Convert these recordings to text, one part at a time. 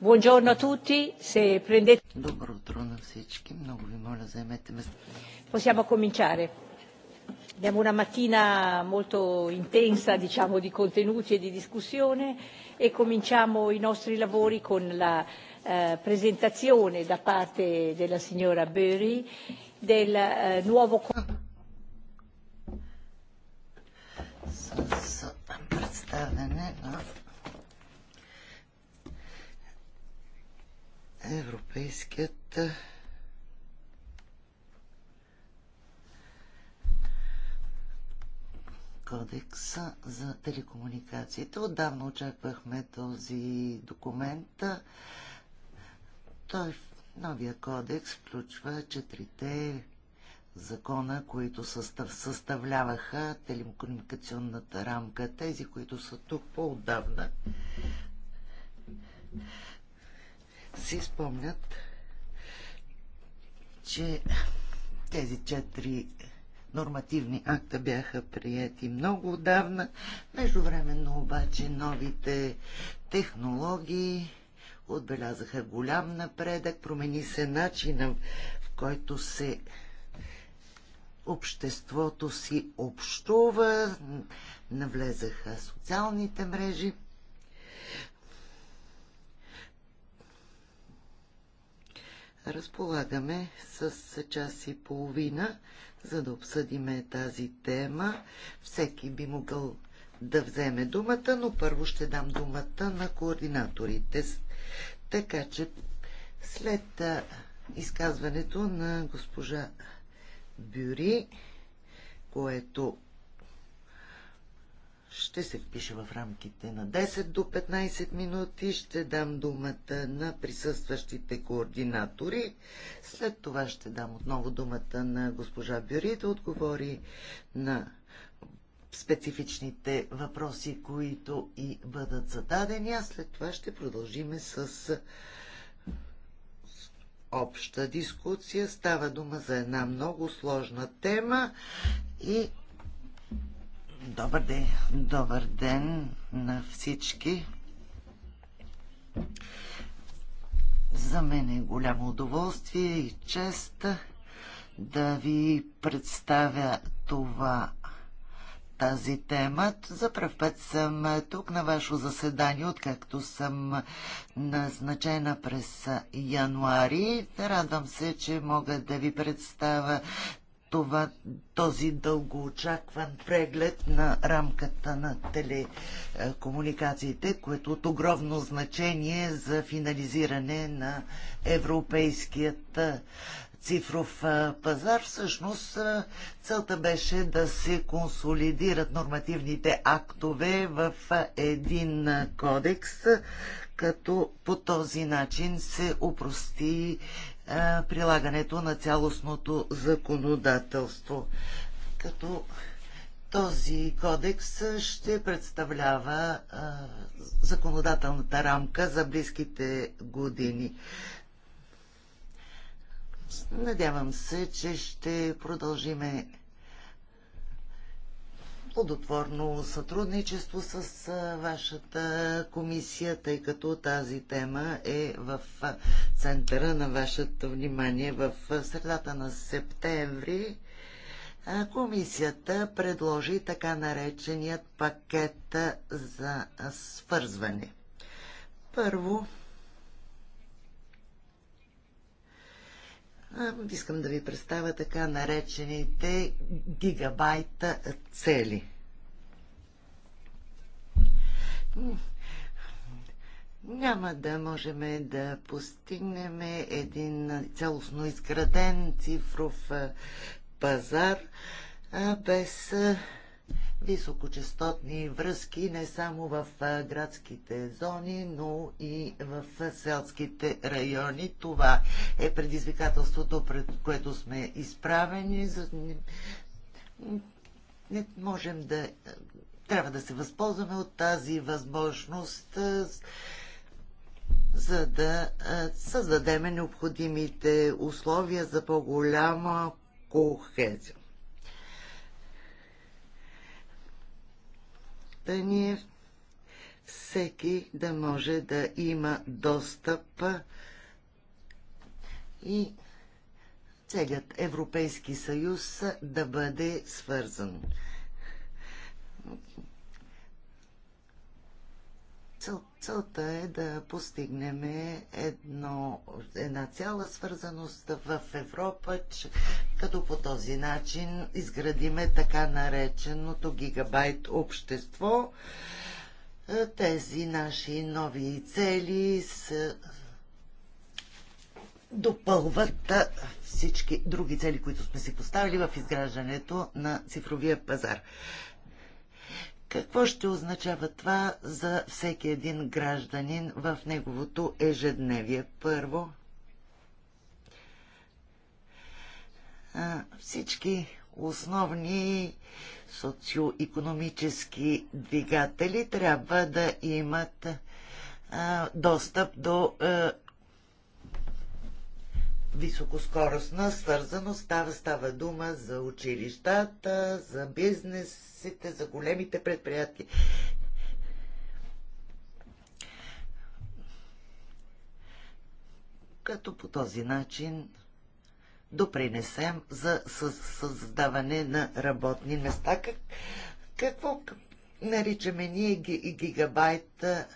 Buongiorno a tutti, se prendete... Добро утро на всички, много ви моля, заемете места. Possiamo cominciare. Abbiamo una mattina molto intensa, diciamo, di contenuti e di discussione e cominciamo i nostri lavori con la eh, presentazione da parte della signora Burry del eh, nuovo... С Европейският кодекс за телекомуникациите. Отдавна очаквахме този документ. Той новия кодекс включва четирите закона, които съставляваха телекомуникационната рамка, тези, които са тук по-отдавна си спомнят, че тези четири нормативни акта бяха прияти много отдавна. Междувременно обаче новите технологии отбелязаха голям напредък, промени се начина, в който се обществото си общува, навлезаха социалните мрежи. разполагаме с час и половина, за да обсъдиме тази тема. Всеки би могъл да вземе думата, но първо ще дам думата на координаторите. Така че след изказването на госпожа Бюри, което ще се впиша в рамките на 10 до 15 минути. Ще дам думата на присъстващите координатори. След това ще дам отново думата на госпожа Бюри да отговори на специфичните въпроси, които и бъдат зададени, а след това ще продължиме с обща дискусия. Става дума за една много сложна тема и Добър ден, добър ден на всички. За мен е голямо удоволствие и чест да ви представя това тази тема. За пръв път съм тук на ваше заседание, откакто съм назначена през януари. Радвам се, че мога да ви представя това, този дългоочакван преглед на рамката на телекомуникациите, което от огромно значение за финализиране на европейският цифров пазар. Всъщност целта беше да се консолидират нормативните актове в един кодекс, като по този начин се упрости е, прилагането на цялостното законодателство. Като този кодекс ще представлява а, е, законодателната рамка за близките години. Надявам се, че ще продължиме плодотворно сътрудничество с вашата комисия, тъй като тази тема е в центъра на вашето внимание. В средата на септември комисията предложи така нареченият пакет за свързване. Първо, искам да ви представя така наречените гигабайта цели. Няма да можем да постигнем един цялостно изграден цифров пазар без високочастотни връзки не само в градските зони, но и в селските райони. Това е предизвикателството, пред което сме изправени. Не можем да. Трябва да се възползваме от тази възможност, за да създадем необходимите условия за по-голяма кохезия. предпочитание всеки да може да има достъп и целият Европейски съюз да бъде свързан. Целта е да постигнем едно, една цяла свързаност в Европа, че, като по този начин изградиме така нареченото гигабайт общество. Тези наши нови цели са допълват всички други цели, които сме си поставили в изграждането на цифровия пазар. Какво ще означава това за всеки един гражданин в неговото ежедневие? Първо, всички основни социоекономически двигатели трябва да имат достъп до високоскоростна свързаност. Става, става дума за училищата, за бизнесите, за големите предприятия. Като по този начин допринесем за създаване на работни места. Как, какво наричаме ние гигабайта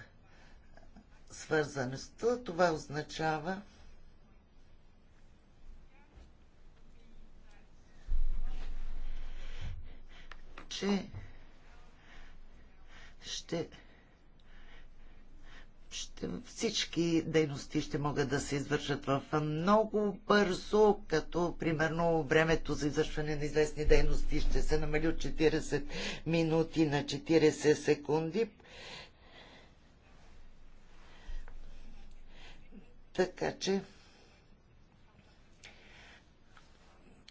свързаността? Това означава че ще, ще всички дейности ще могат да се извършат в много бързо, като примерно времето за извършване на известни дейности ще се намали от 40 минути на 40 секунди. Така че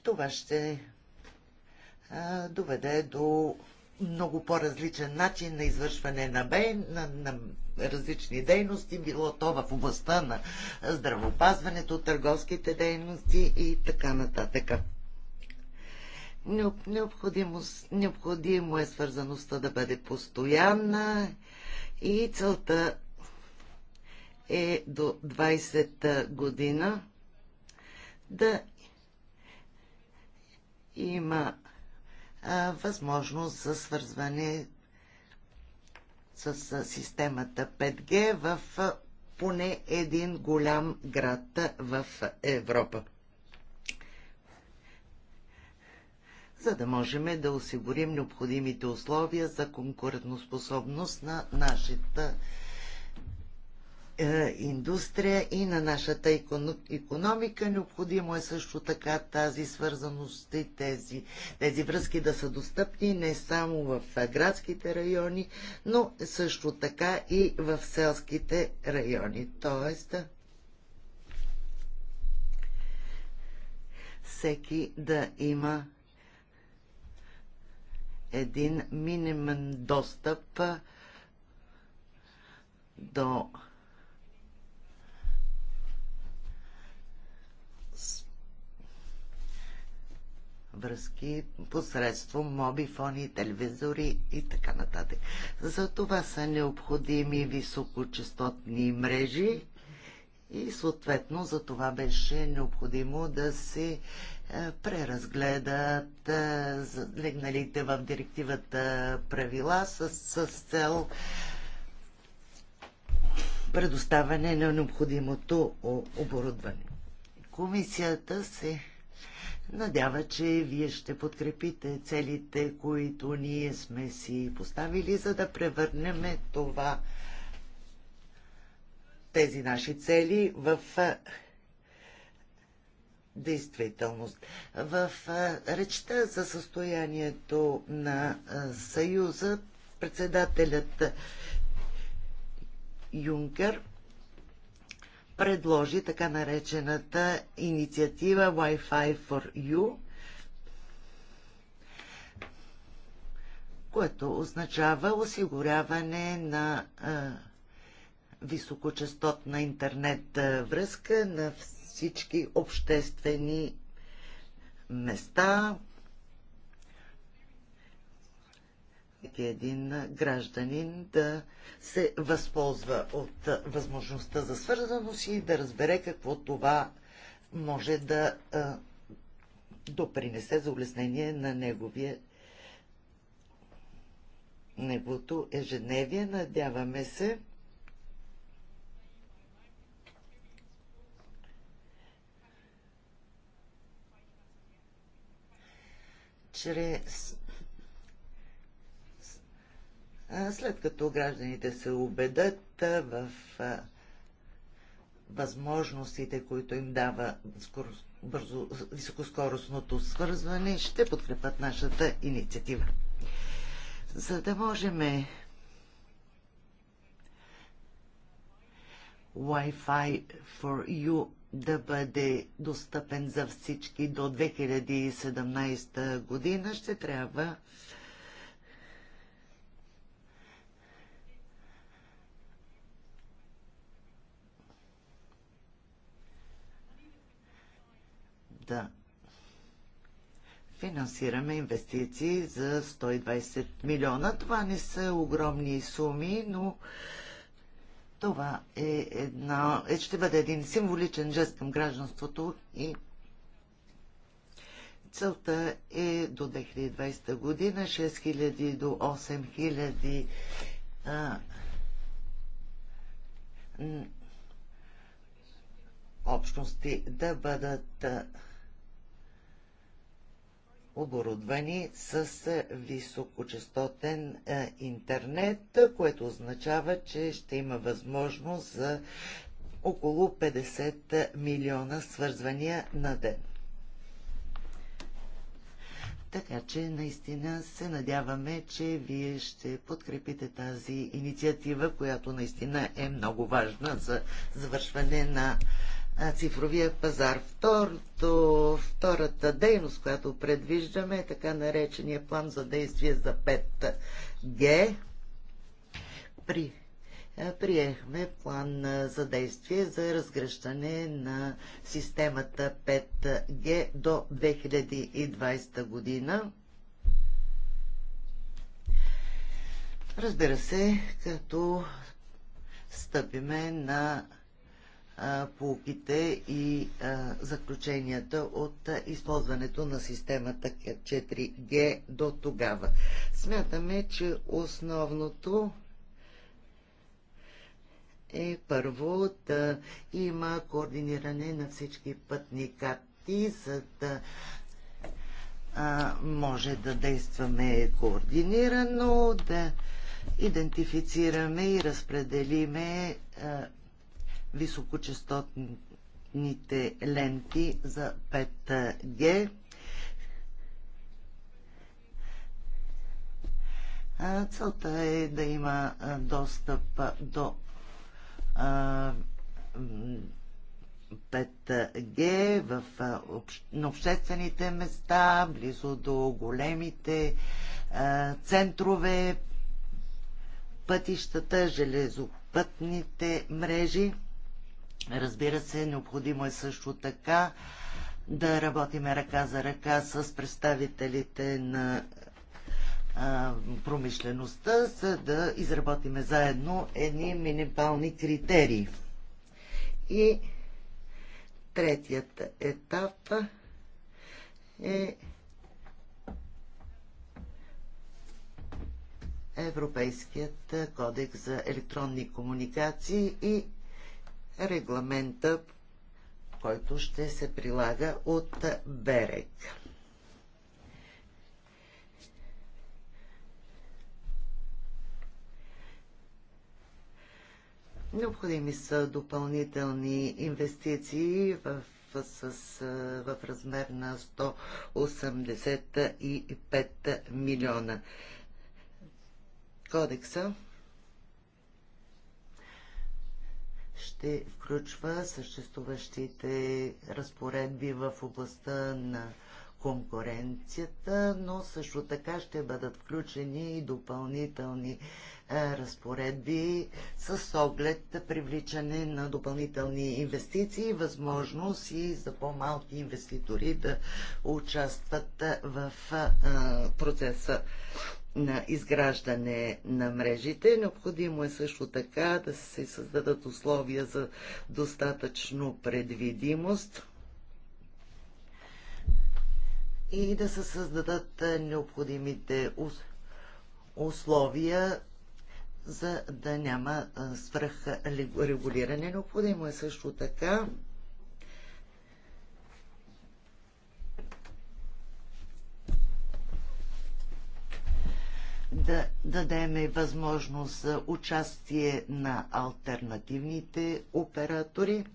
това ще доведе до много по-различен начин на извършване на, бей, на, на различни дейности, било то в областта на здравопазването, търговските дейности и така нататък. необходимо е свързаността да бъде постоянна и целта е до 20 година да има възможност за свързване с системата 5G в поне един голям град в Европа. за да можем да осигурим необходимите условия за конкурентоспособност на нашата е, индустрия и на нашата економика. Необходимо е също така тази свързаност и тези, тези връзки да са достъпни не само в градските райони, но също така и в селските райони. Тоест, всеки да има един минимен достъп до връзки посредством мобифони, телевизори и така нататък. За това са необходими високочастотни мрежи и съответно за това беше необходимо да се е, преразгледат е, легналите в директивата правила с, с цел предоставяне на необходимото оборудване. Комисията се надява, че вие ще подкрепите целите, които ние сме си поставили, за да превърнем това, тези наши цели в действителност. В речта за състоянието на Съюза председателят Юнкер предложи така наречената инициатива Wi-Fi for You, което означава осигуряване на а, високочастотна интернет връзка на всички обществени места, всеки един гражданин да се възползва от възможността за свързаност и да разбере какво това може да допринесе за улеснение на неговия неговото ежедневие. Надяваме се чрез след като гражданите се убедат в възможностите, които им дава бързо, високоскоростното свързване, ще подкрепят нашата инициатива. За да можем Wi-Fi for You да бъде достъпен за всички до 2017 година, ще трябва да финансираме инвестиции за 120 милиона. Това не са огромни суми, но това е една, е, ще бъде един символичен жест към гражданството и целта е до 2020 година 6000 до 8000 а, общности да бъдат а, оборудвани с е, високочастотен е, интернет, което означава, че ще има възможност за около 50 е, милиона свързвания на ден. Така че наистина се надяваме, че вие ще подкрепите тази инициатива, която наистина е много важна за завършване на цифровия пазар. Второто, втората дейност, която предвиждаме е така наречения план за действие за 5G. При, приехме план за действие за разгръщане на системата 5G до 2020 година. Разбира се, като стъпиме на полуките и заключенията от използването на системата 4G до тогава. Смятаме, че основното е първо да има координиране на всички пътни карти, за да а, може да действаме координирано, да идентифицираме и разпределиме високочастотните ленти за 5G. Целта е да има достъп до 5G в, на обществените места, близо до големите центрове, пътищата, железопътните мрежи. Разбира се, необходимо е също така да работиме ръка за ръка с представителите на промишлеността, за да изработиме заедно едни минимални критерии. И третият етап е Европейският кодекс за електронни комуникации и регламента, който ще се прилага от БЕРЕК. Необходими са допълнителни инвестиции в, с, в размер на 185 милиона. Кодекса ще включва съществуващите разпоредби в областта на конкуренцията, но също така ще бъдат включени и допълнителни е, разпоредби с оглед привличане на допълнителни инвестиции, възможност и за по-малки инвеститори да участват в е, процеса на изграждане на мрежите. Необходимо е също така да се създадат условия за достатъчно предвидимост и да се създадат е, необходимите условия за да няма е, свръхрегулиране. Необходимо е също така да дадеме възможност за участие на альтернативните оператори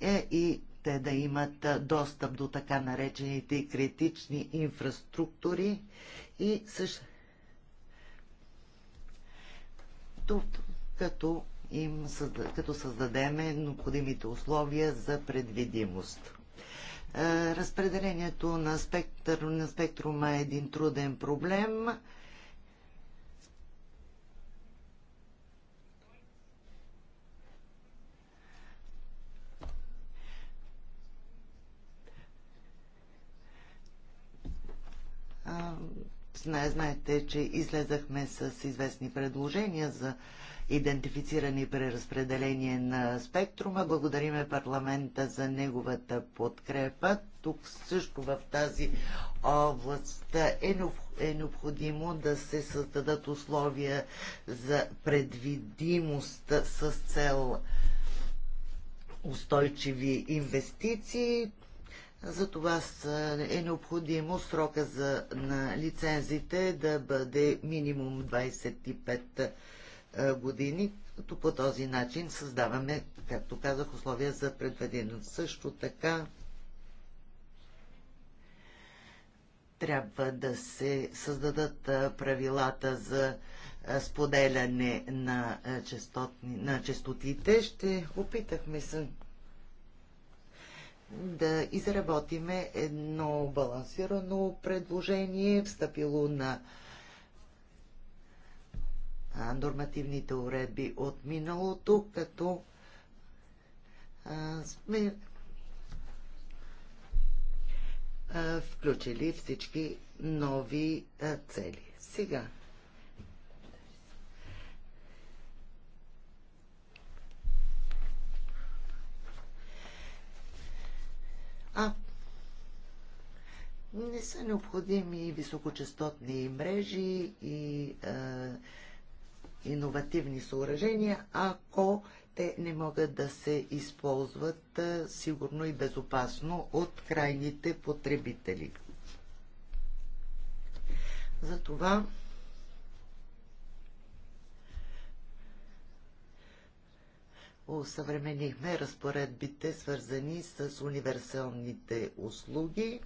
е и те да имат достъп до така наречените критични инфраструктури и също като, им, като създадеме необходимите условия за предвидимост. Разпределението на, спектър, на спектрума е един труден проблем знаете, че излезахме с известни предложения за идентифициране и преразпределение на спектрума. Благодариме парламента за неговата подкрепа. Тук също в тази област е, е необходимо да се създадат условия за предвидимост с цел устойчиви инвестиции. За това е необходимо срока за, на лицензите да бъде минимум 25 е, години, като по този начин създаваме, както казах, условия за предведеност. Също така трябва да се създадат е, правилата за е, споделяне на, частотни, на частотите. Ще опитахме се да изработиме едно балансирано предложение, встъпило на нормативните уредби от миналото, като сме включили всички нови цели. Сега А не са необходими високочастотни мрежи и е, иновативни съоръжения, ако те не могат да се използват е, сигурно и безопасно от крайните потребители. Затова усъвременихме разпоредбите, свързани с универсалните услуги.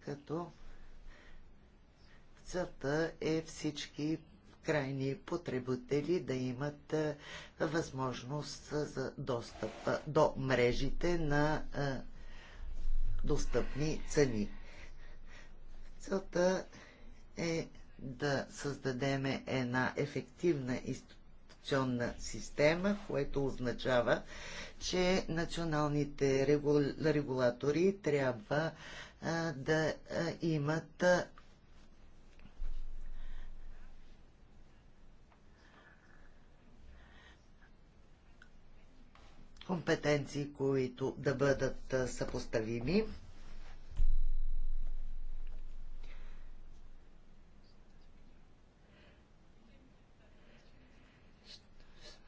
Като целта е всички крайни потребители да имат възможност за достъп до мрежите на достъпни цени. Целта е да създадем една ефективна институционна система, което означава, че националните регулатори трябва да имат компетенции, които да бъдат съпоставими.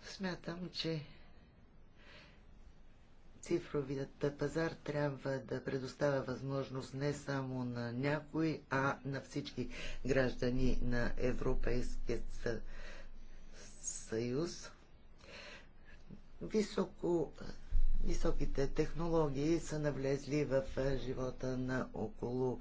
Смятам, че цифровият пазар трябва да предоставя възможност не само на някой, а на всички граждани на Европейския съюз високо, високите технологии са навлезли в живота на около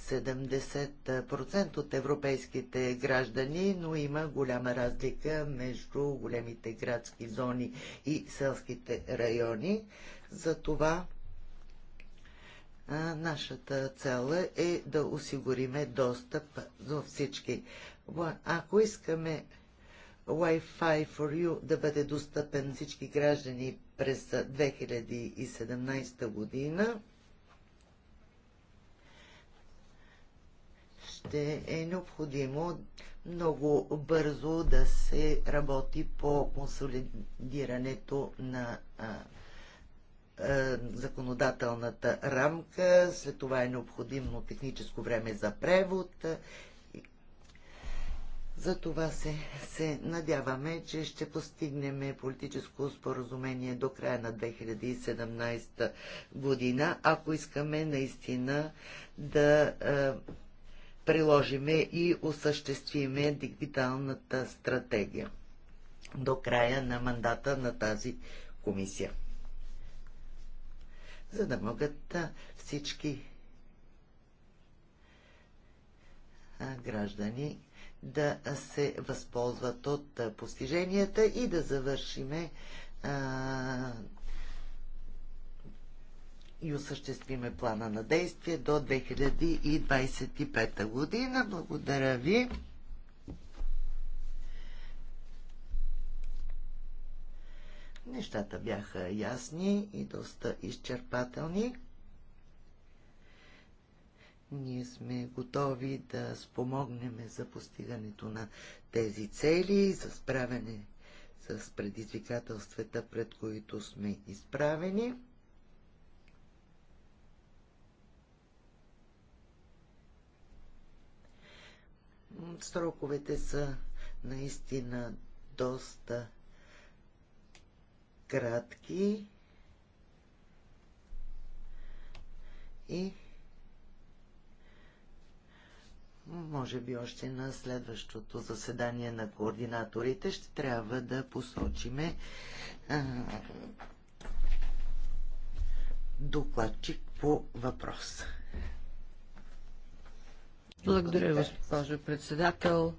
70% от европейските граждани, но има голяма разлика между големите градски зони и селските райони. Затова нашата цел е да осигуриме достъп за всички. Ако искаме Wi-Fi for You да бъде достъпен всички граждани през 2017 година. Ще е необходимо много бързо да се работи по консолидирането на а, а, законодателната рамка. След това е необходимо техническо време за превод за това се, се надяваме, че ще постигнем политическо споразумение до края на 2017 година, ако искаме наистина да е, приложиме и осъществиме дигиталната стратегия до края на мандата на тази комисия. За да могат е, всички е, граждани да се възползват от постиженията и да завършиме а, и осъществиме плана на действие до 2025 година. Благодаря ви. Нещата бяха ясни и доста изчерпателни. Ние сме готови да спомогнем за постигането на тези цели, за справяне с предизвикателствата, пред които сме изправени. Сроковете са наистина доста кратки и може би още на следващото заседание на координаторите ще трябва да посочиме а, докладчик по въпроса. Благодаря, госпожо председател.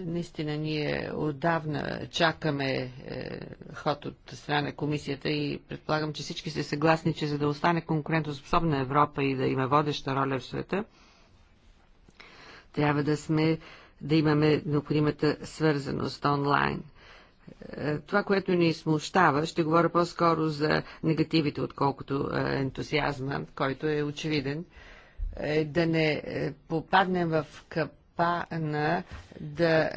Наистина ние отдавна чакаме е, ход от страна на комисията и предполагам, че всички сте съгласни, че за да остане конкурентоспособна Европа и да има водеща роля в света, трябва да сме, да имаме необходимата свързаност онлайн. Е, това, което ни смущава, ще говоря по-скоро за негативите, отколкото е, ентусиазма, който е очевиден, е да не е, попаднем в капана да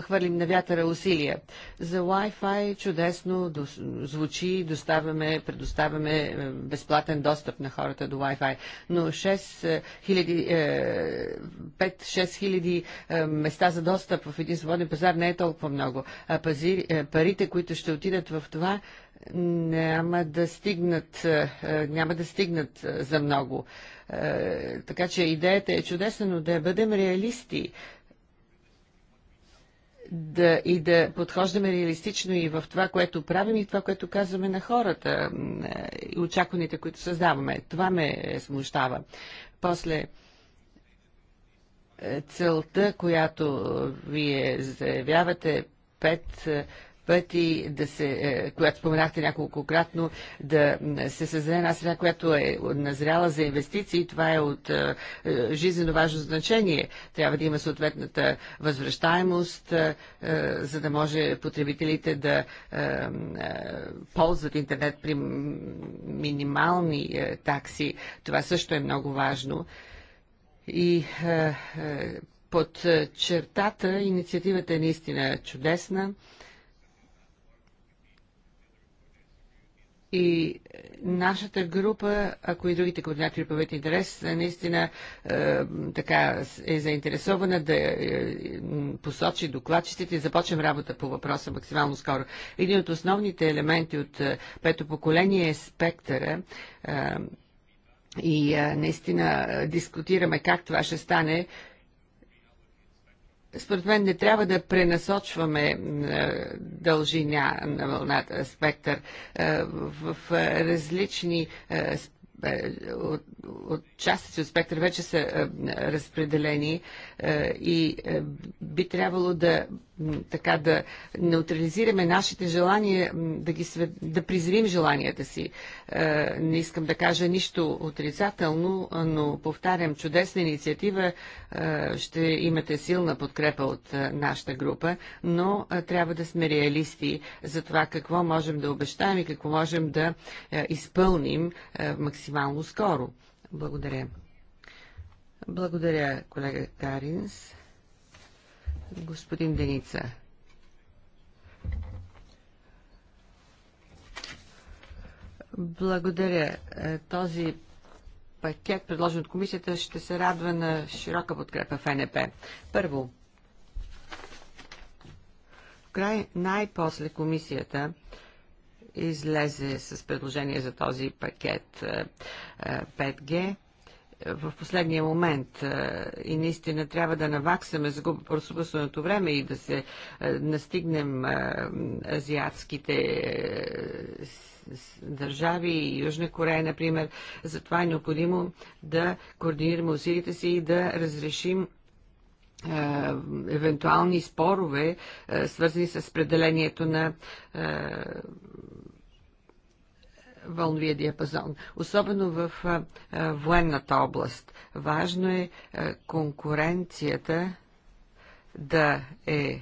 хвърлим на вятъра усилия. За Wi-Fi чудесно звучи, доставяме, предоставяме е, безплатен достъп на хората до Wi-Fi, но 5-6 е, хиляди е, места за достъп в един свободен пазар не е толкова много. А пази, парите, които ще отидат в това, няма да стигнат, няма да стигнат за много. Така че идеята е чудесна, но да бъдем реалисти да, и да подхождаме реалистично и в това, което правим и това, което казваме на хората е, и очакваните, които създаваме. Това ме смущава. После е, целта, която вие заявявате, пет. Е, пъти, да се, е, която споменахте няколко кратно, да се създаде една среда, която е назряла за инвестиции. Това е от е, е, жизненно важно значение. Трябва да има съответната възвръщаемост, за да може потребителите да ползват интернет при минимални такси. Това също е много важно. И под чертата инициативата е наистина чудесна. И е, нашата група, ако и другите координатори по интерес, е, наистина е, така е заинтересована да е, посочи докладчиците и започнем работа по въпроса максимално скоро. Един от основните елементи от пето поколение е спектъра. Е, и наистина дискутираме как това ще стане според мен не трябва да пренасочваме е, дължина на вълната спектър е, в е, различни от, от Частите от спектър вече са а, е, разпределени а, е, и а, е, би трябвало да така да неутрализираме нашите желания, да, ги, свед... да призрим желанията си. Не искам да кажа нищо отрицателно, но повтарям, чудесна инициатива. Ще имате силна подкрепа от нашата група, но трябва да сме реалисти за това какво можем да обещаем и какво можем да изпълним максимално скоро. Благодаря. Благодаря, колега Каринс. Господин Деница. Благодаря. Е, този пакет, предложен от комисията, ще се радва на широка подкрепа в НП. Първо, край най-после комисията излезе с предложение за този пакет 5G е, е, в последния момент е, и наистина трябва да наваксаме загубеното време и да се настигнем азиатските държави, Южна Корея, например. Затова е необходимо да координираме усилите си и да разрешим е, евентуални спорове, е, свързани с определението на е, вълновия диапазон, особено в военната област. Важно е конкуренцията да е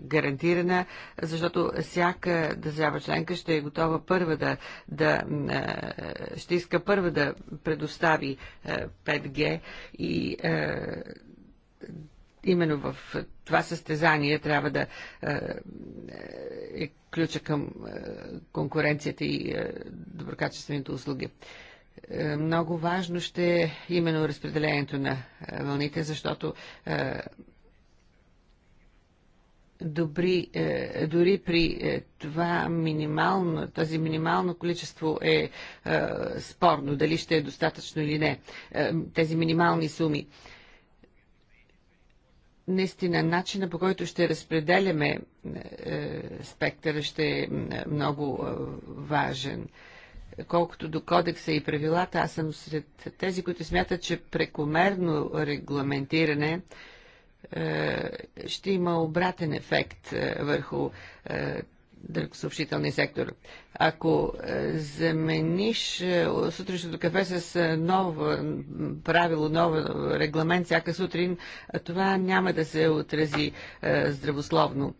гарантирана, защото всяка държава членка ще е готова първа да, да ще иска първа да предостави 5G и именно в това състезание трябва да е, е, е ключа към е, конкуренцията и доброкачествените услуги. Много важно ще е именно разпределението на вълните, защото добри, дори при това минимално, тази минимално количество е, спорно, дали ще е достатъчно или не, тези минимални суми наистина начина по който ще разпределяме е, спектъра ще е много е, важен. Колкото до кодекса и правилата, аз съм сред тези, които смятат, че прекомерно регламентиране е, ще има обратен ефект е, върху е, друг съобщителния сектор. Ако е, замениш е, сутрешното кафе с е, ново правило, нов регламент всяка сутрин, това няма да се отрази здравословно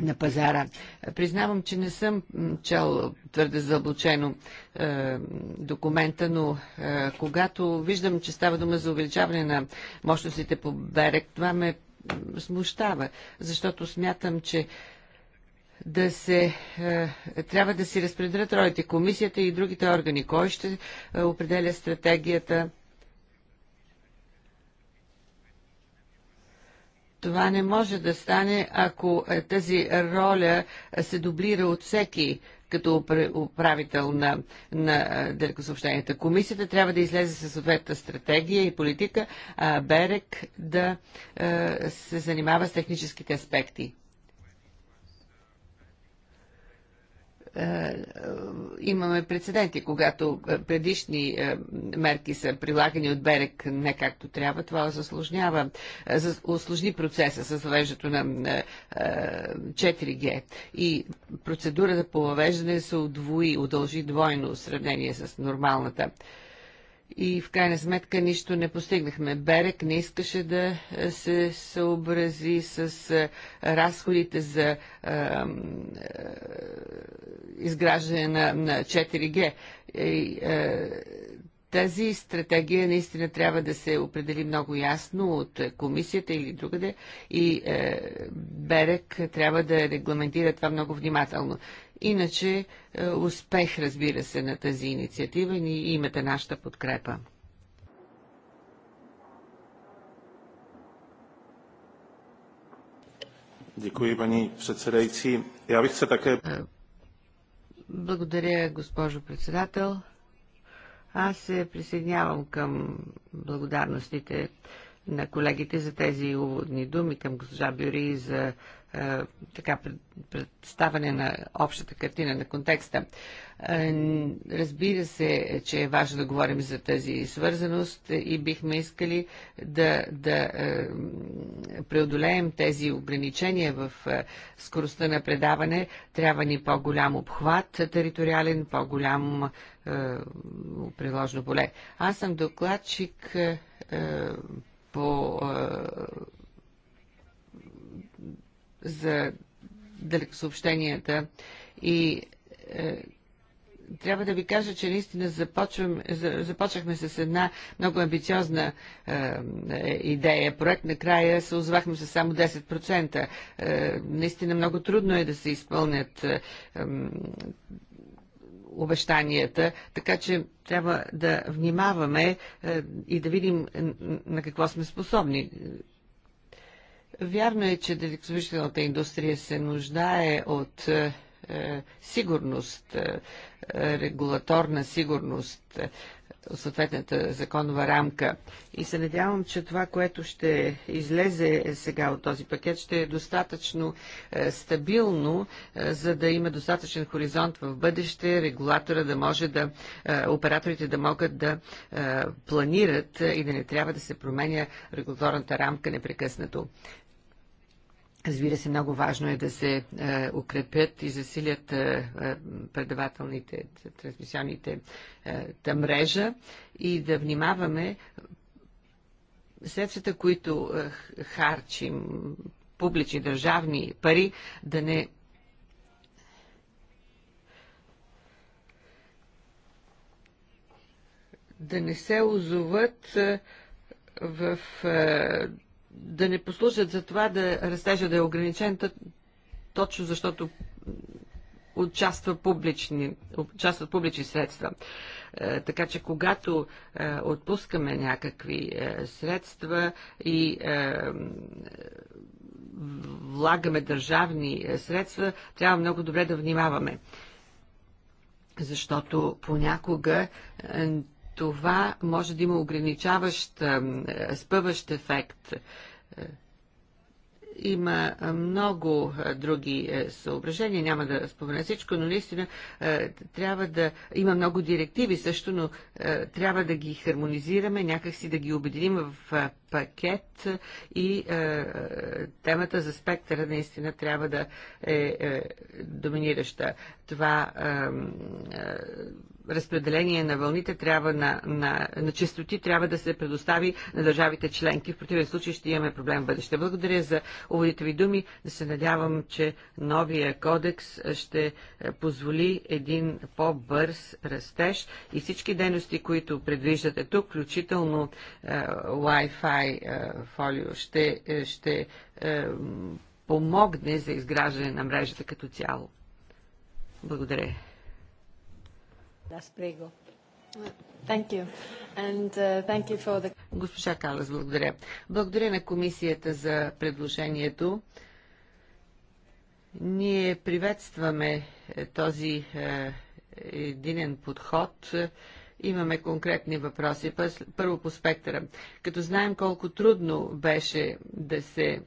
на пазара. Признавам, че не съм чел твърде заблучено е, документа, но е, когато виждам, че става дума за увеличаване на мощностите по берег, това ме смущава, защото смятам, че да се, е, трябва да се разпределят ролите, комисията и другите органи. Кой ще е, определя стратегията? Това не може да стане, ако е, тази роля се дублира от всеки като управител на, на далекосъобщенията. Комисията трябва да излезе със съответната стратегия и политика, а Берек да се занимава с техническите аспекти. Е, имаме прецеденти, когато е, предишни е, мерки са прилагани от Берек не както трябва, това заслужнява, осложни процеса с въвеждането на 4G и процедурата по въвеждане се удвои, удължи двойно в сравнение с нормалната и в крайна сметка нищо не постигнахме. Берек не искаше да е, се съобрази с е, разходите за е, изграждане на, на 4G. тази стратегия наистина трябва да се определи много ясно от комисията или другаде и Берек трябва да регламентира това много внимателно. Иначе е, успех, разбира се, на тази инициатива и имате нашата подкрепа. Děkuji, paní předsedající. Já bych se také... Е, благодаря, госпожо председател. Аз се присъединявам към благодарностите на колегите за тези уводни думи към госпожа Бюри за е, така, представане на общата картина, на контекста. Е, разбира се, че е важно да говорим за тази свързаност и бихме искали да, да е, преодолеем тези ограничения в скоростта на предаване. Трябва ни по-голям обхват териториален, по-голям приложно поле. Аз съм докладчик по за далекосъобщенията и е, трябва да ви кажа, че наистина започвам, започнахме с една много амбициозна е, е идея, проект. Накрая се озвахме с само 10%. Е, наистина много трудно е да се изпълнят е, е, обещанията, така че трябва да внимаваме е, и да видим на какво сме способни Вярно е, че детективичната индустрия се нуждае от е, е сигурност, е, е, регулаторна сигурност, е, съответната законова рамка. И се надявам, че това, което ще излезе сега от този пакет, ще е достатъчно е, стабилно, е, за да има достатъчен хоризонт в бъдеще, регулатора да може да, е, операторите да могат да е, планират и да не трябва да се променя регулаторната рамка непрекъснато. Разбира се, много важно е да се е, укрепят и засилят е, е предавателните, трансмисионните е, мрежа и да внимаваме средствата, които е, харчим, публични държавни пари, да не да не се озоват е, в е, да не послужат за това да растежа да е ограничен, точно защото участва публични, участват публични средства. Е, така че когато е, отпускаме някакви е, средства и влагаме държавни средства, трябва много добре да внимаваме. Защото понякога това може да има ограничаващ, е, спъващ ефект. Е, има много други е, съображения, няма да спомена всичко, но наистина трябва да... Има много директиви също, но трябва да ги хармонизираме, някакси да ги обединим в пакет и е, темата за спектъра наистина трябва да е, е доминираща. Това е, е, разпределение на вълните трябва на, на, на частоти трябва да се предостави на държавите членки. В противен случай ще имаме проблем в бъдеще. Благодаря за уводите ви думи. Да се надявам, че новия кодекс ще е, позволи един по-бърз растеж и всички дейности, които предвиждате тук, включително е, Wi-Fi Сай Фолио е, ще, е, ще е, помогне за изграждане на мрежата като цяло. Благодаря. Uh, the... Госпожа Калас, благодаря. Благодаря на комисията за предложението. Ние приветстваме този единен подход. Е, Имаме конкретни въпроси. Първо по спектъра. Като знаем колко трудно беше да се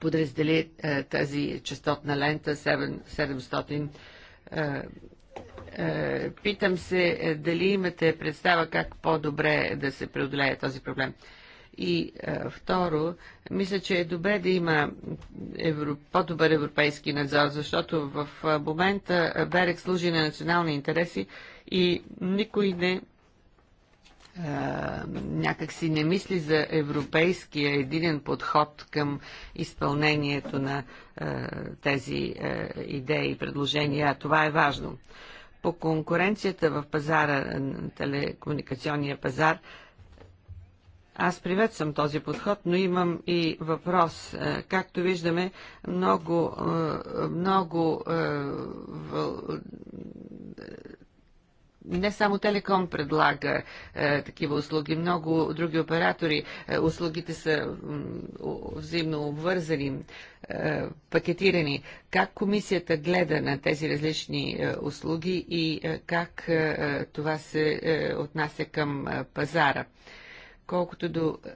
подраздели е, тази частотна лента 700 е, е, Питам се е, дали имате представа как по-добре да се преодолее този проблем. И е, второ, мисля, че е добре да има евро, по-добър европейски надзор, защото в е, момента Берек служи на национални интереси, и никой не някакси не мисли за европейския единен подход към изпълнението на тези идеи и предложения. Това е важно. По конкуренцията в пазара, на телекомуникационния пазар, аз приветствам този подход, но имам и въпрос. Както виждаме, много, много не само Телеком предлага е, такива услуги, много други оператори. Е, услугите са е, взаимно обвързани, е, пакетирани. Как комисията гледа на тези различни е, услуги и е, как е, е това се е, отнася към е, пазара? Колкото до е,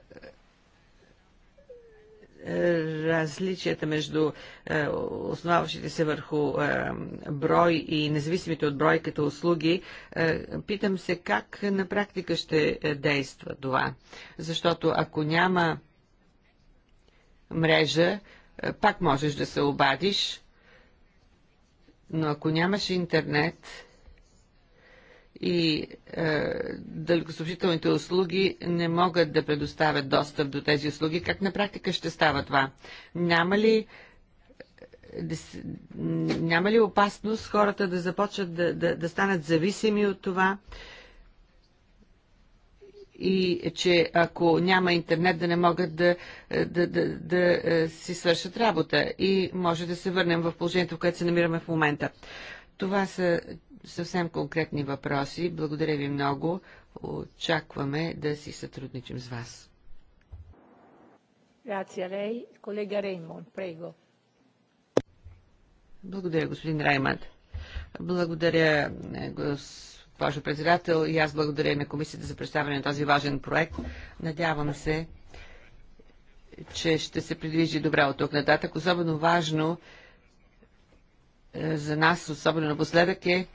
различията между е, основаващите се върху е, брой и независимите от брой като услуги, е, питам се как на практика ще действа това. Защото ако няма мрежа, пак можеш да се обадиш, но ако нямаш интернет, и е, далекосъобщителните услуги не могат да предоставят достъп до тези услуги. Как на практика ще става това? Няма ли, няма ли опасност хората да започнат да, да, да станат зависими от това? и че ако няма интернет да не могат да, да, да, да е, си свършат работа и може да се върнем в положението, в което се намираме в момента. Това са съвсем конкретни въпроси. Благодаря ви много. Очакваме да си сътрудничим с вас. Благодаря, господин Раймад. Благодаря, госпожо председател, и аз благодаря на комисията за представяне на този важен проект. Надявам се, че ще се придвижи добре от тук нататък. Особено важно е, за нас, особено напоследък, е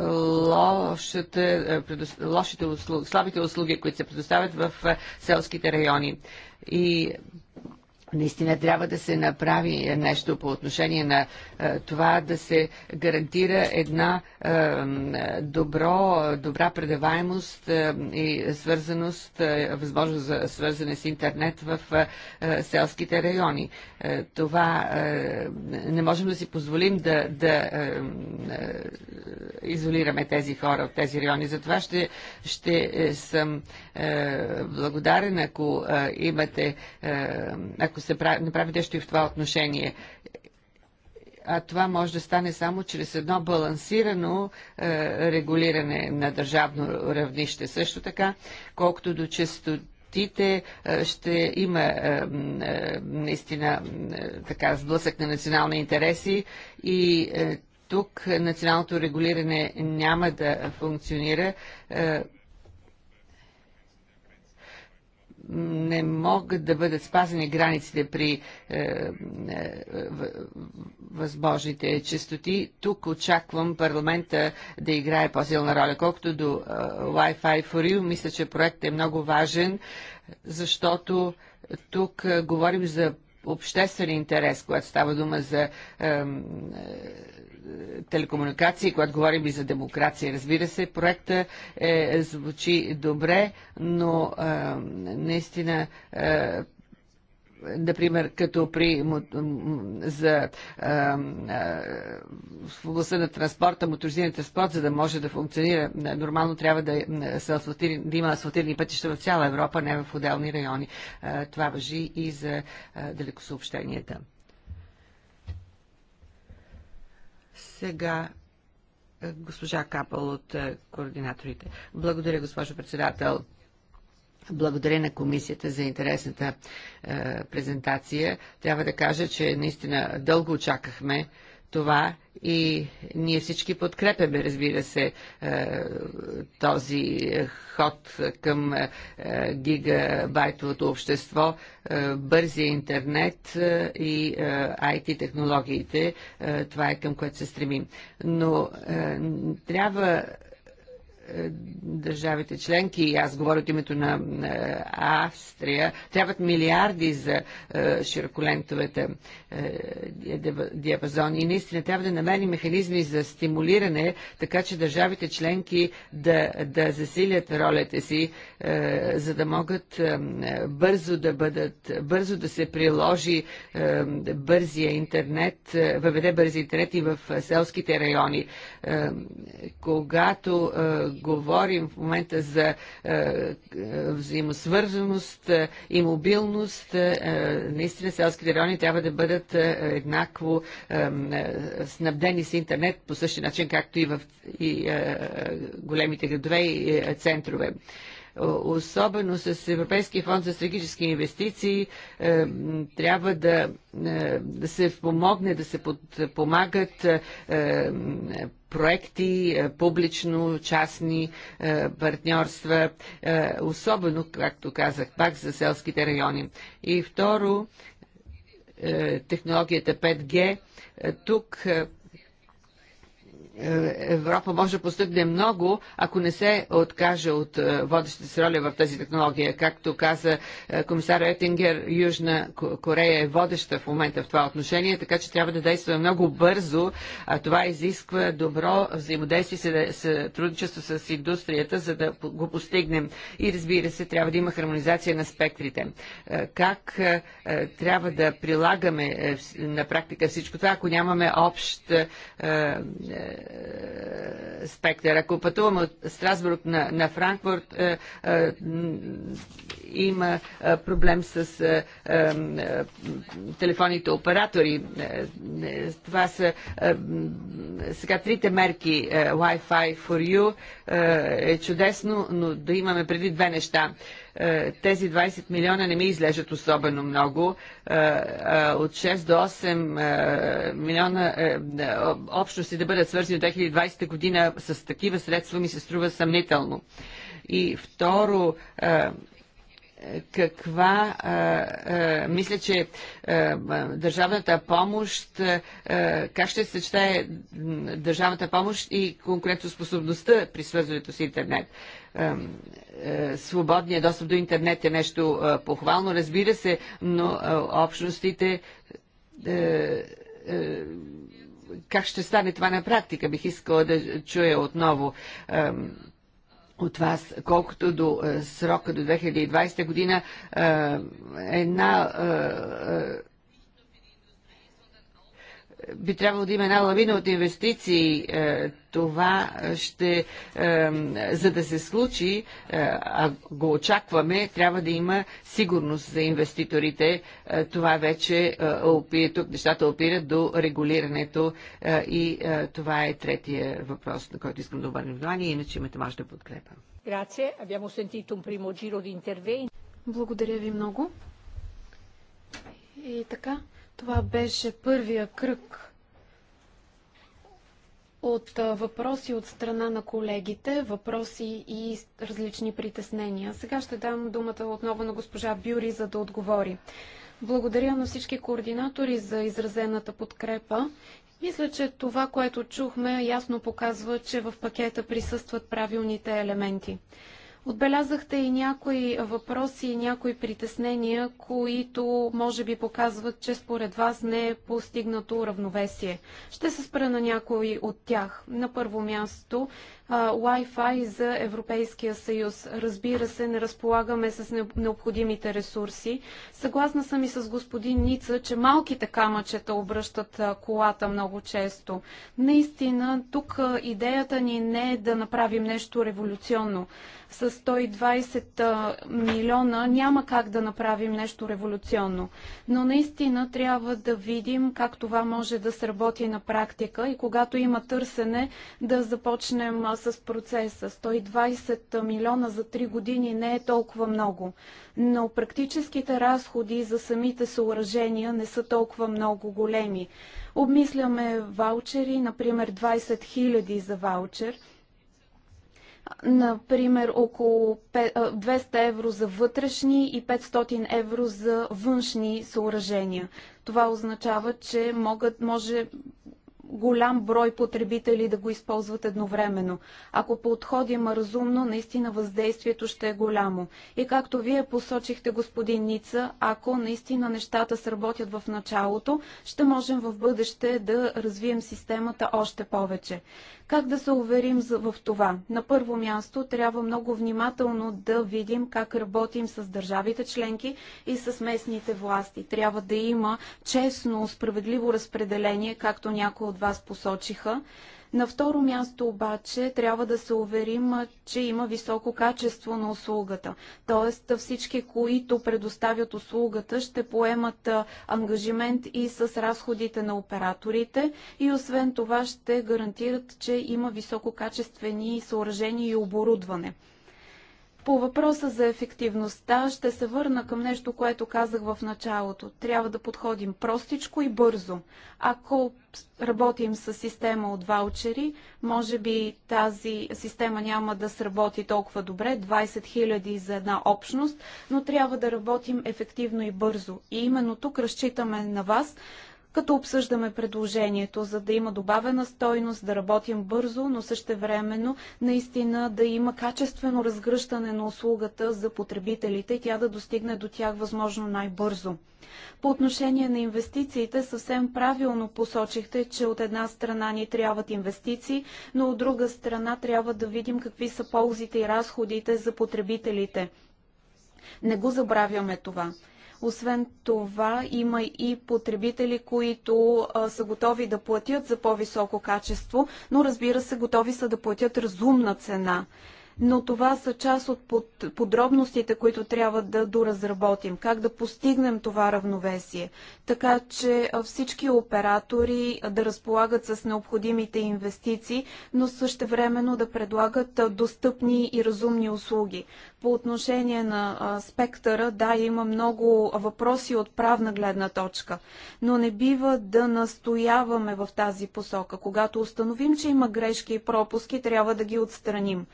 лошите, е, лошите услуги, слабите услуги, които се предоставят в е, селските райони. И Наистина трябва да се направи нещо по отношение на е, това да се гарантира една е, добро, добра предаваемост е, и свързаност, възможност за свързане с интернет в селските райони. Това не можем да си позволим да, да изолираме тези хора от тези райони. Затова ще, ще съм благодарен, ако имате, ако се прави, направи нещо и в това отношение. А това може да стане само чрез едно балансирано е, регулиране на държавно равнище. Също така, колкото до честота е, ще има е, е, наистина така сблъсък на национални интереси и тук националното регулиране няма да функционира не могат да бъдат спазени границите при е, е, възможните честоти. Тук очаквам парламента да играе по-силна роля. Колкото до е, Wi-Fi for You, мисля, че проектът е много важен, защото тук е, говорим за обществен интерес, когато става дума за е, е, телекомуникации, когато говорим и за демокрация. Разбира се, проекта е, звучи добре, но е, наистина е, например, като при за, а, а, в областта на транспорта, моторизиран транспорт, за да може да функционира нормално, трябва да, са да има асфалтирани пътища в цяла Европа, не в отделни райони. А, това въжи и за а, далекосъобщенията. Сега е, госпожа Капал от е, координаторите. Благодаря, госпожо председател. Благодаря на комисията за интересната е, презентация. Трябва да кажа, че наистина дълго очакахме. Е, това и ние всички подкрепяме, разбира се, е, този ход към е, гигабайтовото общество, е, бързия интернет и IT технологиите. Това е към което се стремим. Но трябва е, държавите членки, и аз говоря от името на е, Австрия, трябват милиарди за е, широколентовете диапазони. И наистина трябва да намерим механизми за стимулиране, така че държавите членки да, да засилят ролята си, за да могат бързо да бъдат, бързо да се приложи бързия интернет, въведе бързи интернет и в селските райони. Когато говорим в момента за е, е, взаимосвързаност е, и мобилност, наистина селските райони трябва да бъдат еднакво снабдени с интернет по същия начин, както и в и, големите градове и центрове особено с Европейския фонд за стратегически инвестиции, е, трябва да, е, да се помогне, да се подпомагат е, проекти, публично-частни партньорства, особено, както казах, пак за селските райони. И второ, технологията 5G. Тук е, Европа може да постигне много, ако не се откаже от е, водещата си роля в тази технология. Както каза е, комисар Етингер, Южна Корея е водеща в момента в това отношение, така че трябва да действа много бързо, а това изисква добро взаимодействие, сътрудничество с индустрията, за да го постигнем. И разбира се, трябва да има хармонизация на спектрите. Как трябва да прилагаме на практика всичко това, ако нямаме общ е, спектър. Ако пътуваме от Страсбург на, на Франкфурт, е, е, има е, проблем с е, е, телефонните оператори. Е, е, това са е, сега трите мерки е, Wi-Fi for you е, е чудесно, но да имаме преди две неща. Е, е, тези 20 милиона не ми излежат особено много. Е, е, от 6 до 8 милиона общности да бъдат свързани от 2020 година с такива средства ми се струва съмнително. И второ, каква, мисля, че държавната помощ, как ще се чете държавната помощ и конкурентоспособността при свързването с интернет. Е, свободния достъп до интернет е нещо е, похвално, разбира се, но е, общностите как ще стане това на практика? Бих искала да чуя отново от вас, колкото до срока до 2020 година, една би трябвало да има една лавина от инвестиции. Е, това ще, е, за да се случи, е, а го очакваме, трябва да има сигурност за инвеститорите. Това вече тук нещата опират до регулирането и това е третия въпрос, на който искам да обърнем внимание, иначе имате да подкрепа. Благодаря ви много. И така, това беше първия кръг от въпроси от страна на колегите, въпроси и различни притеснения. Сега ще дам думата отново на госпожа Бюри, за да отговори. Благодаря на всички координатори за изразената подкрепа. Мисля, че това, което чухме, ясно показва, че в пакета присъстват правилните елементи. Отбелязахте и някои въпроси и някои притеснения, които може би показват, че според вас не е постигнато равновесие. Ще се спра на някои от тях. На първо място Wi-Fi за Европейския съюз. Разбира се, не разполагаме с необходимите ресурси. Съгласна съм и с господин Ница, че малките камъчета обръщат колата много често. Наистина, тук идеята ни не е да направим нещо революционно с 120 милиона няма как да направим нещо революционно. Но наистина трябва да видим как това може да сработи на практика и когато има търсене да започнем с процеса. 120 милиона за 3 години не е толкова много, но практическите разходи за самите съоръжения не са толкова много големи. Обмисляме ваучери, например 20 000 за ваучер – Например, около 200 евро за вътрешни и 500 евро за външни съоръжения. Това означава, че могат, може голям брой потребители да го използват едновременно. Ако подходим разумно, наистина въздействието ще е голямо. И както вие посочихте, господин Ница, ако наистина нещата сработят в началото, ще можем в бъдеще да развием системата още повече. Как да се уверим в това? На първо място трябва много внимателно да видим как работим с държавите членки и с местните власти. Трябва да има честно, справедливо разпределение, както някои от вас посочиха. На второ място обаче трябва да се уверим, че има високо качество на услугата. Тоест всички, които предоставят услугата, ще поемат ангажимент и с разходите на операторите и освен това ще гарантират, че има висококачествени съоръжения и оборудване. По въпроса за ефективността ще се върна към нещо, което казах в началото. Трябва да подходим простичко и бързо. Ако работим с система от ваучери, може би тази система няма да сработи толкова добре, 20 000 за една общност, но трябва да работим ефективно и бързо. И именно тук разчитаме на вас като обсъждаме предложението, за да има добавена стойност, да работим бързо, но същевременно наистина да има качествено разгръщане на услугата за потребителите и тя да достигне до тях възможно най-бързо. По отношение на инвестициите, съвсем правилно посочихте, че от една страна ни трябват инвестиции, но от друга страна трябва да видим какви са ползите и разходите за потребителите. Не го забравяме това. Освен това, има и потребители, които а, са готови да платят за по-високо качество, но разбира се, готови са да платят разумна цена но това са част от подробностите, които трябва да доразработим. Как да постигнем това равновесие, така че всички оператори да разполагат с необходимите инвестиции, но времено да предлагат достъпни и разумни услуги. По отношение на спектъра, да, има много въпроси от правна гледна точка, но не бива да настояваме в тази посока. Когато установим, че има грешки и пропуски, трябва да ги отстраним.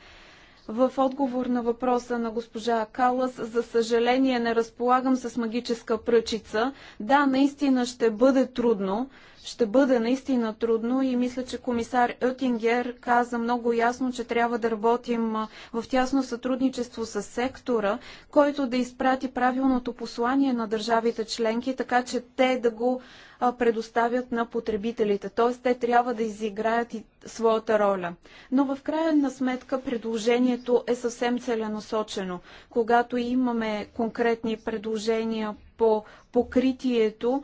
В отговор на въпроса на госпожа Калас, за съжаление не разполагам с магическа пръчица. Да, наистина ще бъде трудно, ще бъде наистина трудно и мисля, че комисар Оттингер каза много ясно, че трябва да работим в тясно сътрудничество с сектора, който да изпрати правилното послание на държавите членки, така че те да го предоставят на потребителите. Т.е. те трябва да изиграят и своята роля. Но в крайна сметка предложението е съвсем целенасочено. Когато имаме конкретни предложения по покритието,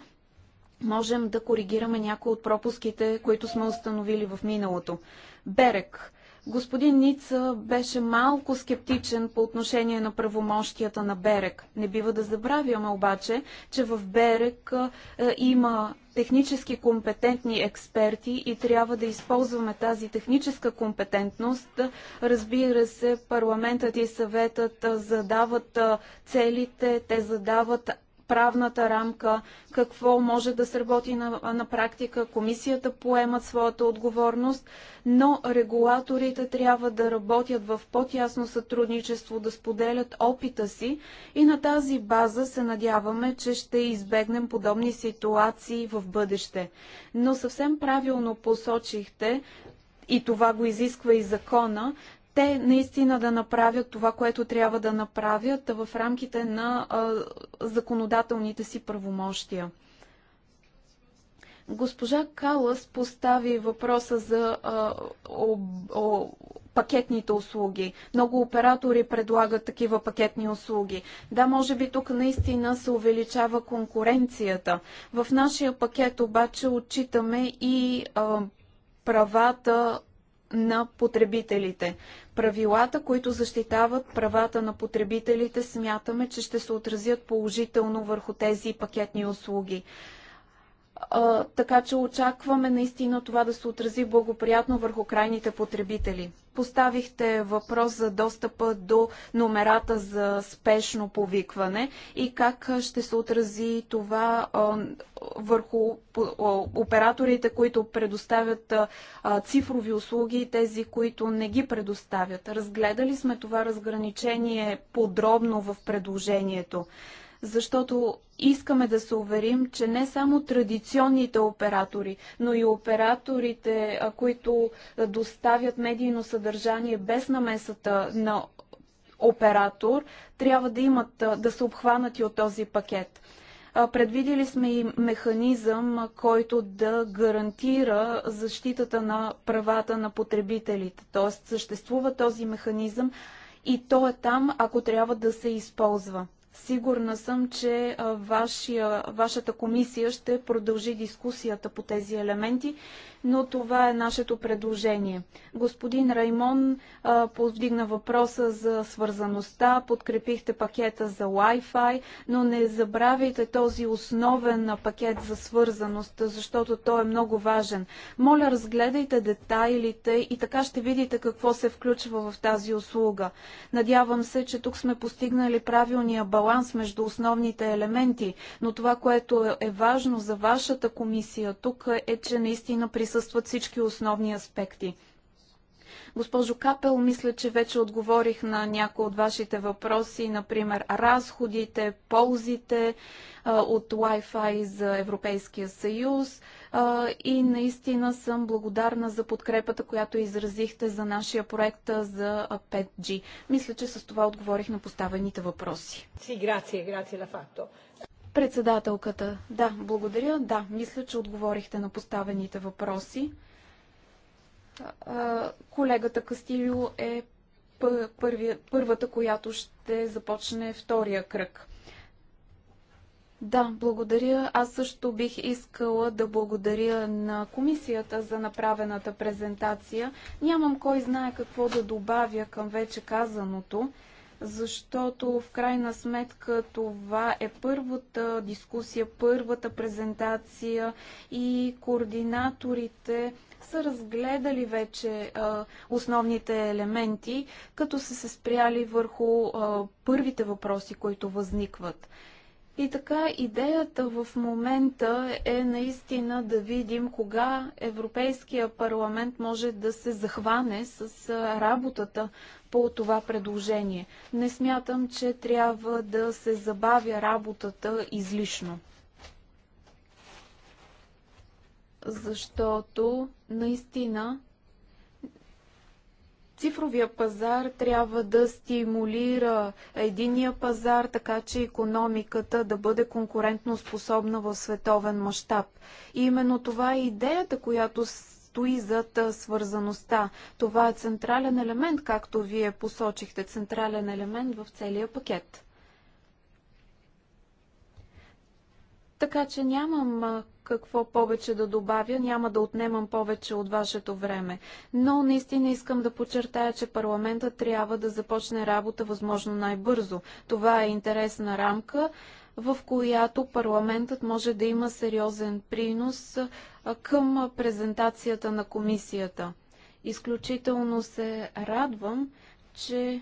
можем да коригираме някои от пропуските, които сме установили в миналото. Берек. Господин Ница беше малко скептичен по отношение на правомощията на Берек. Не бива да забравяме обаче, че в Берек е, има технически компетентни експерти и трябва да използваме тази техническа компетентност. Разбира се, парламентът и съветът е, задават е, целите, те задават правната рамка, какво може да сработи на, на практика. Комисията поемат своята отговорност, но регулаторите трябва да работят в по-тясно сътрудничество, да споделят опита си и на тази база се надяваме, че ще избегнем подобни ситуации в бъдеще. Но съвсем правилно посочихте, и това го изисква и закона, те наистина да направят това, което трябва да направят в рамките на законодателните си правомощия. Госпожа Калас постави въпроса за а, о, о, пакетните услуги. Много оператори предлагат такива пакетни услуги. Да, може би тук наистина се увеличава конкуренцията. В нашия пакет обаче отчитаме и а, правата на потребителите. Правилата, които защитават правата на потребителите, смятаме, че ще се отразят положително върху тези пакетни услуги така че очакваме наистина това да се отрази благоприятно върху крайните потребители. Поставихте въпрос за достъпа до номерата за спешно повикване и как ще се отрази това върху операторите, които предоставят цифрови услуги и тези, които не ги предоставят. Разгледали сме това разграничение подробно в предложението защото искаме да се уверим, че не само традиционните оператори, но и операторите, които доставят медийно съдържание без намесата на оператор, трябва да имат да са обхванати от този пакет. Предвидели сме и механизъм, който да гарантира защитата на правата на потребителите. Тоест съществува този механизъм и то е там, ако трябва да се използва. Сигурна съм, че вашия, вашата комисия ще продължи дискусията по тези елементи, но това е нашето предложение. Господин Раймон а, повдигна въпроса за свързаността, подкрепихте пакета за Wi-Fi, но не забравяйте този основен пакет за свързаност, защото той е много важен. Моля, разгледайте детайлите и така ще видите какво се включва в тази услуга. Надявам се, че тук сме постигнали правилния баланс баланс между основните елементи. Но това, което е, е важно за вашата комисия тук е, че наистина присъстват всички основни аспекти. Госпожо Капел, мисля, че вече отговорих на някои от вашите въпроси, например разходите, ползите от Wi-Fi за Европейския съюз, и наистина съм благодарна за подкрепата, която изразихте за нашия проект за 5G. Мисля, че с това отговорих на поставените въпроси. Си, грация, грация на факто. Председателката, да, благодаря. Да, мисля, че отговорихте на поставените въпроси. Колегата Кастилио е първата, която ще започне втория кръг. Да, благодаря. Аз също бих искала да благодаря на комисията за направената презентация. Нямам кой знае какво да добавя към вече казаното, защото в крайна сметка това е първата дискусия, първата презентация и координаторите са разгледали вече а, основните елементи, като са се спряли върху а, първите въпроси, които възникват. И така, идеята в момента е наистина да видим кога Европейския парламент може да се захване с работата по това предложение. Не смятам, че трябва да се забавя работата излишно. Защото наистина Цифровия пазар трябва да стимулира единия пазар, така че економиката да бъде конкурентно способна в световен мащаб. И именно това е идеята, която стои зад свързаността. Това е централен елемент, както вие посочихте, централен елемент в целия пакет. Така че нямам какво повече да добавя, няма да отнемам повече от вашето време. Но наистина искам да подчертая, че парламента трябва да започне работа възможно най-бързо. Това е интересна рамка, в която парламентът може да има сериозен принос към презентацията на комисията. Изключително се радвам, че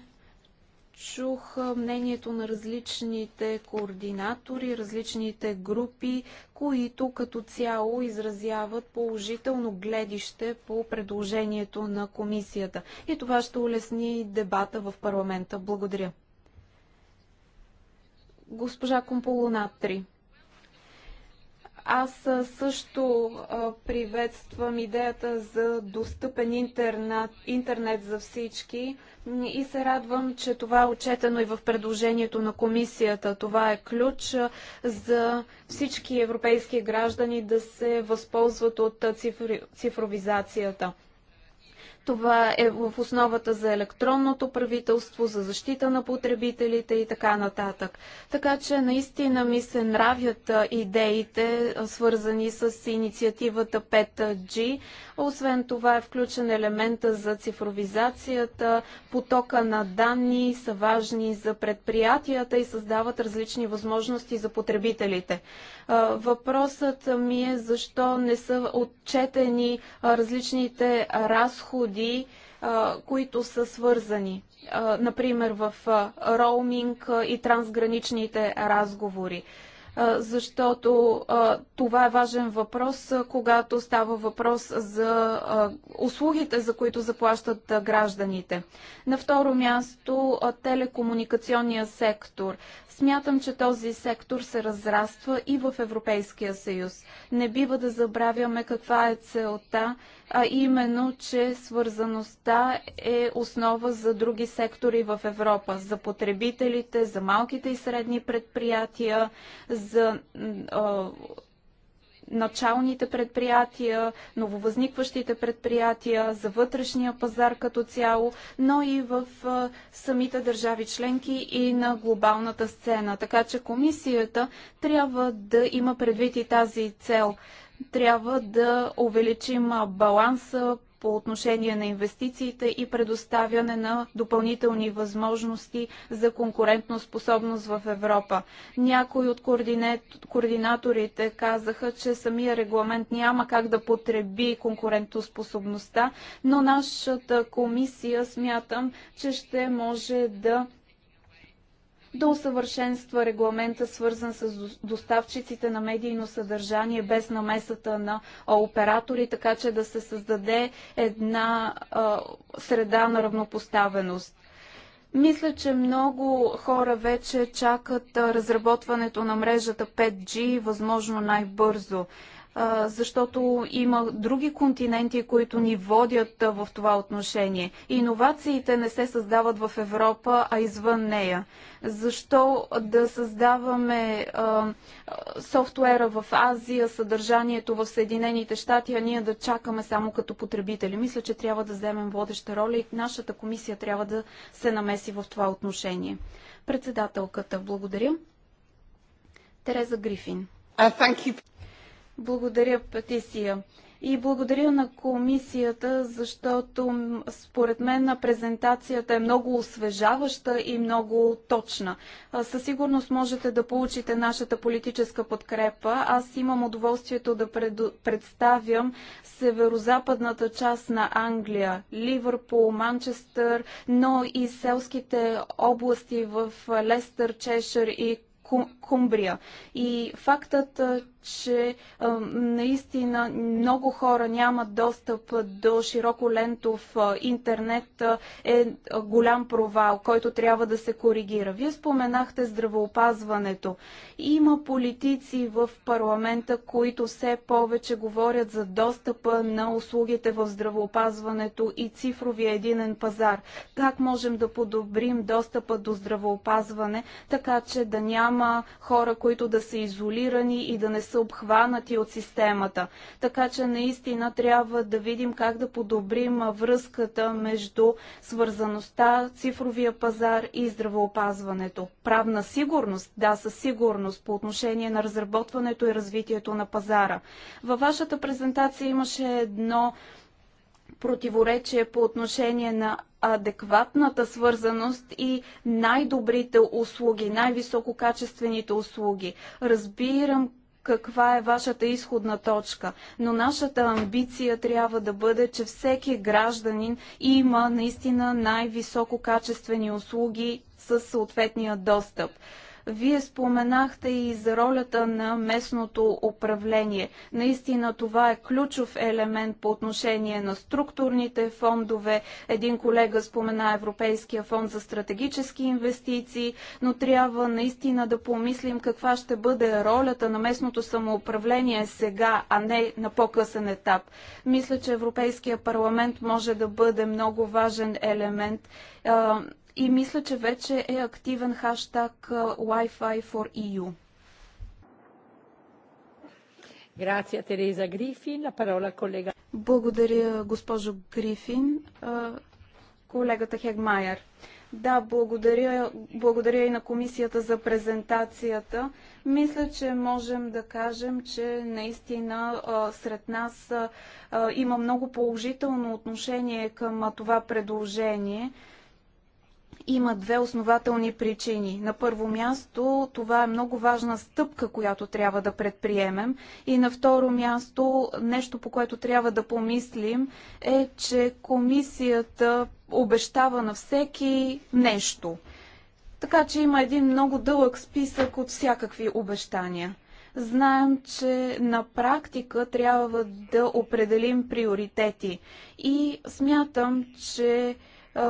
чух мнението на различните координатори, различните групи, които като цяло изразяват положително гледище по предложението на комисията. И това ще улесни дебата в парламента. Благодаря. Госпожа Комполонатри. Аз също приветствам идеята за достъпен интернет, интернет за всички и се радвам, че това е отчетено и в предложението на комисията. Това е ключ за всички европейски граждани да се възползват от цифровизацията. Това е в основата за електронното правителство, за защита на потребителите и така нататък. Така че наистина ми се нравят идеите, свързани с инициативата 5G. Освен това е включен елемента за цифровизацията, потока на данни са важни за предприятията и създават различни възможности за потребителите. Въпросът ми е защо не са отчетени различните разходи разходи, които са свързани. Например, в роуминг и трансграничните разговори защото това е важен въпрос, когато става въпрос за услугите, за които заплащат гражданите. На второ място телекомуникационния сектор. Смятам, че този сектор се разраства и в Европейския съюз. Не бива да забравяме каква е целта а именно, че свързаността е основа за други сектори в Европа, за потребителите, за малките и средни предприятия, за а, началните предприятия, нововъзникващите предприятия, за вътрешния пазар като цяло, но и в а, самите държави членки и на глобалната сцена. Така че комисията трябва да има предвид и тази цел. Трябва да увеличим баланса по отношение на инвестициите и предоставяне на допълнителни възможности за конкурентно способност в Европа. Някои от координаторите казаха, че самия регламент няма как да потреби конкурентоспособността, но нашата комисия смятам, че ще може да да усъвършенства регламента, свързан с доставчиците на медийно съдържание без намесата на оператори, така че да се създаде една среда на равнопоставеност. Мисля, че много хора вече чакат разработването на мрежата 5G възможно най-бързо защото има други континенти, които ни водят в това отношение. Иновациите не се създават в Европа, а извън нея. Защо да създаваме а, софтуера в Азия, съдържанието в Съединените щати, а ние да чакаме само като потребители? Мисля, че трябва да вземем водеща роля и нашата комисия трябва да се намеси в това отношение. Председателката, благодаря. Тереза Грифин. Uh, благодаря, Петисия. И благодаря на комисията, защото според мен презентацията е много освежаваща и много точна. Със сигурност можете да получите нашата политическа подкрепа. Аз имам удоволствието да пред... представям северо-западната част на Англия, Ливърпул, Манчестър, но и селските области в Лестър, Чешър и Кумбрия. И фактът, че наистина много хора нямат достъп до широко лентов интернет е голям провал, който трябва да се коригира. Вие споменахте здравеопазването. Има политици в парламента, които все повече говорят за достъпа на услугите в здравеопазването и цифровия единен пазар. Как можем да подобрим достъпа до здравеопазване, така че да няма хора, които да са изолирани и да не са са обхванати от системата. Така че наистина трябва да видим как да подобрим връзката между свързаността, цифровия пазар и здравеопазването. Правна сигурност, да, със сигурност по отношение на разработването и развитието на пазара. Във вашата презентация имаше едно противоречие по отношение на адекватната свързаност и най-добрите услуги, най-висококачествените услуги. Разбирам каква е вашата изходна точка. Но нашата амбиция трябва да бъде, че всеки гражданин има наистина най висококачествени услуги с съответния достъп. Вие споменахте и за ролята на местното управление. Наистина това е ключов елемент по отношение на структурните фондове. Един колега спомена Европейския фонд за стратегически инвестиции, но трябва наистина да помислим каква ще бъде ролята на местното самоуправление сега, а не на по-късен етап. Мисля, че Европейския парламент може да бъде много важен елемент и мисля, че вече е активен хаштаг Wi-Fi for EU. Грация, Тереза Грифин. Парола колега. Благодаря, госпожо Грифин. Колегата Хегмайер. Да, благодаря, благодаря и на комисията за презентацията. Мисля, че можем да кажем, че наистина сред нас има много положително отношение към това предложение има две основателни причини. На първо място, това е много важна стъпка, която трябва да предприемем. И на второ място, нещо по което трябва да помислим е, че комисията обещава на всеки нещо. Така че има един много дълъг списък от всякакви обещания. Знаем, че на практика трябва да определим приоритети. И смятам, че е,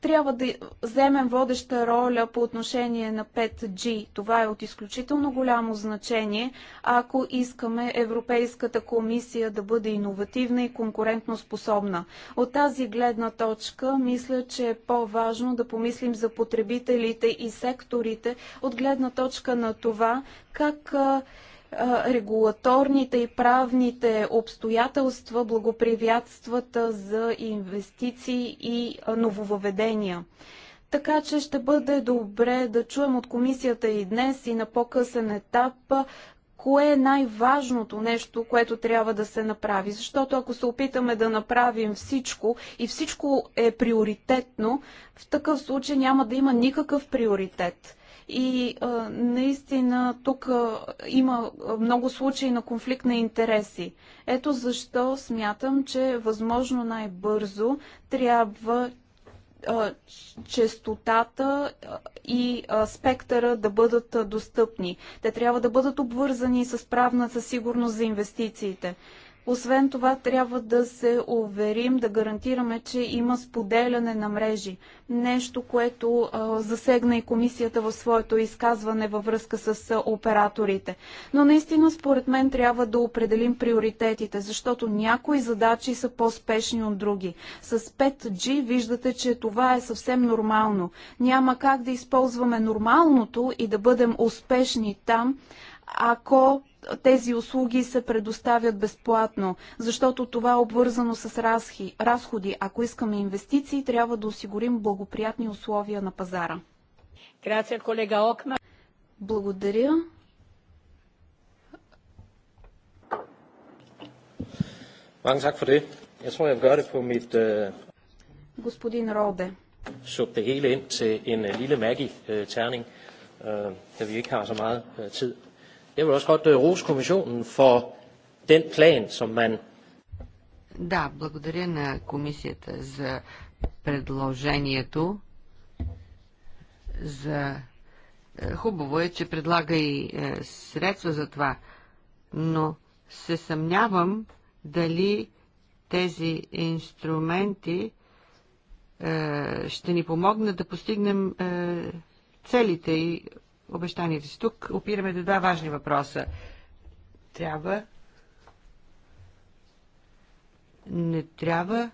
трябва да вземем водеща роля по отношение на 5G. Това е от изключително голямо значение, ако искаме Европейската комисия да бъде иновативна и конкурентно способна. От тази гледна точка, мисля, че е по-важно да помислим за потребителите и секторите от гледна точка на това как е, регулаторните и правните обстоятелства благоприятстват за инвестиции и нововъведения. Така че ще бъде добре да чуем от комисията и днес и на по-късен етап кое е най-важното нещо, което трябва да се направи. Защото ако се опитаме да направим всичко и всичко е приоритетно, в такъв случай няма да има никакъв приоритет. И а, наистина тук а, има много случаи на конфликт на интереси. Ето защо смятам, че е възможно най-бързо трябва честотата и спектъра да бъдат достъпни. Те трябва да бъдат обвързани с правната сигурност за инвестициите. Освен това, трябва да се уверим, да гарантираме, че има споделяне на мрежи. Нещо, което а, засегна и комисията в своето изказване във връзка с а, операторите. Но наистина, според мен, трябва да определим приоритетите, защото някои задачи са по-спешни от други. С 5G виждате, че това е съвсем нормално. Няма как да използваме нормалното и да бъдем успешни там, ако тези услуги се предоставят безплатно, защото това е обвързано с разходи. Ако искаме инвестиции, трябва да осигурим благоприятни условия на пазара. Грация, колега Окна. Благодаря. Mange tak for det. Jeg tror, jeg vil gøre det på mit... Øh, Господин Роде. Sub det hele ind til en øh, lille maggi-terning, øh, øh, da vi ikke har så meget øh, tid. Jeg vil også godt øh, rose kommissionen for den plan, som man... Да, благодаря на комисията за предложението за... Е, хубаво е, че предлага и е, средства за това, но се съмнявам дали тези инструменти е, ще ни помогнат да постигнем целите и Обещанието си. Тук опираме до два важни въпроса. Трябва не трябва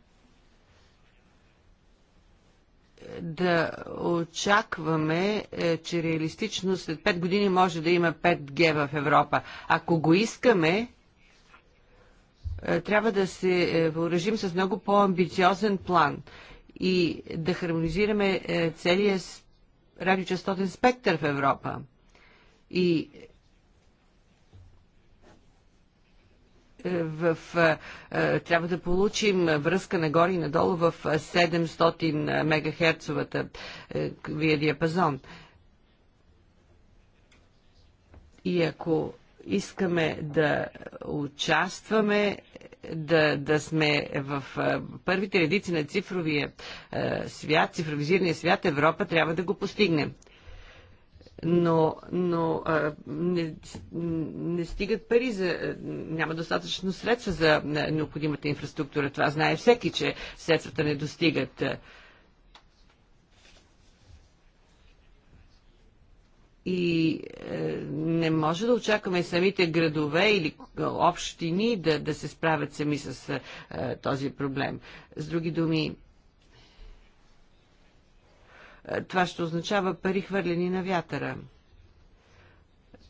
да очакваме, е, че реалистично след 5 години може да има 5G в Европа. Ако го искаме, е, трябва да се е, въоръжим с много по-амбициозен план и да хармонизираме целия радиочастотен спектър в Европа. И е, в, е, е, трябва да получим връзка нагоре и надолу в 700 мегахерцовата вия диапазон. И ако искаме да участваме да, да сме в първите редици на цифровия свят, цифровизирания свят, Европа трябва да го постигне. Но, но не, не стигат пари за. Няма достатъчно средства за необходимата инфраструктура. Това знае всеки, че средствата не достигат. и е, не може да очакваме самите градове или е, общини да, да се справят сами с е, този проблем. С други думи, е, това ще означава пари хвърлени на вятъра.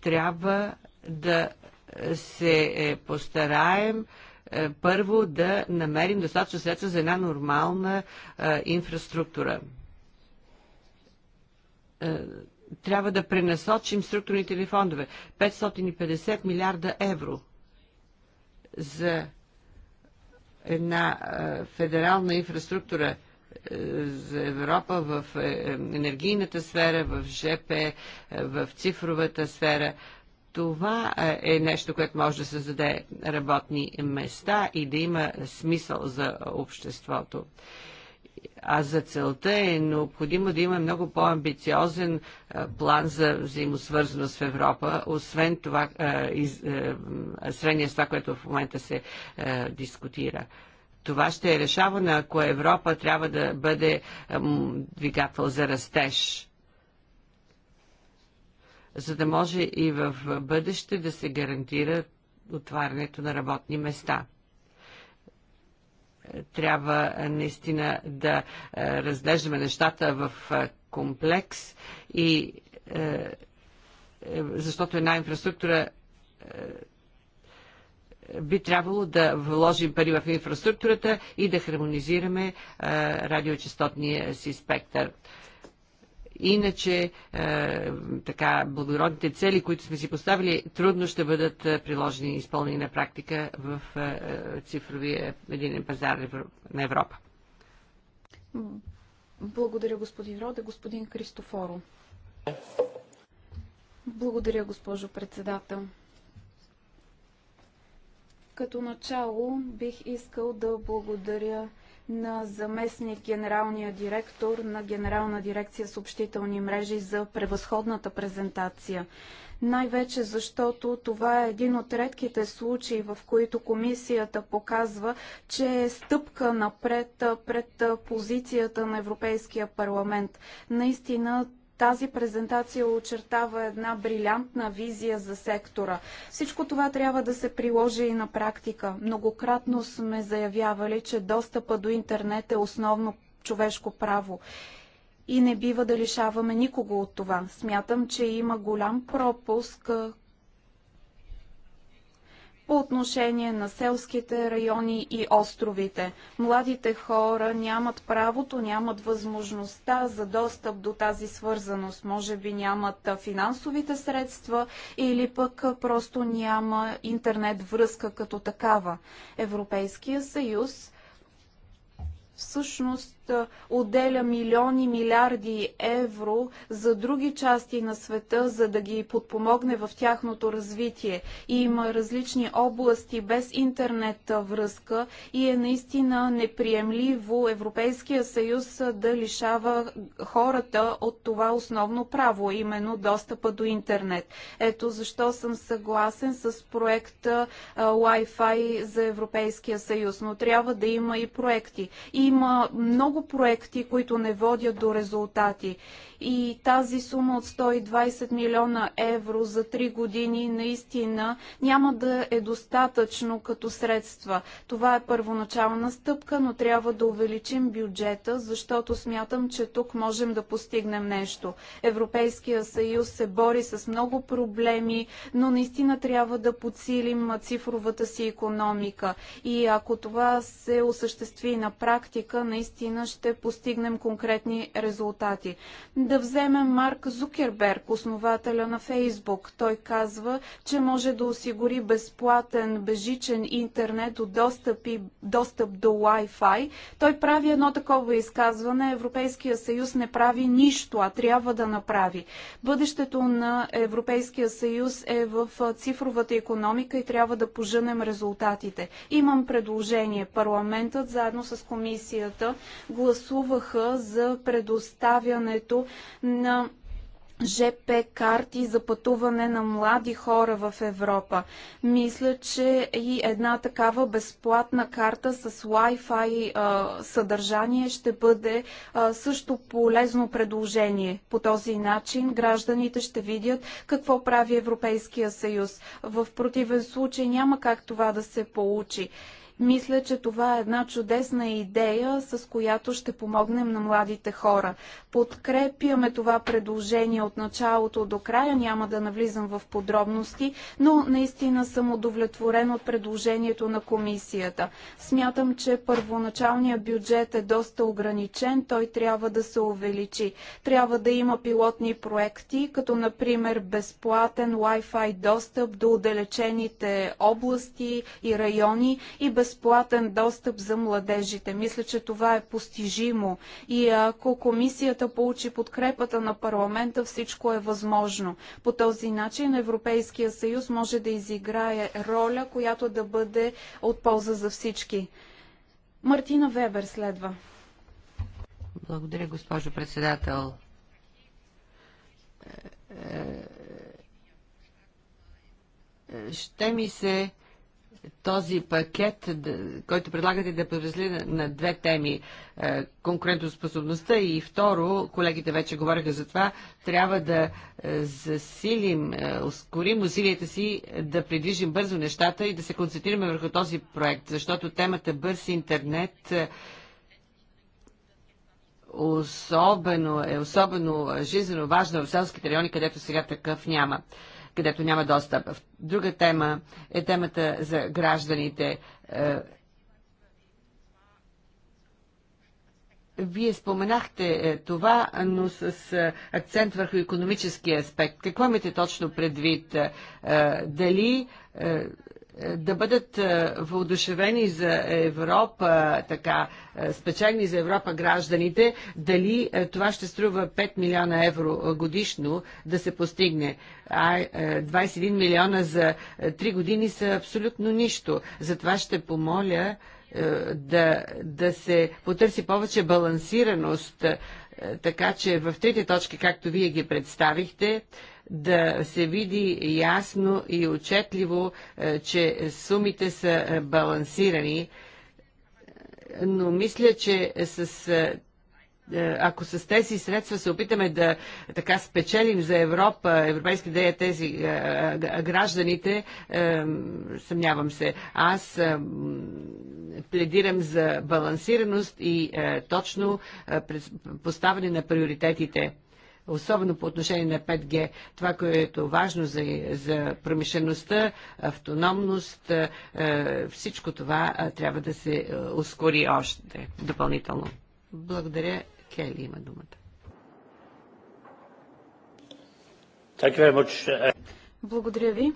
Трябва да се е, постараем е, първо да намерим достатъчно средства за една нормална е, инфраструктура е, трябва да пренасочим структурните ни фондове. 550 милиарда евро за една федерална инфраструктура за Европа в енергийната сфера, в ЖП, в цифровата сфера. Това е нещо, което може да създаде работни места и да има смисъл за обществото а за целта е необходимо да има много по-амбициозен е, план за взаимосвързаност в Европа, освен това, е, е, средния с това, което в момента се дискутира. Това ще е решавано, ако Европа трябва да бъде двигател за растеж за да може и в бъдеще да се гарантира отварянето на работни места трябва наистина да разглеждаме нещата в комплекс и е, защото една инфраструктура би трябвало да вложим пари в инфраструктурата и да хармонизираме радиочастотния си спектър. Иначе, е, така, благородните цели, които сме си поставили, трудно ще бъдат е, приложени и изпълнени на практика в е, цифровия единен пазар на Европа. Благодаря, господин Роде. Господин Кристофоро. Благодаря, госпожо председател. Като начало бих искал да благодаря на заместник генералния директор на Генерална дирекция съобщителни мрежи за превъзходната презентация. Най-вече защото това е един от редките случаи, в които комисията показва, че е стъпка напред пред позицията на Европейския парламент. Наистина тази презентация очертава една брилянтна визия за сектора. Всичко това трябва да се приложи и на практика. Многократно сме заявявали, че достъпа до интернет е основно човешко право и не бива да лишаваме никого от това. Смятам, че има голям пропуск, по отношение на селските райони и островите. Младите хора нямат правото, нямат възможността за достъп до тази свързаност. Може би нямат финансовите средства или пък просто няма интернет връзка като такава. Европейския съюз всъщност отделя милиони, милиарди евро за други части на света, за да ги подпомогне в тяхното развитие. И има различни области без интернет връзка и е наистина неприемливо Европейския съюз да лишава хората от това основно право, именно достъпа до интернет. Ето защо съм съгласен с проекта Wi-Fi за Европейския съюз, но трябва да има и проекти. Има много много проекти, които не водят до резултати и тази сума от 120 милиона евро за 3 години наистина няма да е достатъчно като средства. Това е първоначална стъпка, но трябва да увеличим бюджета, защото смятам, че тук можем да постигнем нещо. Европейския съюз се бори с много проблеми, но наистина трябва да подсилим цифровата си економика. И ако това се осъществи на практика, наистина ще постигнем конкретни резултати да вземем Марк Зукерберг, основателя на Фейсбук. Той казва, че може да осигури безплатен бежичен интернет от достъп, и, достъп до Wi-Fi. Той прави едно такова изказване. Европейския съюз не прави нищо, а трябва да направи. Бъдещето на Европейския съюз е в цифровата економика и трябва да поженем резултатите. Имам предложение. Парламентът заедно с комисията гласуваха за предоставянето на ЖП карти за пътуване на млади хора в Европа. Мисля, че и една такава безплатна карта с Wi-Fi а, съдържание ще бъде а, също полезно предложение. По този начин гражданите ще видят какво прави Европейския съюз. В противен случай няма как това да се получи. Мисля, че това е една чудесна идея, с която ще помогнем на младите хора. Подкрепяме това предложение от началото до края, няма да навлизам в подробности, но наистина съм удовлетворен от предложението на комисията. Смятам, че първоначалният бюджет е доста ограничен, той трябва да се увеличи. Трябва да има пилотни проекти, като например безплатен Wi-Fi достъп до отдалечените области и райони и безплатен безплатен достъп за младежите. Мисля, че това е постижимо и ако комисията получи подкрепата на парламента, всичко е възможно. По този начин Европейския съюз може да изиграе роля, която да бъде от полза за всички. Мартина Вебер следва. Благодаря, госпожо председател. Е, е, е, ще ми се този пакет, който предлагате да превезли на две теми е, конкурентоспособността и второ, колегите вече говориха за това, трябва да е, засилим, е, ускорим усилията си да придвижим бързо нещата и да се концентрираме върху този проект, защото темата бърз интернет особено, е особено жизненно важна в селските райони, където сега такъв няма където няма достъп. Друга тема е темата за гражданите. Е, Вие споменахте е, това, но с е, акцент върху економическия аспект. Какво имате точно предвид? Дали е, да бъдат е, въодушевени за Европа, така, е, спечелени за Европа гражданите, дали това ще струва 5 милиона евро годишно да се постигне. А 21 милиона за 3 години са абсолютно нищо. Затова ще помоля да, да се потърси повече балансираност, така че в трите точки, както вие ги представихте, да се види ясно и отчетливо, е, че сумите са е, балансирани, но мисля, че с е, ако с тези средства се опитаме да така спечелим за Европа, европейски идея тези гражданите, съмнявам се. Аз пледирам за балансираност и точно поставяне на приоритетите особено по отношение на 5G, това, което е важно за, за промишлеността, автономност, е, всичко това е, трябва да се е, ускори още допълнително. Благодаря. Кели има думата. Благодаря ви.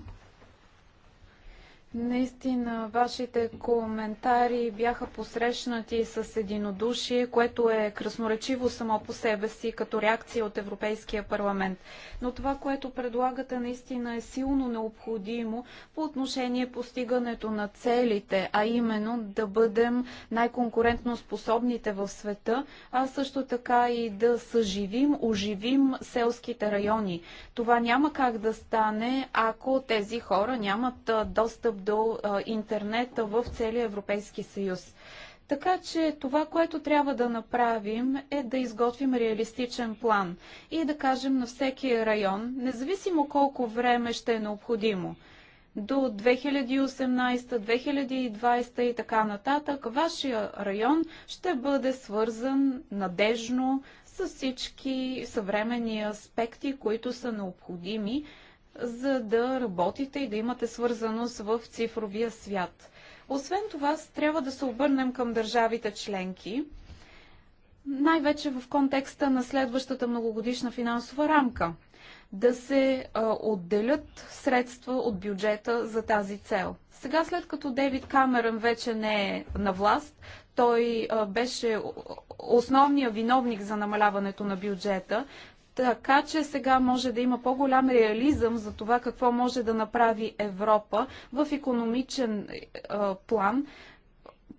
Наистина, вашите коментари бяха посрещнати с единодушие, което е красноречиво само по себе си като реакция от Европейския парламент. Но това, което предлагате, наистина е силно необходимо по отношение постигането на целите, а именно да бъдем най-конкурентно способните в света, а също така и да съживим, оживим селските райони. Това няма как да стане, ако тези хора нямат достъп до интернета в целия Европейски съюз. Така че това, което трябва да направим е да изготвим реалистичен план и да кажем на всеки район, независимо колко време ще е необходимо, до 2018, 2020 и така нататък, вашия район ще бъде свързан надежно с всички съвременни аспекти, които са необходими за да работите и да имате свързаност в цифровия свят. Освен това, трябва да се обърнем към държавите членки, най-вече в контекста на следващата многогодишна финансова рамка, да се а, отделят средства от бюджета за тази цел. Сега, след като Дейвид Камерън вече не е на власт, той а, беше основният виновник за намаляването на бюджета. Така че сега може да има по-голям реализъм за това какво може да направи Европа в економичен е, а, план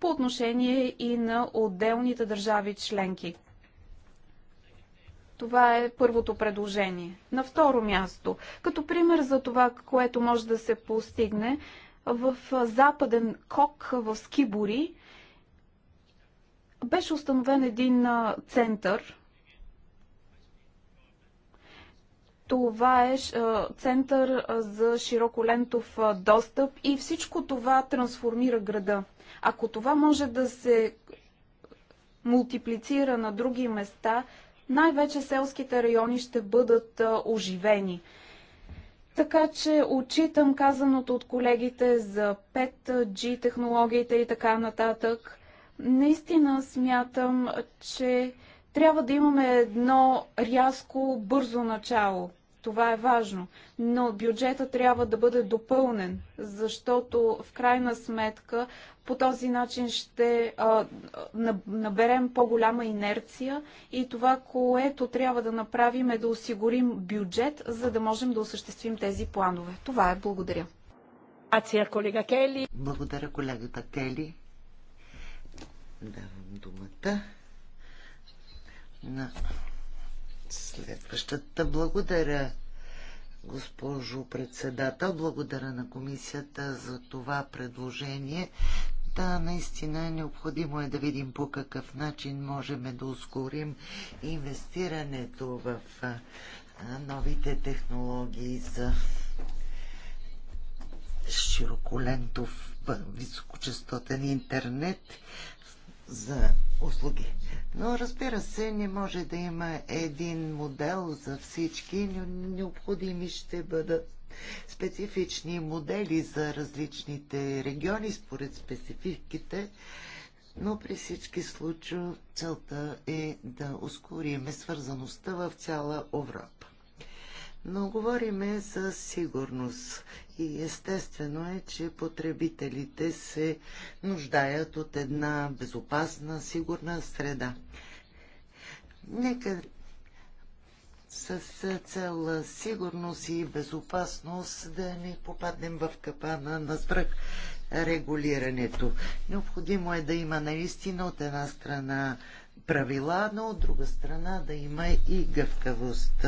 по отношение и на отделните държави членки. Това е първото предложение. На второ място, като пример за това, което може да се постигне, в западен кок в Скибори беше установен един център – Това е център за широколентов достъп и всичко това трансформира града. Ако това може да се мултиплицира на други места, най-вече селските райони ще бъдат оживени. Така че отчитам казаното от колегите за 5G технологиите и така нататък. Наистина смятам, че трябва да имаме едно рязко, бързо начало. Това е важно. Но бюджета трябва да бъде допълнен, защото в крайна сметка по този начин ще а, наберем по-голяма инерция и това, което трябва да направим е да осигурим бюджет, за да можем да осъществим тези планове. Това е. Благодаря. Ация, колега Кели. Благодаря, колегата Кели. Давам думата на Следващата. Благодаря, госпожо председател. Благодаря на комисията за това предложение. Да, наистина е необходимо е да видим по какъв начин можем да ускорим инвестирането в новите технологии за широколентов високочастотен интернет, за услуги. Но разбира се, не може да има един модел за всички. Необходими ще бъдат специфични модели за различните региони според спецификите, но при всички случаи целта е да ускориме свързаността в цяла Европа. Но говориме за сигурност и естествено е, че потребителите се нуждаят от една безопасна, сигурна среда. Нека с цел сигурност и безопасност да не попаднем в капана на свръх регулирането. Необходимо е да има наистина от една страна правила, но от друга страна да има и гъвкавост.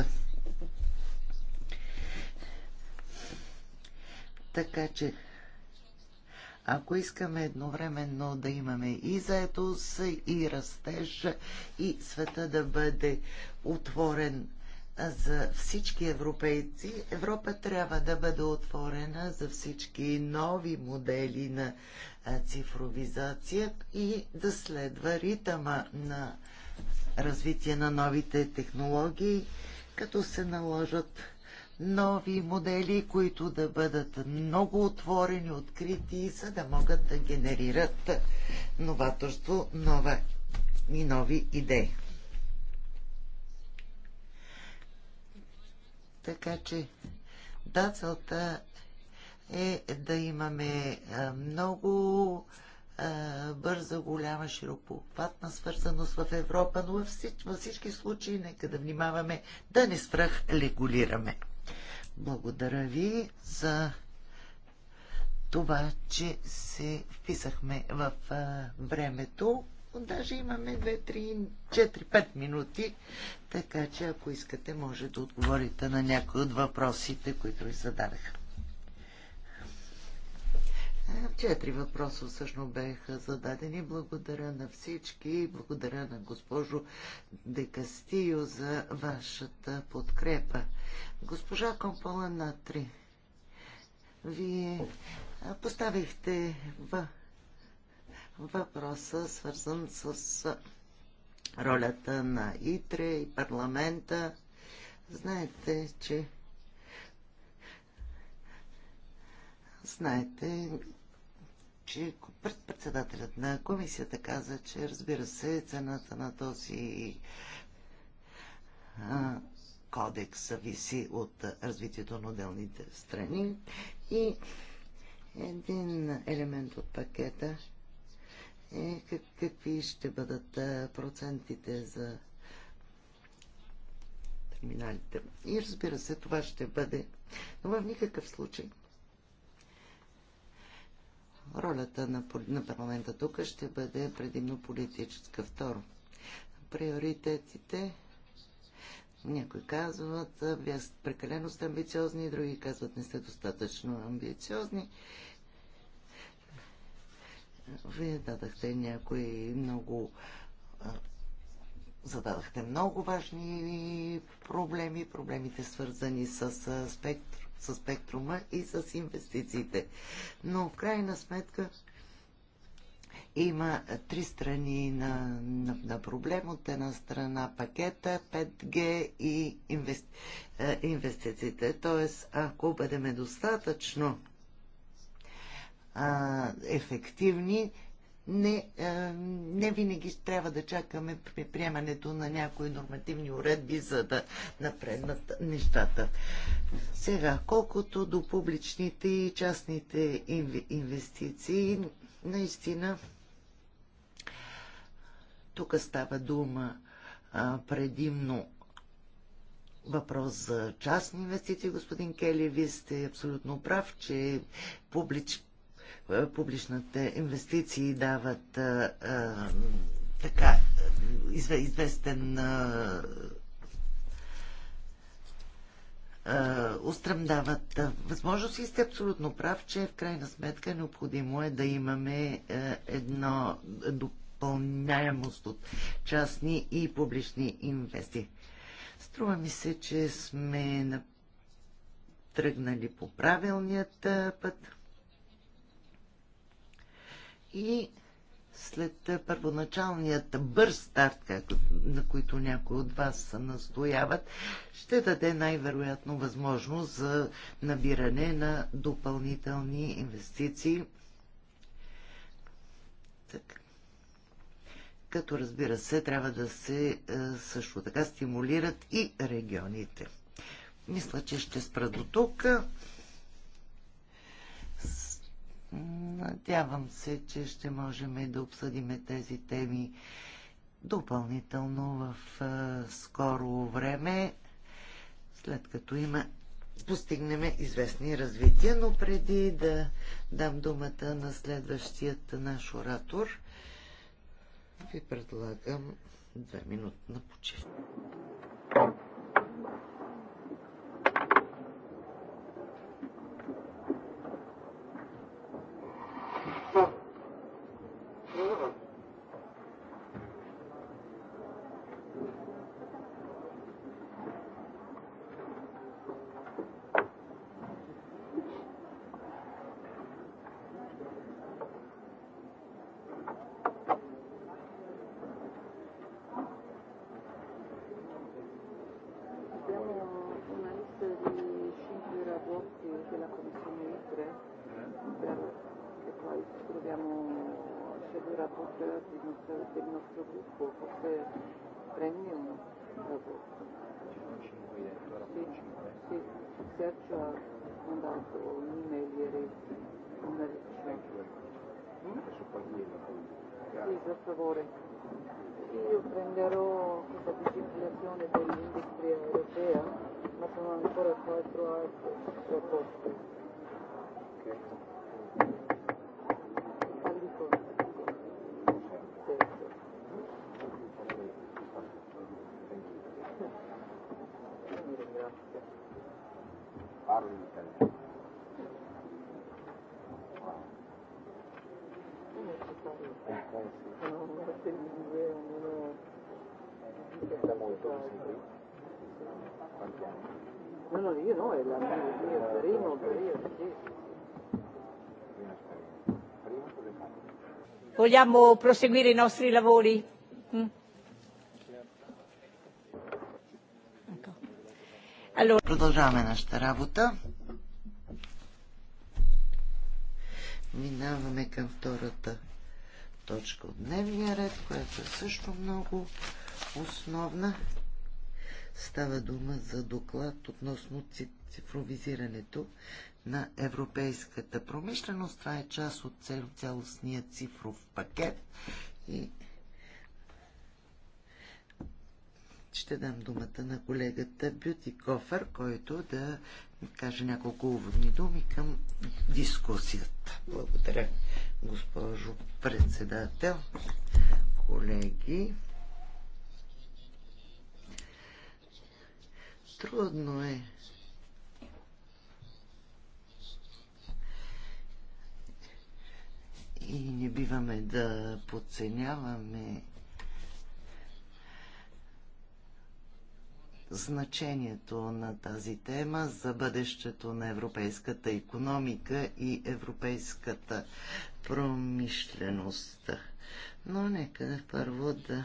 Така че, ако искаме едновременно да имаме и заетост, и растеж, и света да бъде отворен за всички европейци, Европа трябва да бъде отворена за всички нови модели на цифровизация и да следва ритъма на развитие на новите технологии, като се наложат нови модели, които да бъдат много отворени, открити, за да могат да генерират новаторство, нова и нови идеи. Така че, да, целта е да имаме много бърза, голяма, широкопатна свързаност в Европа, но във всички, случаи нека да внимаваме да не свръх регулираме. Благодаря ви за това, че се вписахме в а, времето. Даже имаме 2, 3, 4, 5 минути, така че ако искате, може да отговорите на някои от въпросите, които ви зададаха. Четири въпроса всъщност беха зададени. Благодаря на всички. Благодаря на госпожо Декастио за вашата подкрепа. Госпожа Компола Натри, вие поставихте в въпроса, свързан с ролята на ИТРЕ и парламента. Знаете, че знаете, че председателят на комисията каза, че разбира се, цената на този кодекс зависи от развитието на отделните страни и един елемент от пакета е какви ще бъдат процентите за терминалите. И разбира се, това ще бъде, но в никакъв случай – ролята на, на парламента тук ще бъде предимно политическа. Второ, приоритетите някои казват, вие прекалено сте амбициозни, други казват, не сте достатъчно амбициозни. Вие дадахте някои много зададахте много важни проблеми, проблемите свързани с аспект с спектрума и с инвестициите. Но в крайна сметка има три страни на, на, на проблем. От една страна пакета, 5G и инвести, е, инвестициите. Тоест, ако бъдем достатъчно а, ефективни, не, е, не винаги трябва да чакаме при приемането на някои нормативни уредби, за да напреднат нещата. Сега, колкото до публичните и частните инвестиции, наистина тук става дума а, предимно въпрос за частни инвестиции. Господин Кели, вие сте абсолютно прав, че публич, публичните инвестиции дават а, а, така изве, известен а, устремдават възможност и сте абсолютно прав, че в крайна сметка необходимо е да имаме едно допълняемост от частни и публични инвести. Струва ми се, че сме тръгнали по правилният път и след първоначалният бърз старт, както, на които някои от вас настояват, ще даде най-вероятно възможност за набиране на допълнителни инвестиции. Така. Като разбира се, трябва да се също така стимулират и регионите. Мисля, че ще спра до тук. Надявам се, че ще можем да обсъдим тези теми допълнително в скоро време, след като има постигнем известни развития, но преди да дам думата на следващият наш оратор, ви предлагам две минути на почивка. No, no, io no, è la mia, il mio primo sì. Vogliamo proseguire i nostri lavori? Mm? Allora. Продължаваме нашата работа. Минаваме към втората точка от дневния ред, която е също много основна. Става дума за доклад относно цифровизирането на европейската промишленост. Това е част от цялостния цифров пакет и ще дам думата на колегата Бюти Кофър, който да каже няколко уводни думи към дискусията. Благодаря, госпожо председател, колеги. Трудно е. И не биваме да подценяваме значението на тази тема за бъдещето на европейската економика и европейската промишленост. Но нека първо да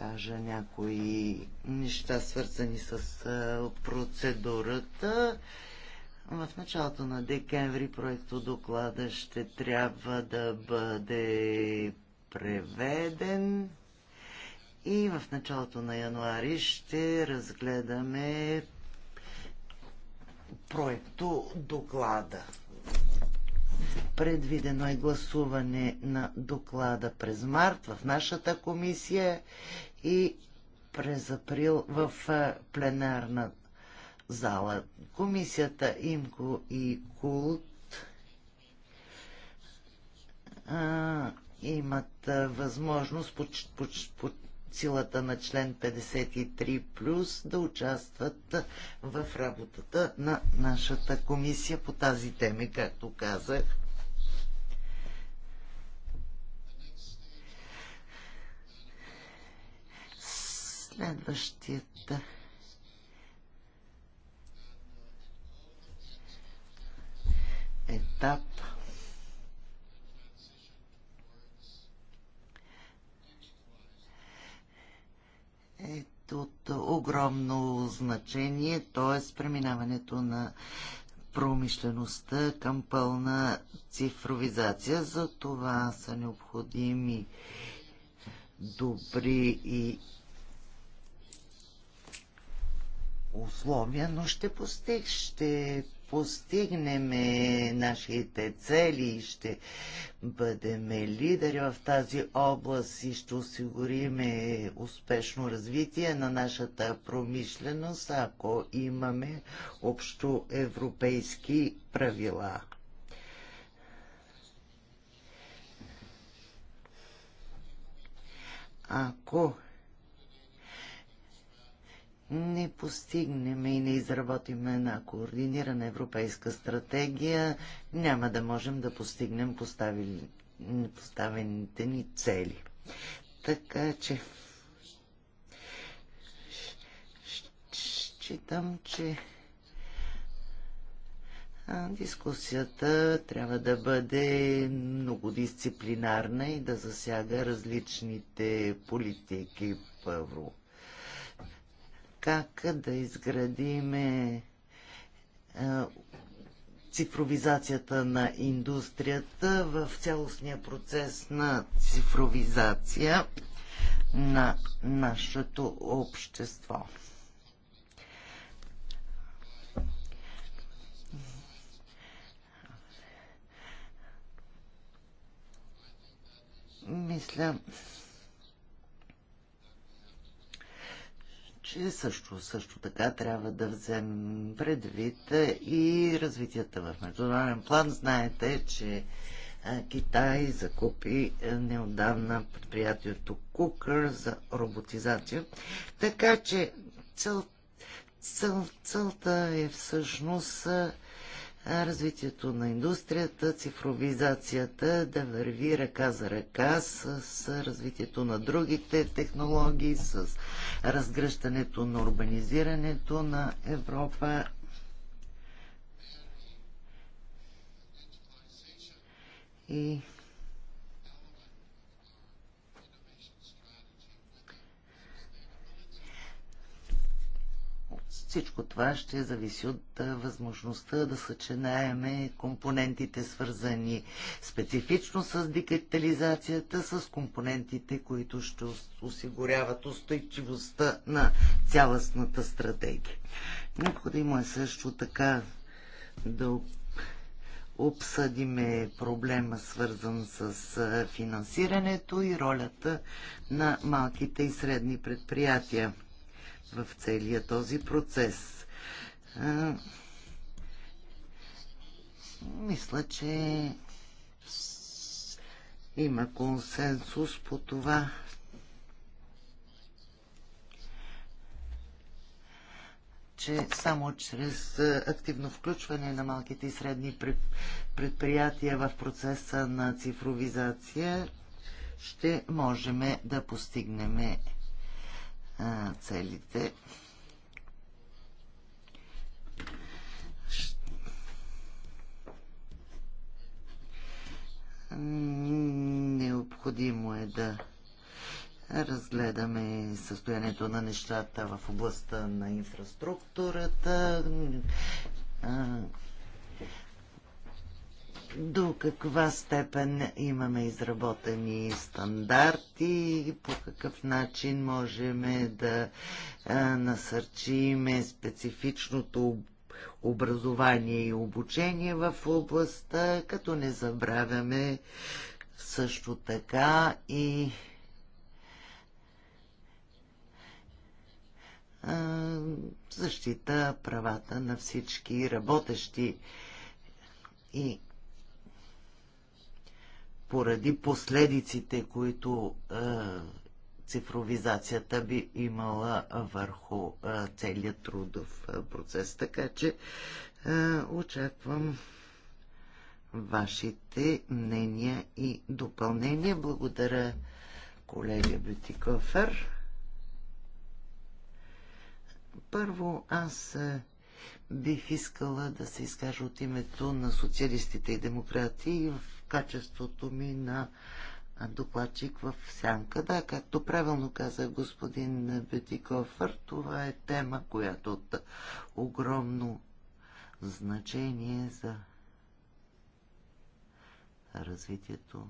кажа някои неща, свързани с процедурата. В началото на декември проекто доклада ще трябва да бъде преведен и в началото на януари ще разгледаме проекто доклада. Предвидено е гласуване на доклада през март в нашата комисия и през април в пленарна зала. Комисията ИМКО и КУЛТ а, имат а, възможност по, по, по силата на член 53 плюс да участват в работата на нашата комисия по тази теми, както казах. Следващият. етап е от огромно значение, т.е. преминаването на промишлеността към пълна цифровизация. За това са необходими добри и условия, но ще, постиг, ще постигнем нашите цели, ще бъдем лидери в тази област и ще осигурим успешно развитие на нашата промишленост, ако имаме общо европейски правила. Ако не постигнем и не изработим една координирана европейска стратегия, няма да можем да постигнем поставили, поставените ни цели. Така че считам, че дискусията трябва да бъде многодисциплинарна и да засяга различните политики в Европа как да изградиме е, цифровизацията на индустрията в цялостния процес на цифровизация на нашето общество. Мисля, че също, също така трябва да вземем предвид и развитията в международен план. Знаете, че Китай закупи неодавна предприятието Кукър за роботизация. Така че цел, цел, целта е всъщност развитието на индустрията, цифровизацията да върви ръка за ръка с, с развитието на другите технологии, с разгръщането на урбанизирането на Европа. И Всичко това ще зависи от възможността да съчинаеме компонентите, свързани специфично с дигитализацията, с компонентите, които ще осигуряват устойчивостта на цялостната стратегия. Необходимо е също така да обсъдиме проблема свързан с финансирането и ролята на малките и средни предприятия в целия този процес. А, мисля, че има консенсус по това. че само чрез активно включване на малките и средни предприятия в процеса на цифровизация ще можем да постигнем целите. Необходимо е да разгледаме състоянието на нещата в областта на инфраструктурата, до каква степен имаме изработени стандарти и по какъв начин можем да насърчиме специфичното образование и обучение в областта, като не забравяме също така и защита правата на всички работещи и поради последиците, които е, цифровизацията би имала върху е, целият трудов е, процес. Така че е, очаквам вашите мнения и допълнения. Благодаря, колега Бютикофер. Първо аз е, бих искала да се изкажа от името на социалистите и демократи и в качеството ми на докладчик в сянка. Да, както правилно каза господин Бетикофър, това е тема, която от огромно значение за развитието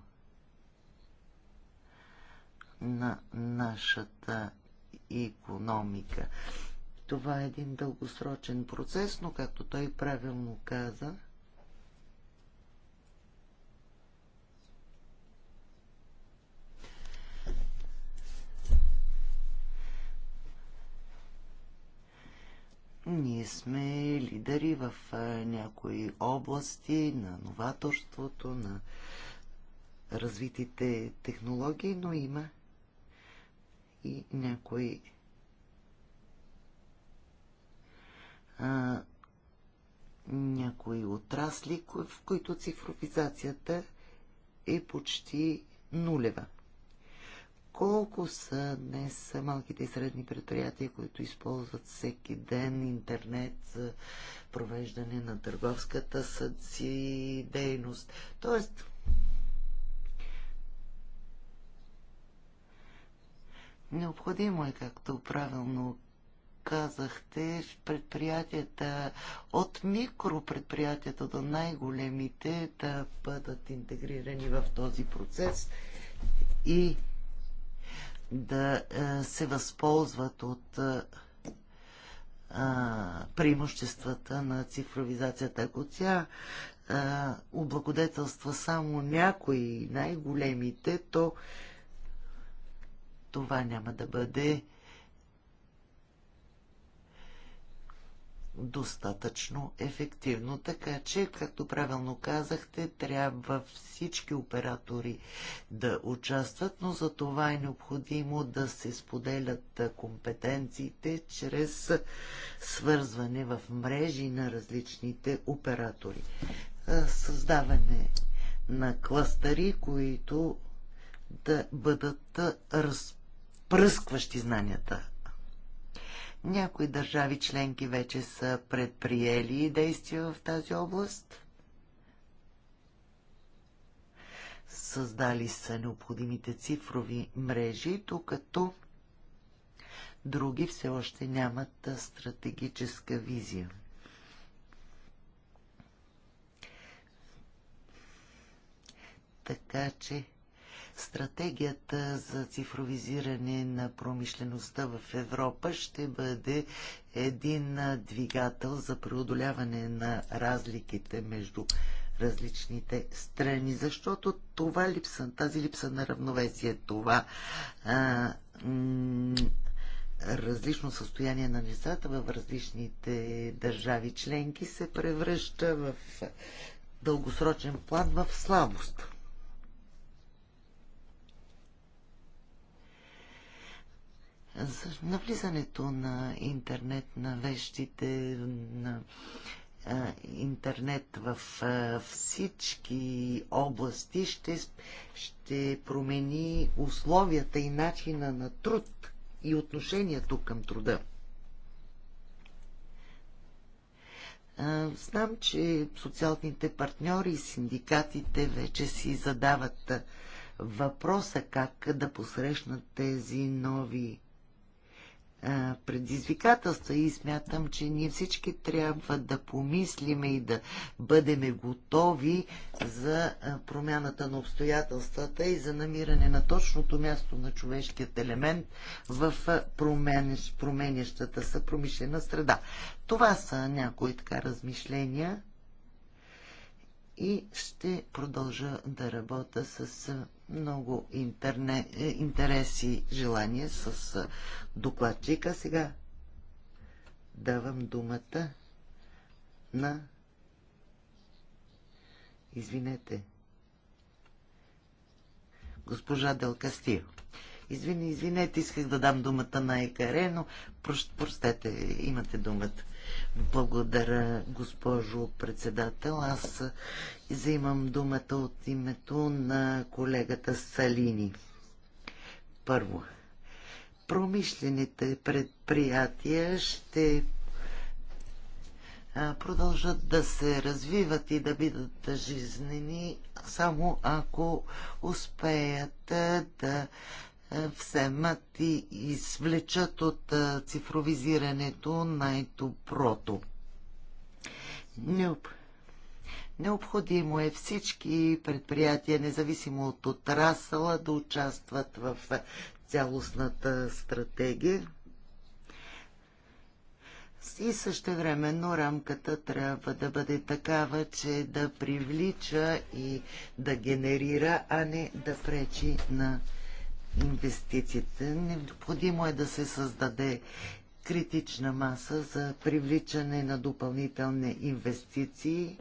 на нашата економика. Това е един дългосрочен процес, но както той правилно каза, Ние сме лидери в някои области на новаторството, на развитите технологии, но има и някои а, някои отрасли, в които цифровизацията е почти нулева. Колко са днес малките и средни предприятия, които използват всеки ден интернет за провеждане на търговската си дейност? Тоест, необходимо е, както правилно казахте, предприятията от микропредприятията до най-големите да бъдат интегрирани в този процес и да е, се възползват от е, преимуществата на цифровизацията. Ако тя е, облагодетелства само някои най-големите, то това няма да бъде достатъчно ефективно. Така че, както правилно казахте, трябва всички оператори да участват, но за това е необходимо да се споделят компетенциите чрез свързване в мрежи на различните оператори. Създаване на кластъри, които да бъдат разпръскващи знанията някои държави членки вече са предприели действия в тази област. Създали са необходимите цифрови мрежи, докато други все още нямат стратегическа визия. Така че Стратегията за цифровизиране на промишлеността в Европа ще бъде един двигател за преодоляване на разликите между различните страни, защото това липса, тази липса на равновесие, това а, различно състояние на нещата в различните държави членки се превръща в дългосрочен план в слабост. За навлизането на интернет на вещите, на интернет в всички области ще, ще промени условията и начина на труд и отношението към труда. Знам, че социалните партньори и синдикатите вече си задават въпроса как да посрещнат тези нови предизвикателства и смятам, че ние всички трябва да помислиме и да бъдеме готови за промяната на обстоятелствата и за намиране на точното място на човешкият елемент в променящата се промишлена среда. Това са някои така размишления и ще продължа да работя с много интерне, е, интерес и желания с е, докладчика. Сега давам думата на... Извинете. Госпожа Делкастио. Извини, извинете, исках да дам думата на Екаре, но простете, имате думата. Благодаря, госпожо председател. Аз взимам думата от името на колегата Салини. Първо, промишлените предприятия ще продължат да се развиват и да бидат жизнени, само ако успеят да е, вземат и извлечат от е, цифровизирането най-доброто. Необ... Необходимо е всички предприятия, независимо от отрасъла, да участват в е, цялостната стратегия. И същевременно рамката трябва да бъде такава, че да привлича и да генерира, а не да пречи на инвестициите. Необходимо е да се създаде критична маса за привличане на допълнителни инвестиции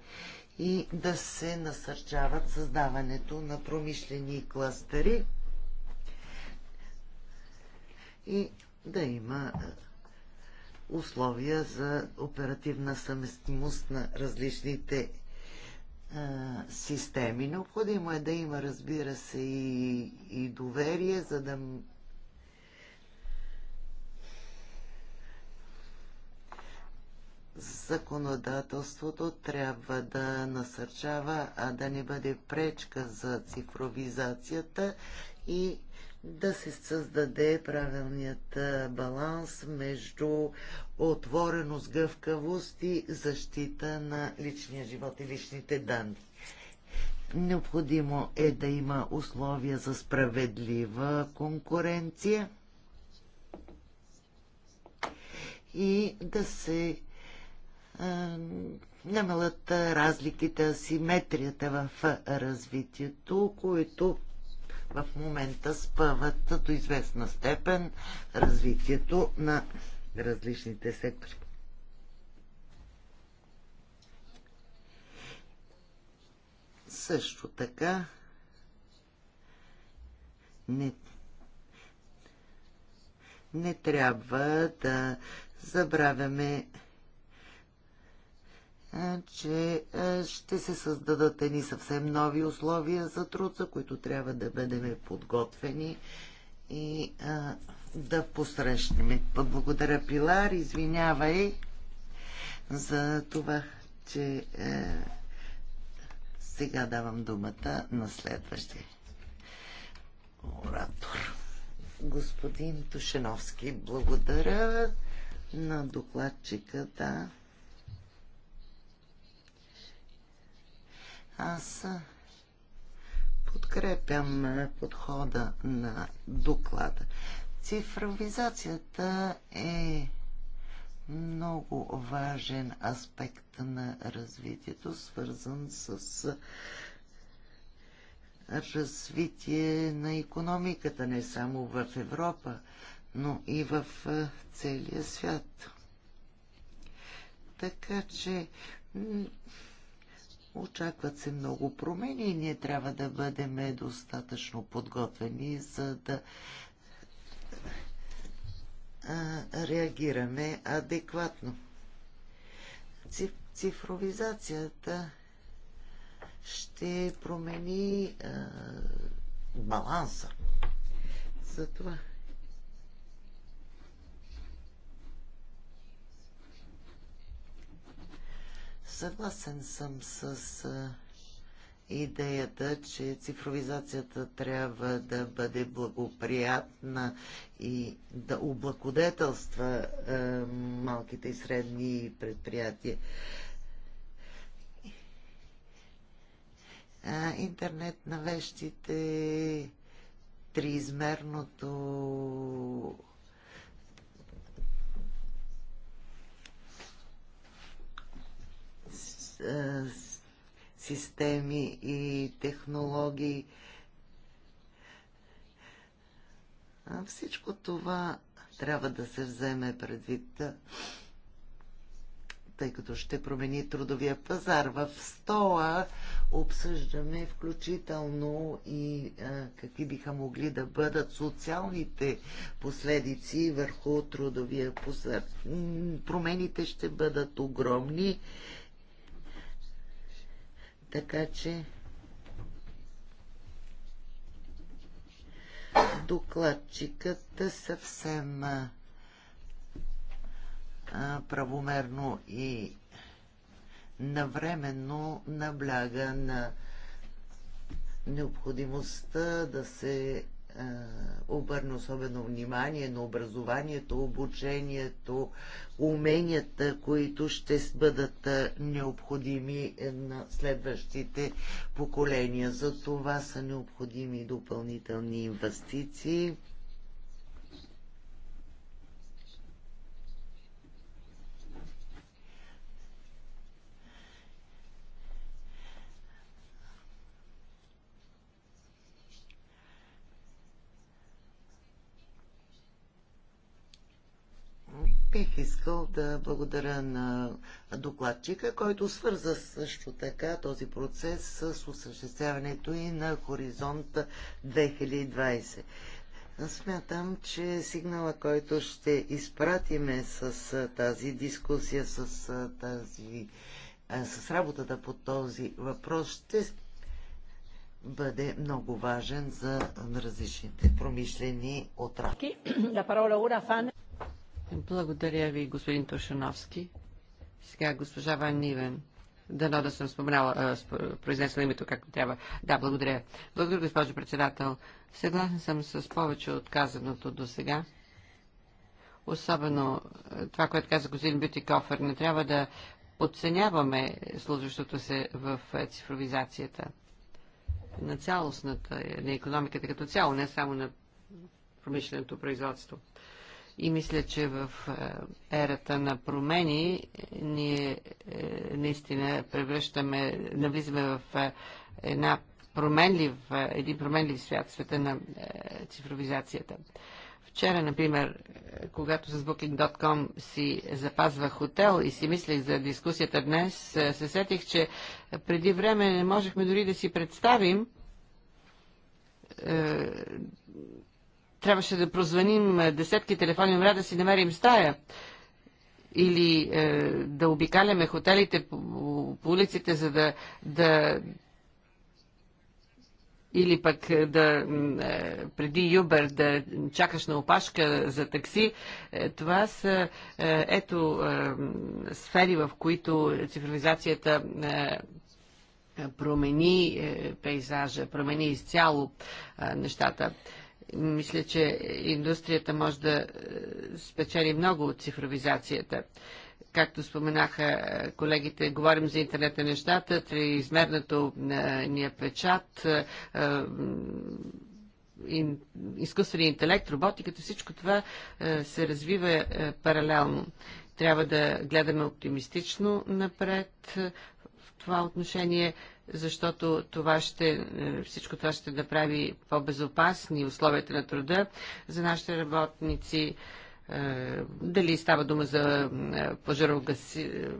и да се насърчават създаването на промишлени кластери и да има е, условия за оперативна съместимост на различните системи. Необходимо е да има, разбира се, и, и доверие, за да. Законодателството трябва да насърчава, а да не бъде пречка за цифровизацията и да се създаде правилният баланс между отвореност, гъвкавост и защита на личния живот и личните данни. Необходимо е да има условия за справедлива конкуренция и да се а, намалят разликите, асиметрията в развитието, които в момента спъват до известна степен развитието на различните сектори. Също така не, не трябва да забравяме че ще се създадат едни съвсем нови условия за труд, за които трябва да бъдем подготвени и а, да посрещнем. Благодаря, Пилар. Извинявай за това, че сега давам думата на следващия оратор. Господин Тушеновски, благодаря на докладчика, да. Аз подкрепям подхода на доклада. Цифровизацията е много важен аспект на развитието, свързан с развитие на економиката не само в Европа, но и в целия свят. Така че Очакват се много промени и ние трябва да бъдем достатъчно подготвени, за да реагираме адекватно. Цифровизацията ще промени баланса. Затова Съгласен съм с идеята, че цифровизацията трябва да бъде благоприятна и да облагодетелства малките и средни предприятия. А, интернет на вещите, триизмерното Е, системи и технологии. А всичко това трябва да се вземе предвид, тъй като ще промени трудовия пазар. В стола обсъждаме включително и а, е, какви биха могли да бъдат социалните последици върху трудовия пазар. Промените ще бъдат огромни така че докладчикът съвсем а, правомерно и навременно набляга на необходимостта да се е, обърна особено внимание на образованието, обучението, уменията, които ще бъдат е, необходими е, на следващите поколения. За това са необходими допълнителни инвестиции искал да благодаря на докладчика, който свърза също така този процес с осъществяването и на Хоризонт 2020. Смятам, че сигнала, който ще изпратиме с тази дискусия, с, тази, с работата по този въпрос, ще бъде много важен за различните промишлени отрасли. Благодаря ви, господин Тошановски. Сега госпожа Ван Нивен. Дано да съм споменала, произнесла името както трябва. Да, благодаря. Благодаря, госпожо председател. Съгласен съм с повече от казаното до сега. Особено това, което каза господин Бютикофер, не трябва да подценяваме служащото се в цифровизацията на цялостната, на економиката като цяло, не само на промишленото производство. И мисля, че в е, ерата на промени е, ние е, наистина превръщаме, навлизаме в една променлив, един променлив свят, света на цифровизацията. Вчера, например, когато с Booking.com си запазвах хотел и си мислех за дискусията днес, се сетих, че преди време не можехме дори да си представим трябваше да прозваним е, десетки телефони номера да си намерим стая или е, да обикаляме хотелите по, по улиците, за да, да или пък е, да е, преди Юбер да чакаш на опашка за такси. Това са ето сфери, в които цифровизацията промени пейзажа, промени изцяло нещата. Мисля, че индустрията може да е, спечели много от цифровизацията. Както споменаха е, колегите, говорим за интернет на нещата, триизмерното е, ни е печат, изкуствения интелект, роботиката, всичко това се развива паралелно. Трябва да гледаме оптимистично напред в това отношение защото това ще, е, всичко това ще направи по-безопасни условията на труда за нашите работници. Е, дали става дума за е, пожарогасене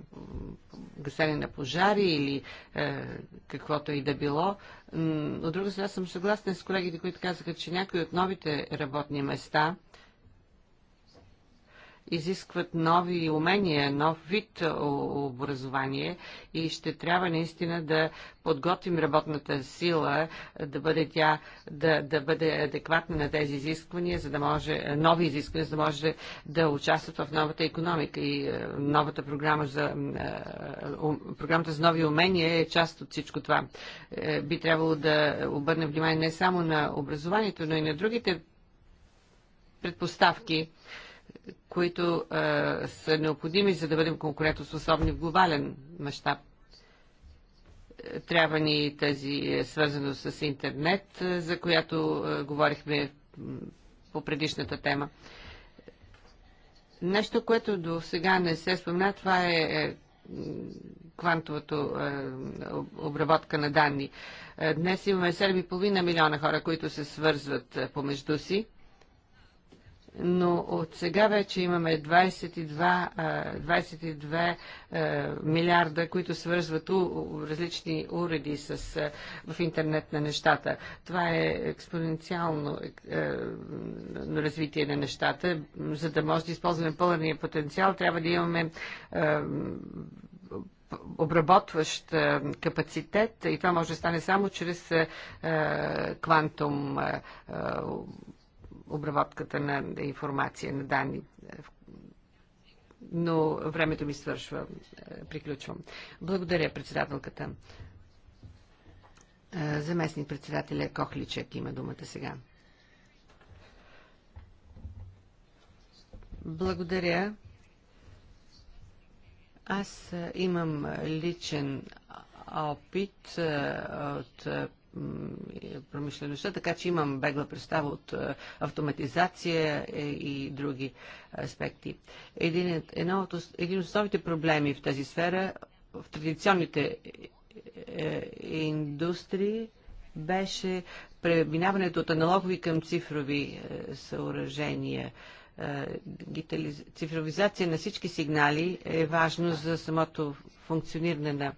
на пожари или каквото и да било. От друга страна съм съгласна с колегите, които казаха, че някои от новите работни места – изискват нови умения, нов вид образование и ще трябва наистина да подготвим работната сила, да бъде тя, да, да бъде адекватна на тези изисквания, за да може, нови изисквания, за да може да участват в новата економика и е, новата програма за, е, програмата за нови умения е част от всичко това. Е, би трябвало да обърнем внимание не само на образованието, но и на другите предпоставки които а, са необходими, за да бъдем конкурентоспособни в глобален мащаб. Трябва ни тази е, свързано с интернет, за която а, говорихме по предишната тема. Нещо, което до сега не се спомня, това е, е квантовата е, обработка на данни. Днес имаме 7,5 милиона хора, които се свързват помежду си но от сега вече имаме 22, 22 милиарда, които свързват у, различни уреди с, в интернет на нещата. Това е експоненциално е, е развитие на нещата. За да може да използваме пълния потенциал, трябва да имаме е, обработващ капацитет и това може да стане само чрез е, квантум е, обработката на информация, на данни. Но времето ми свършва. Е, приключвам. Благодаря, председателката. Е, заместник председателя Кохличек има думата сега. Благодаря. Аз имам личен опит е, от промишлеността, така че имам бегла представа от е, автоматизация е, и други аспекти. Един, е, от, един от основните проблеми в тази сфера, в традиционните индустрии, беше преминаването от аналогови към цифрови съоръжения цифровизация на всички сигнали е важно за самото функциониране на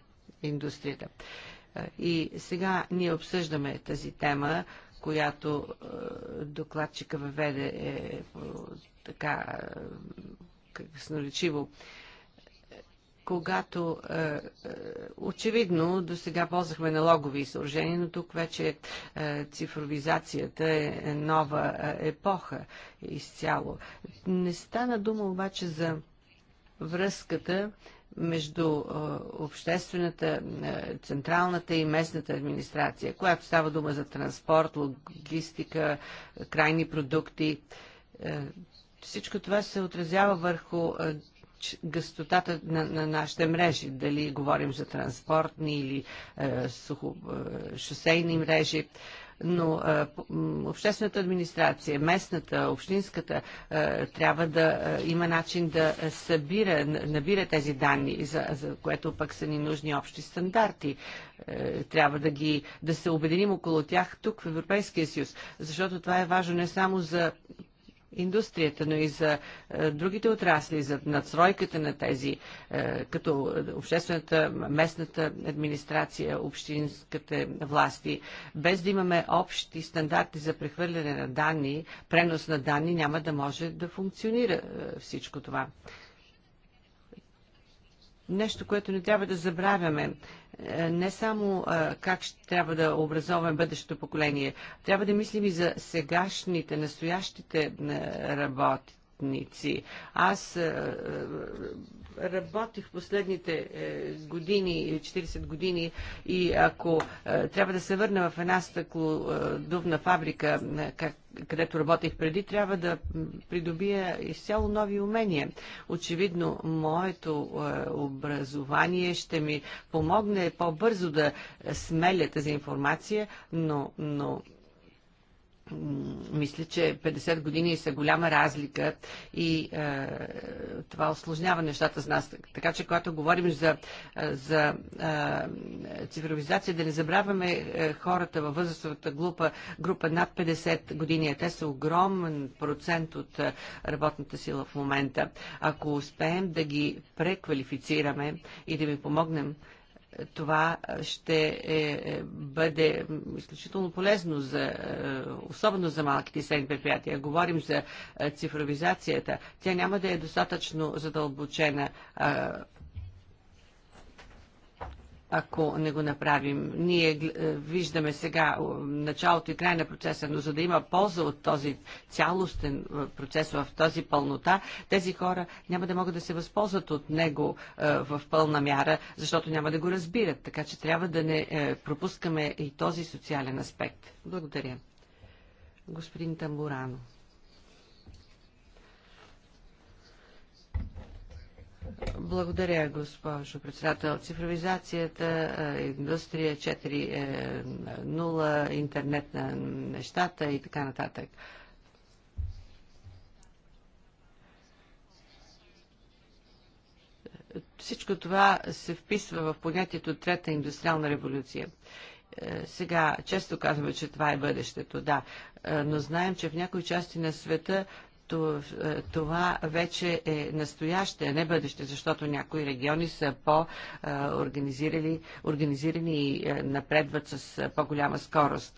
индустрията. Е, и сега ние обсъждаме тази тема, която е, докладчика въведе е, така е, красноречиво когато е, е, очевидно до сега ползвахме налогови съоръжения, но тук вече е, цифровизацията е нова епоха изцяло. Не стана дума обаче за връзката между обществената, централната и местната администрация, която става дума за транспорт, логистика, крайни продукти. Е, всичко това се отразява върху гъстотата на, на нашите мрежи, дали говорим за транспортни или е, сухо, е, шосейни мрежи. Е, но обществената администрация, местната, общинската, трябва да има начин да събира, набира тези данни, за, за което пък са ни нужни общи стандарти. Е, трябва да, ги, да се обединим около тях тук в Европейския съюз, защото това е важно не само за индустрията, но и за е, другите отрасли, за надстройката на тези, е, като обществената, местната администрация, общинските власти. Без да имаме общи стандарти за прехвърляне на данни, пренос на данни, няма да може да функционира е, всичко това нещо, което не трябва да забравяме. Е, не само е, как ще трябва да образоваме бъдещето поколение, трябва да мислим и за сегашните, настоящите работи е, работници. Аз работих последните е, години, 40 години и ако е, трябва да се върна в една стъклодувна фабрика, е, как, където работих преди, трябва да придобия изцяло нови умения. Очевидно, моето образование ще ми помогне по-бързо да смеля тази информация, но, но мисля, че 50 години са голяма разлика и е, това осложнява нещата с нас. Така че, когато говорим за, е, за е, цифровизация, да не забравяме е, хората във възрастовата група, група над 50 години. Те са огромен процент от е, работната сила в момента. Ако успеем да ги преквалифицираме и да ми помогнем това ще е, е, бъде изключително полезно, за, е, особено за малките и средни предприятия. Говорим за е, цифровизацията. Тя няма да е достатъчно задълбочена, ако не го направим. Ние е, виждаме сега началото и край на процеса, но за да има полза от този цялостен е, процес в тази пълнота, тези хора няма да могат да се възползват от него е, в пълна мяра, защото няма да го разбират. Така че трябва да не пропускаме и този социален аспект. Благодаря. Господин Тамбурано. Благодаря, госпожо председател. Цифровизацията, индустрия 4.0, е, интернет на нещата и така нататък. Всичко това се вписва в понятието Трета индустриална революция. Е, сега, често казваме, че това е бъдещето, да, е, но знаем, че в някои части на света е, това вече е настояще, а не бъдеще, защото някои региони са по-организирани и е, напредват с е, по-голяма скорост.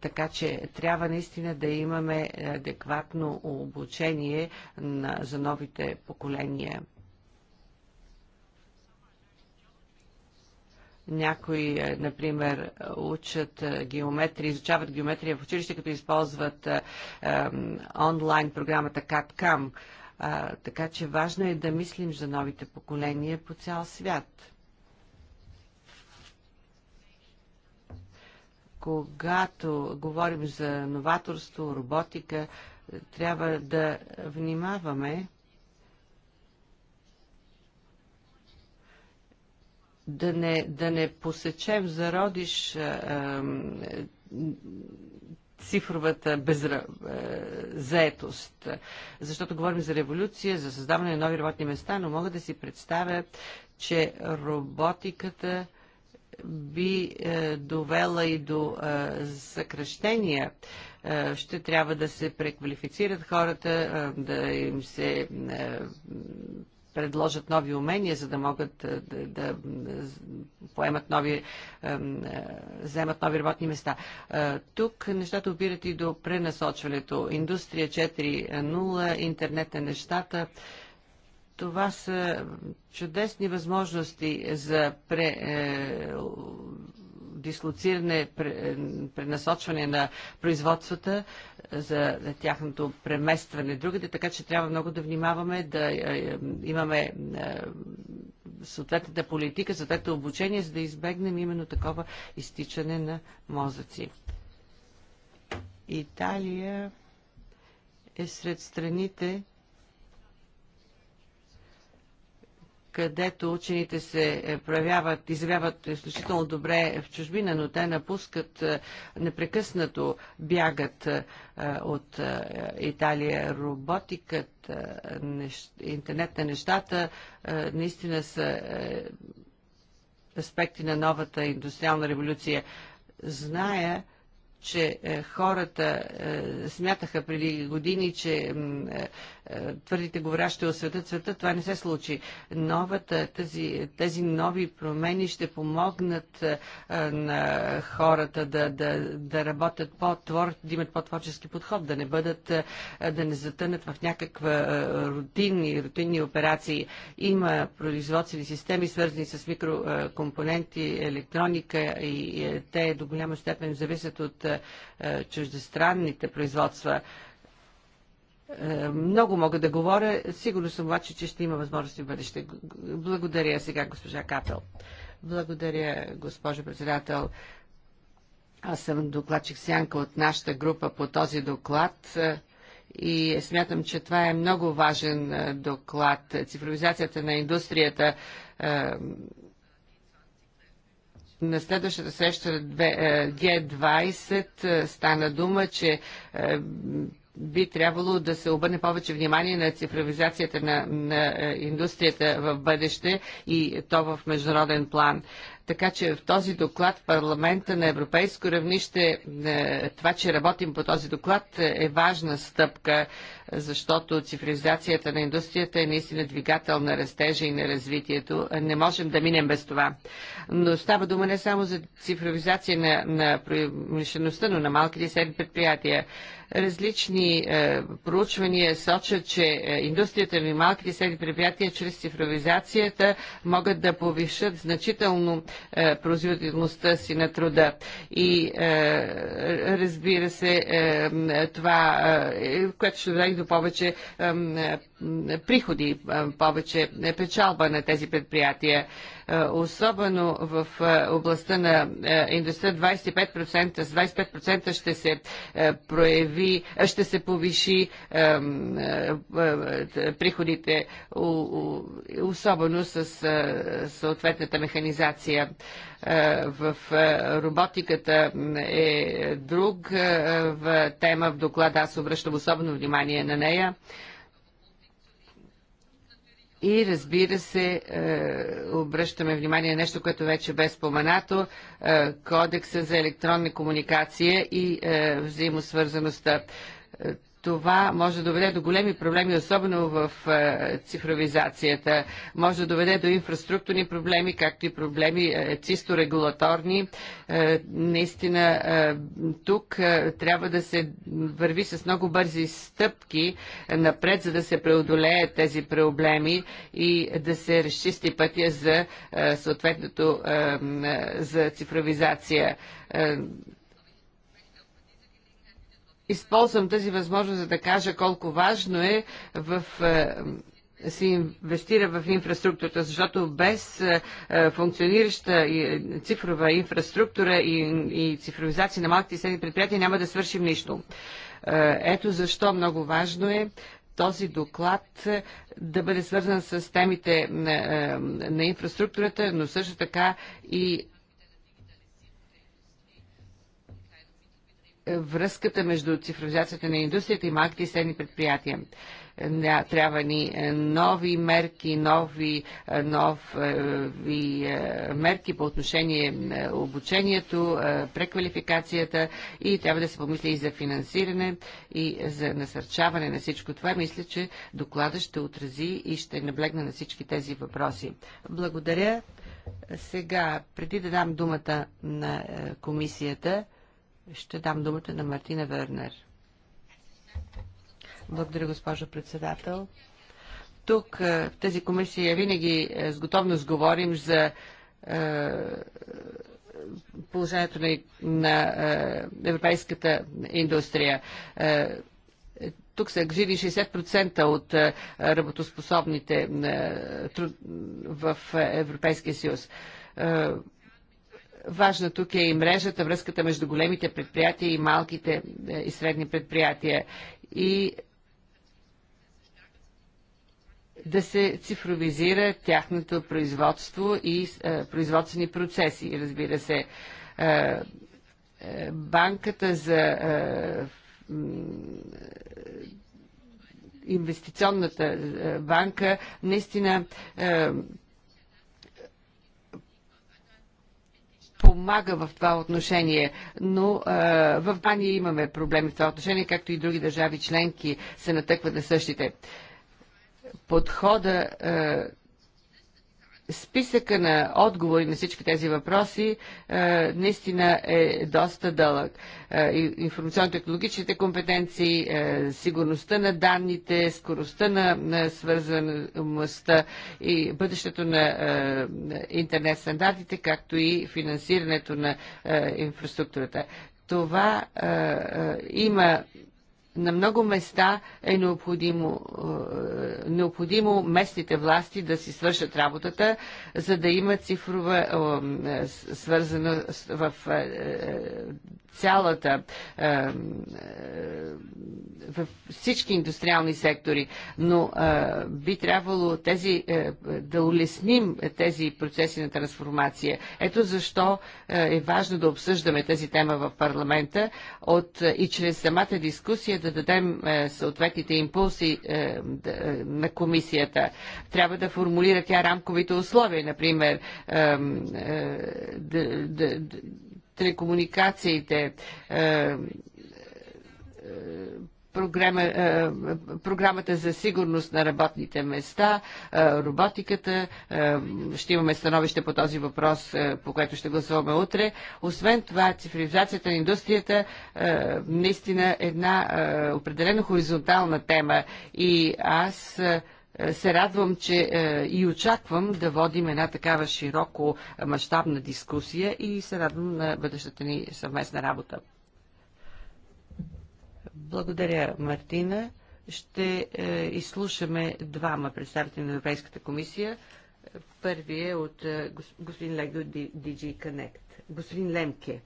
Така че трябва наистина да имаме адекватно обучение на, за новите поколения Някои, е, например, учат е, геометрия, изучават геометрия в училище, като използват е, онлайн програмата cad така че важно е да мислим за новите поколения по цял свят. Когато говорим за новаторство, роботика, е, трябва да внимаваме, да не, да не посечем зародиш е, цифровата безра... заетост. Защото говорим за революция, за създаване на нови работни места, но мога да си представя, че роботиката би е, довела и до е, съкръщения. Е, ще трябва да се преквалифицират хората, е, да им се е, предложат нови умения, за да могат е, да, да поемат нови, е, е, вземат нови работни места. Тук нещата опират и до пренасочването. Индустрия 4.0, интернет на нещата. Това са чудесни възможности за пре, дислоциране, пренасочване на производствата е, за тяхното преместване другите, така че трябва много да внимаваме да е, е, имаме съответната политика, съответното обучение, за да избегнем именно такова изтичане на мозъци. Италия е сред страните, където учените се е, проявяват, изявяват изключително добре в чужбина, но те напускат е, непрекъснато, бягат е, от Италия. Роботикът, интернет на нещата наистина са аспекти на новата индустриална революция. Зная, че хората смятаха преди години, че твърдите говорящи о света, света, това не се случи. Новата, тези, тези нови промени ще помогнат на хората да, да, да работят по-твор, да имат по-творчески подход, да не бъдат, да не затънат в някаква рутинни, рутинни операции. Има производствени системи, свързани с микрокомпоненти, електроника и те до голяма степен зависят от чуждестранните производства. Е, много мога да говоря. Сигурно съм обаче, че ще има възможности в бъдеще. Благодаря сега, госпожа Капел. Благодаря, госпожо председател. Аз съм докладчик Сянка от нашата група по този доклад е, и смятам, че това е много важен е, доклад. Цифровизацията на индустрията на следващата среща G20 стана дума, че би трябвало да се обърне повече внимание на цифровизацията на, на е, индустрията в бъдеще и то в международен план. Така че в този доклад парламента на европейско равнище, е, това, че работим по този доклад е, е важна стъпка, защото цифровизацията на индустрията е наистина двигател на растежа и на развитието. Не можем да минем без това. Но става дума не само за цифровизация на, на промишлеността, но на малките и средни предприятия. Различни е, проучвания сочат, че е, индустрията на малките и средни предприятия чрез цифровизацията могат да повишат значително е, производителността си на труда. И разбира се, това, е, което ще доведе до повече приходи, повече печалба на тези предприятия. Е, особено в е, областта на е, индустрия 25%, с 25% ще се прояви, ще се повиши приходите, особено с съответната механизация в роботиката е друг тема в доклада. Аз обръщам особено внимание на нея. И разбира се, е, обръщаме внимание на нещо, което вече бе споменато, е, кодекса за електронна комуникация и е, взаимосвързаността това може да доведе до големи проблеми, особено в е, цифровизацията. Може да доведе до инфраструктурни проблеми, както и проблеми е, чисто регулаторни. Е, наистина тук трябва да се върви с много бързи стъпки напред, за да се преодолеят тези проблеми и да се разчисти пътя за съответното за цифровизация използвам тази възможност за да кажа колко важно е в е, се инвестира в инфраструктурата, защото без е, е, функционираща цифрова инфраструктура и, и цифровизация на малките и средни предприятия няма да свършим нищо. ето защо много важно е този доклад да бъде свързан с темите на, на инфраструктурата, но също така и връзката между цифровизацията на индустрията и малките и средни предприятия. Е, трябва ни е, нови мерки, нови, е, нови мерки по отношение обучението, преквалификацията и трябва да се помисли и за финансиране и за насърчаване на всичко това. Мисля, че доклада ще отрази и ще наблегна на всички тези въпроси. Благодаря. Сега, преди да дам думата на комисията, ще дам думата на Мартина Вернер. Благодаря, госпожо председател. Тук, е, в тази комисия, винаги е, с готовност говорим за е, положението на, на европейската индустрия. Тук се ангажирани 60% от работоспособните в Европейския съюз. Важна тук е и мрежата, връзката между големите предприятия и малките е, и средни предприятия. И да се цифровизира тяхното производство и а, е, производствени процеси. Разбира се, а, е, а, банката за е, инвестиционната банка наистина а, помага в това отношение, но е, в Дания имаме проблеми в това отношение, както и други държави членки се натъкват на същите. Подхода списъка на отговори на всички тези въпроси е, наистина е доста дълъг. Е, Информационно-технологичните компетенции, е, сигурността на данните, скоростта на, на свързаността и бъдещето на е, интернет стандартите, както и финансирането на е, инфраструктурата. Това е, е, има на много места е необходимо, е, необходимо местните власти да си свършат работата, за да има цифрова е, свързана в е, е цялата е, е, в всички индустриални сектори, но би трябвало тези да улесним тези процеси на трансформация. Ето защо е важно да обсъждаме тази тема в парламента от, и чрез самата дискусия да да дадем е, съответните импулси е, на комисията. Трябва да формулира тя рамковите условия, например, е, телекомуникациите, програма, е, програмата за сигурност на работните места, е, роботиката. Е, ще имаме становище по този въпрос, е, по което ще гласуваме утре. Освен това, цифровизацията на индустрията е, наистина една определено хоризонтална тема и аз се радвам, че е, и очаквам да водим една такава широко мащабна дискусия и се радвам на бъдещата ни съвместна работа. Благодаря, Мартина. Ще е, изслушаме двама представители на Европейската комисия. Първият е от е, господин Лего DG Connect. Господин Лемке.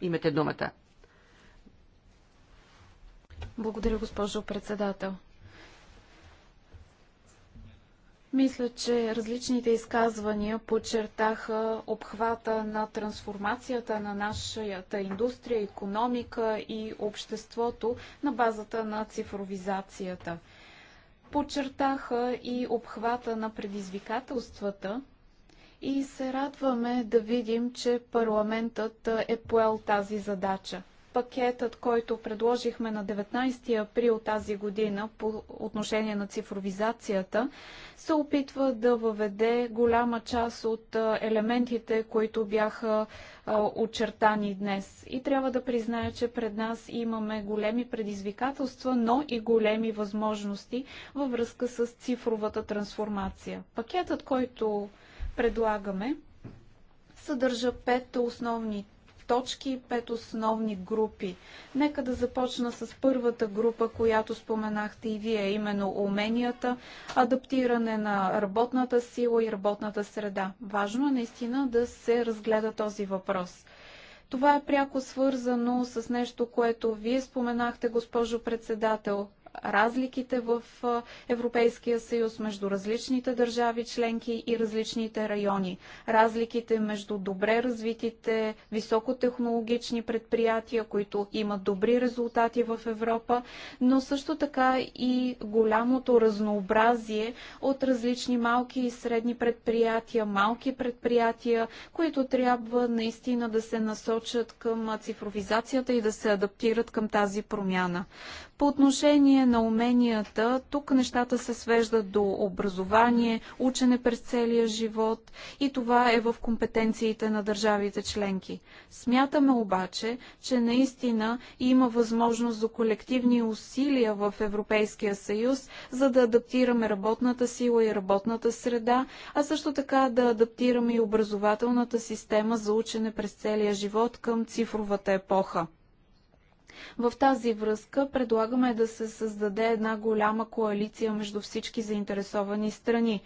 Имате думата. Благодаря, госпожо председател. Мисля, че различните изказвания подчертаха обхвата на трансформацията на нашата индустрия, економика и обществото на базата на цифровизацията. Подчертаха и обхвата на предизвикателствата и се радваме да видим, че парламентът е поел тази задача – пакетът, който предложихме на 19 април тази година по отношение на цифровизацията, се опитва да въведе голяма част от елементите, които бяха очертани днес. И трябва да призная, че пред нас имаме големи предизвикателства, но и големи възможности във връзка с цифровата трансформация. Пакетът, който предлагаме, съдържа пет основни точки и пет основни групи. Нека да започна с първата група, която споменахте и вие, именно уменията, адаптиране на работната сила и работната среда. Важно е наистина да се разгледа този въпрос. Това е пряко свързано с нещо, което вие споменахте, госпожо председател, разликите в Европейския съюз между различните държави членки и различните райони, разликите между добре развитите високотехнологични предприятия, които имат добри резултати в Европа, но също така и голямото разнообразие от различни малки и средни предприятия, малки предприятия, които трябва наистина да се насочат към цифровизацията и да се адаптират към тази промяна. По отношение на уменията, тук нещата се свеждат до образование, учене през целия живот и това е в компетенциите на държавите членки. Смятаме обаче, че наистина има възможност за колективни усилия в Европейския съюз, за да адаптираме работната сила и работната среда, а също така да адаптираме и образователната система за учене през целия живот към цифровата епоха. В тази връзка предлагаме да се създаде една голяма коалиция между всички заинтересовани страни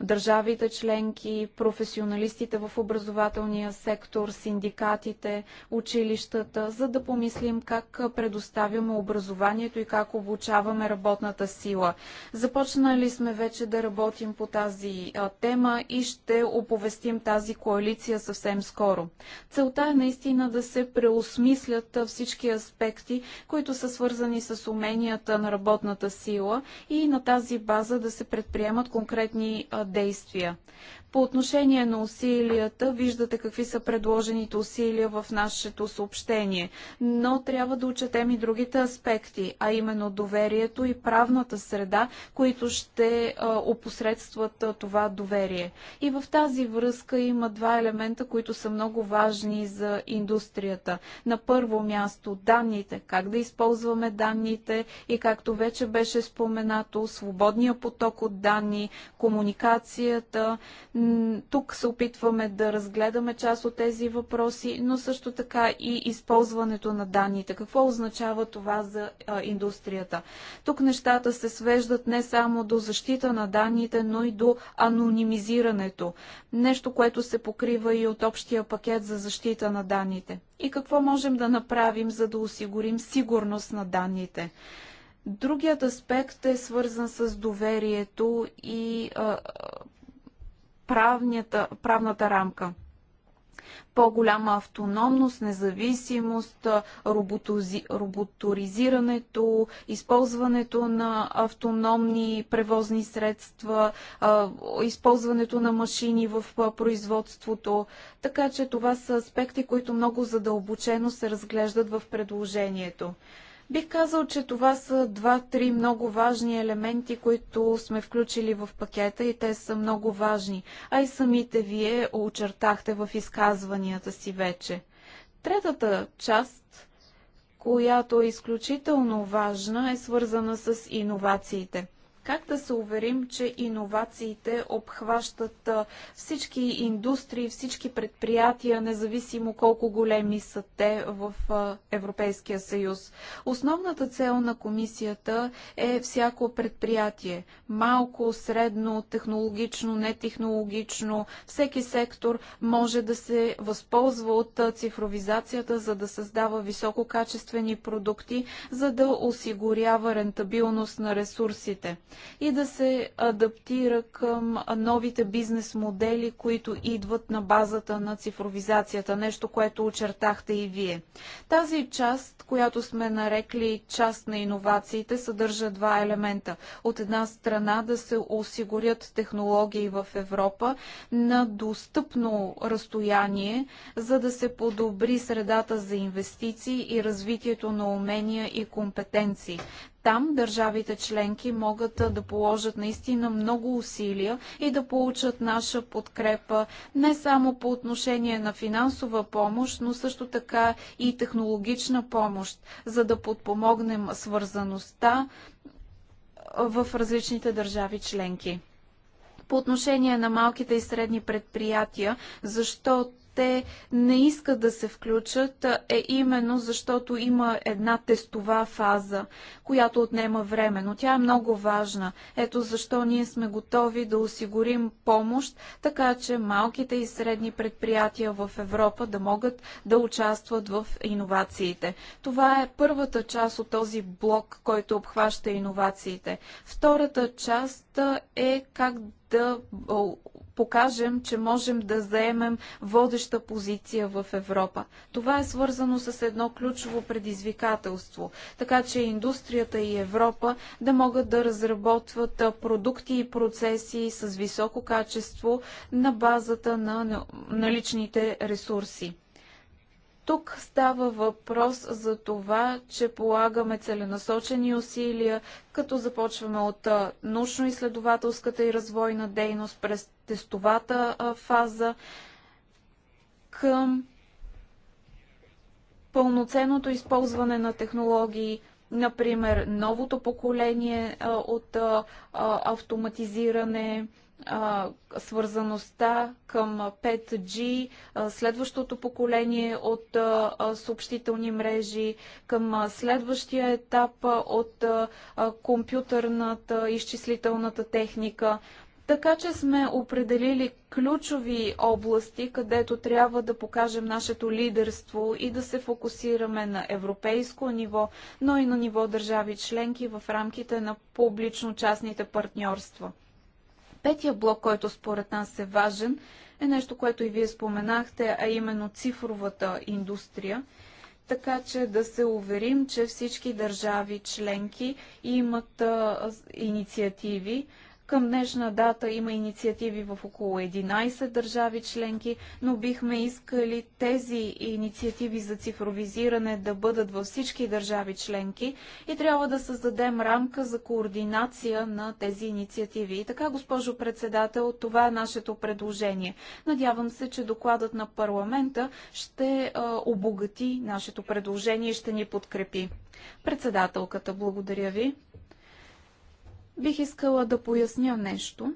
държавите членки, професионалистите в образователния сектор, синдикатите, училищата, за да помислим как предоставяме образованието и как обучаваме работната сила. Започнали сме вече да работим по тази тема и ще оповестим тази коалиция съвсем скоро. Целта е наистина да се преосмислят всички аспекти, които са свързани с уменията на работната сила и на тази база да се предприемат конкретни действия. По отношение на усилията, виждате какви са предложените усилия в нашето съобщение, но трябва да учетем и другите аспекти, а именно доверието и правната среда, които ще опосредстват това доверие. И в тази връзка има два елемента, които са много важни за индустрията. На първо място данните, как да използваме данните и както вече беше споменато, свободния поток от данни, комуникацията, тук се опитваме да разгледаме част от тези въпроси, но също така и използването на данните. Какво означава това за а, индустрията? Тук нещата се свеждат не само до защита на данните, но и до анонимизирането. Нещо, което се покрива и от общия пакет за защита на данните. И какво можем да направим, за да осигурим сигурност на данните? Другият аспект е свързан с доверието и а, правнята, правната рамка. По-голяма автономност, независимост, роботози, роботоризирането, използването на автономни превозни средства, използването на машини в производството. Така че това са аспекти, които много задълбочено се разглеждат в предложението. Бих казал, че това са два-три много важни елементи, които сме включили в пакета и те са много важни. А и самите вие очертахте в изказванията си вече. Третата част, която е изключително важна, е свързана с иновациите. Как да се уверим, че иновациите обхващат всички индустрии, всички предприятия, независимо колко големи са те в Европейския съюз? Основната цел на комисията е всяко предприятие. Малко, средно, технологично, нетехнологично, всеки сектор може да се възползва от цифровизацията, за да създава висококачествени продукти, за да осигурява рентабилност на ресурсите и да се адаптира към новите бизнес модели, които идват на базата на цифровизацията, нещо, което очертахте и вие. Тази част, която сме нарекли част на иновациите, съдържа два елемента. От една страна да се осигурят технологии в Европа на достъпно разстояние, за да се подобри средата за инвестиции и развитието на умения и компетенции. Там държавите членки могат да положат наистина много усилия и да получат наша подкрепа не само по отношение на финансова помощ, но също така и технологична помощ, за да подпомогнем свързаността в различните държави членки по отношение на малките и средни предприятия, защото те не искат да се включат е именно защото има една тестова фаза, която отнема време, но тя е много важна. Ето защо ние сме готови да осигурим помощ, така че малките и средни предприятия в Европа да могат да участват в иновациите. Това е първата част от този блок, който обхваща иновациите. Втората част е как да покажем, че можем да заемем водеща позиция в Европа. Това е свързано с едно ключово предизвикателство, така че индустрията и Европа да могат да разработват продукти и процеси с високо качество на базата на наличните ресурси. Тук става въпрос за това, че полагаме целенасочени усилия, като започваме от научно-изследователската и развойна дейност през тестовата фаза към пълноценното използване на технологии, например новото поколение от автоматизиране, свързаността към 5G, следващото поколение от съобщителни мрежи, към следващия етап от компютърната изчислителната техника. Така че сме определили ключови области, където трябва да покажем нашето лидерство и да се фокусираме на европейско ниво, но и на ниво държави членки в рамките на публично-частните партньорства. Петия блок, който според нас е важен, е нещо, което и вие споменахте, а именно цифровата индустрия. Така че да се уверим, че всички държави членки имат а, инициативи, към днешна дата има инициативи в около 11 държави членки, но бихме искали тези инициативи за цифровизиране да бъдат във всички държави членки и трябва да създадем рамка за координация на тези инициативи. И така, госпожо председател, това е нашето предложение. Надявам се, че докладът на парламента ще а, обогати нашето предложение и ще ни подкрепи. Председателката, благодаря ви. Бих искала да поясня нещо.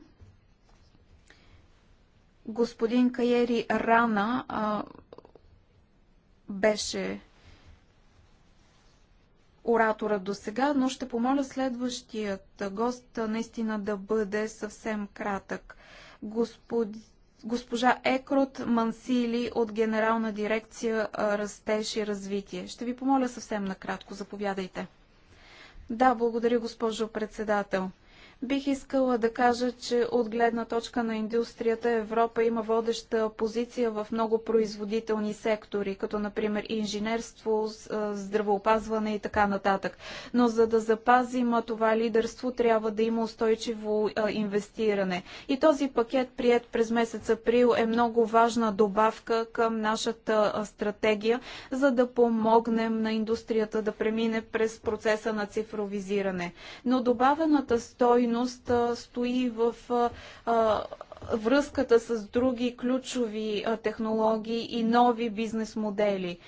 Господин Каери Рана а, беше оратора до сега, но ще помоля следващият гост наистина да бъде съвсем кратък. Господ... Госпожа Екрот Мансили от Генерална дирекция Растеж и развитие. Ще ви помоля съвсем накратко. Заповядайте. Да, благодаря, госпожо председател. Бих искала да кажа, че от гледна точка на индустрията Европа има водеща позиция в много производителни сектори, като например инженерство, здравеопазване и така нататък. Но за да запазим това лидерство, трябва да има устойчиво инвестиране. И този пакет, прият през месец април, е много важна добавка към нашата стратегия, за да помогнем на индустрията да премине през процеса на цифровизиране. Но добавената стойност стойност стои в връзката с други ключови технологии и нови бизнес модели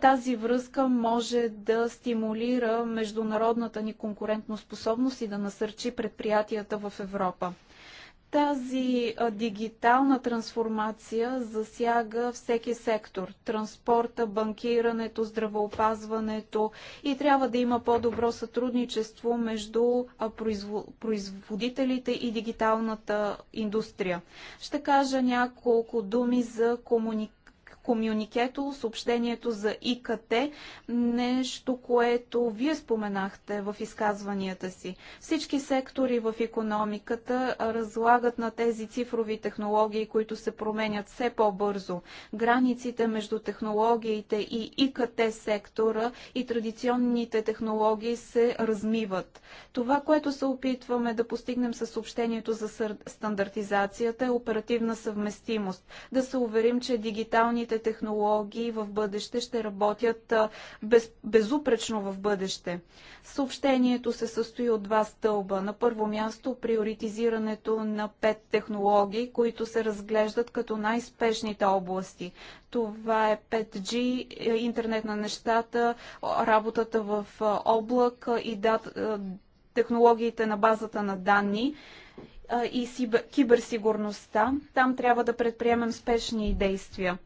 тази връзка може да стимулира международната ни конкурентоспособност и да насърчи предприятията в Европа. Тази дигитална трансформация засяга всеки сектор транспорта, банкирането, здравеопазването и трябва да има по-добро сътрудничество между производителите и дигиталната индустрия. Ще кажа няколко думи за комуникация комюникето, съобщението за ИКТ, нещо, което вие споменахте в изказванията си. Всички сектори в економиката разлагат на тези цифрови технологии, които се променят все по-бързо. Границите между технологиите и ИКТ сектора и традиционните технологии се размиват. Това, което се опитваме да постигнем с съобщението за стандартизацията е оперативна съвместимост. Да се уверим, че дигиталните новите технологии в бъдеще ще работят без, безупречно в бъдеще. Съобщението се състои от два стълба. На първо място приоритизирането на пет технологии, които се разглеждат като най-спешните области. Това е 5G, е, интернет на нещата, работата в облак и дат, технологиите на базата на данни и киберсигурността. Там трябва да предприемем спешни действия.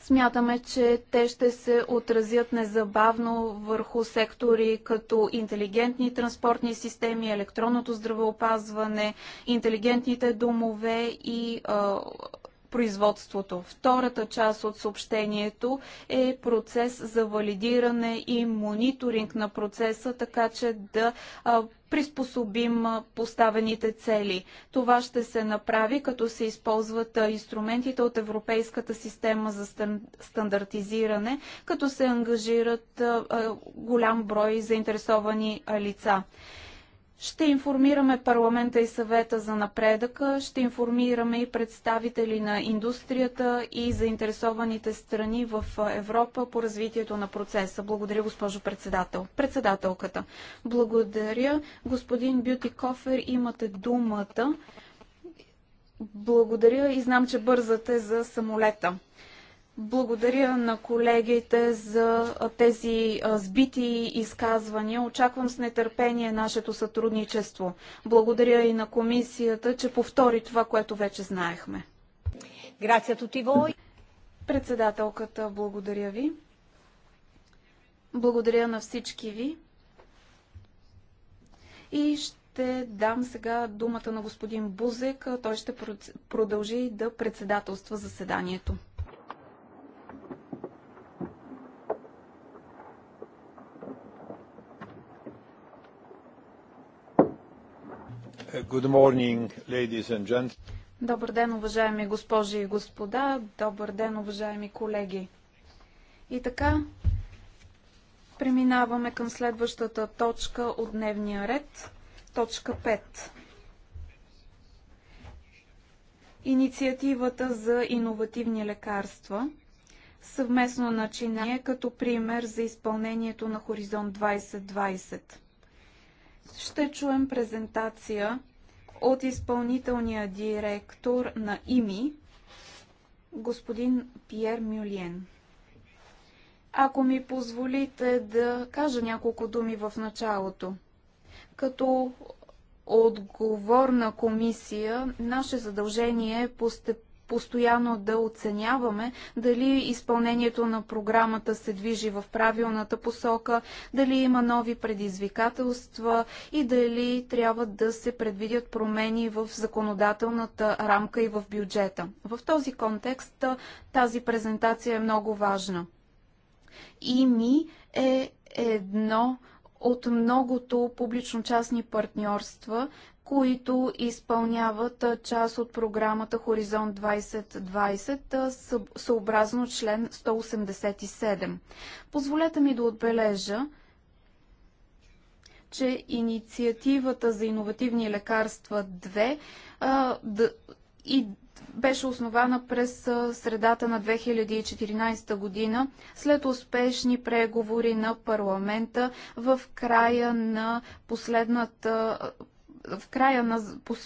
Смятаме, че те ще се отразят незабавно върху сектори като интелигентни транспортни системи, електронното здравеопазване, интелигентните домове и а, производството. Втората част от съобщението е процес за валидиране и мониторинг на процеса, така че да а, приспособим поставените цели. Това ще се направи, като се използват инструментите от Европейската система за стандартизиране, като се ангажират голям брой заинтересовани лица. Ще информираме парламента и съвета за напредъка, ще информираме и представители на индустрията и заинтересованите страни в Европа по развитието на процеса. Благодаря, госпожо председател. Председателката. Благодаря. Господин Бюти Кофер, имате думата. Благодаря и знам, че бързате за самолета. Благодаря на колегите за тези сбити изказвания. Очаквам с нетърпение нашето сътрудничество. Благодаря и на комисията, че повтори това, което вече знаехме. Председателката, благодаря ви. Благодаря на всички ви. И ще дам сега думата на господин Бузек. Той ще продължи да председателства заседанието. Morning, Добър ден, уважаеми госпожи и господа. Добър ден, уважаеми колеги. И така, преминаваме към следващата точка от дневния ред. Точка 5. Инициативата за иновативни лекарства съвместно начинание като пример за изпълнението на Хоризонт 2020 ще чуем презентация от изпълнителния директор на ИМИ, господин Пьер Мюлиен. Ако ми позволите да кажа няколко думи в началото. Като отговорна комисия, наше задължение е постепенно постоянно да оценяваме дали изпълнението на програмата се движи в правилната посока, дали има нови предизвикателства и дали трябва да се предвидят промени в законодателната рамка и в бюджета. В този контекст тази презентация е много важна. ИМИ е едно от многото публично-частни партньорства, които изпълняват част от програмата Хоризонт 2020 съобразно член 187. Позволете ми да отбележа, че инициативата за иновативни лекарства 2 и беше основана през средата на 2014 година, след успешни преговори на парламента в края на последната в края на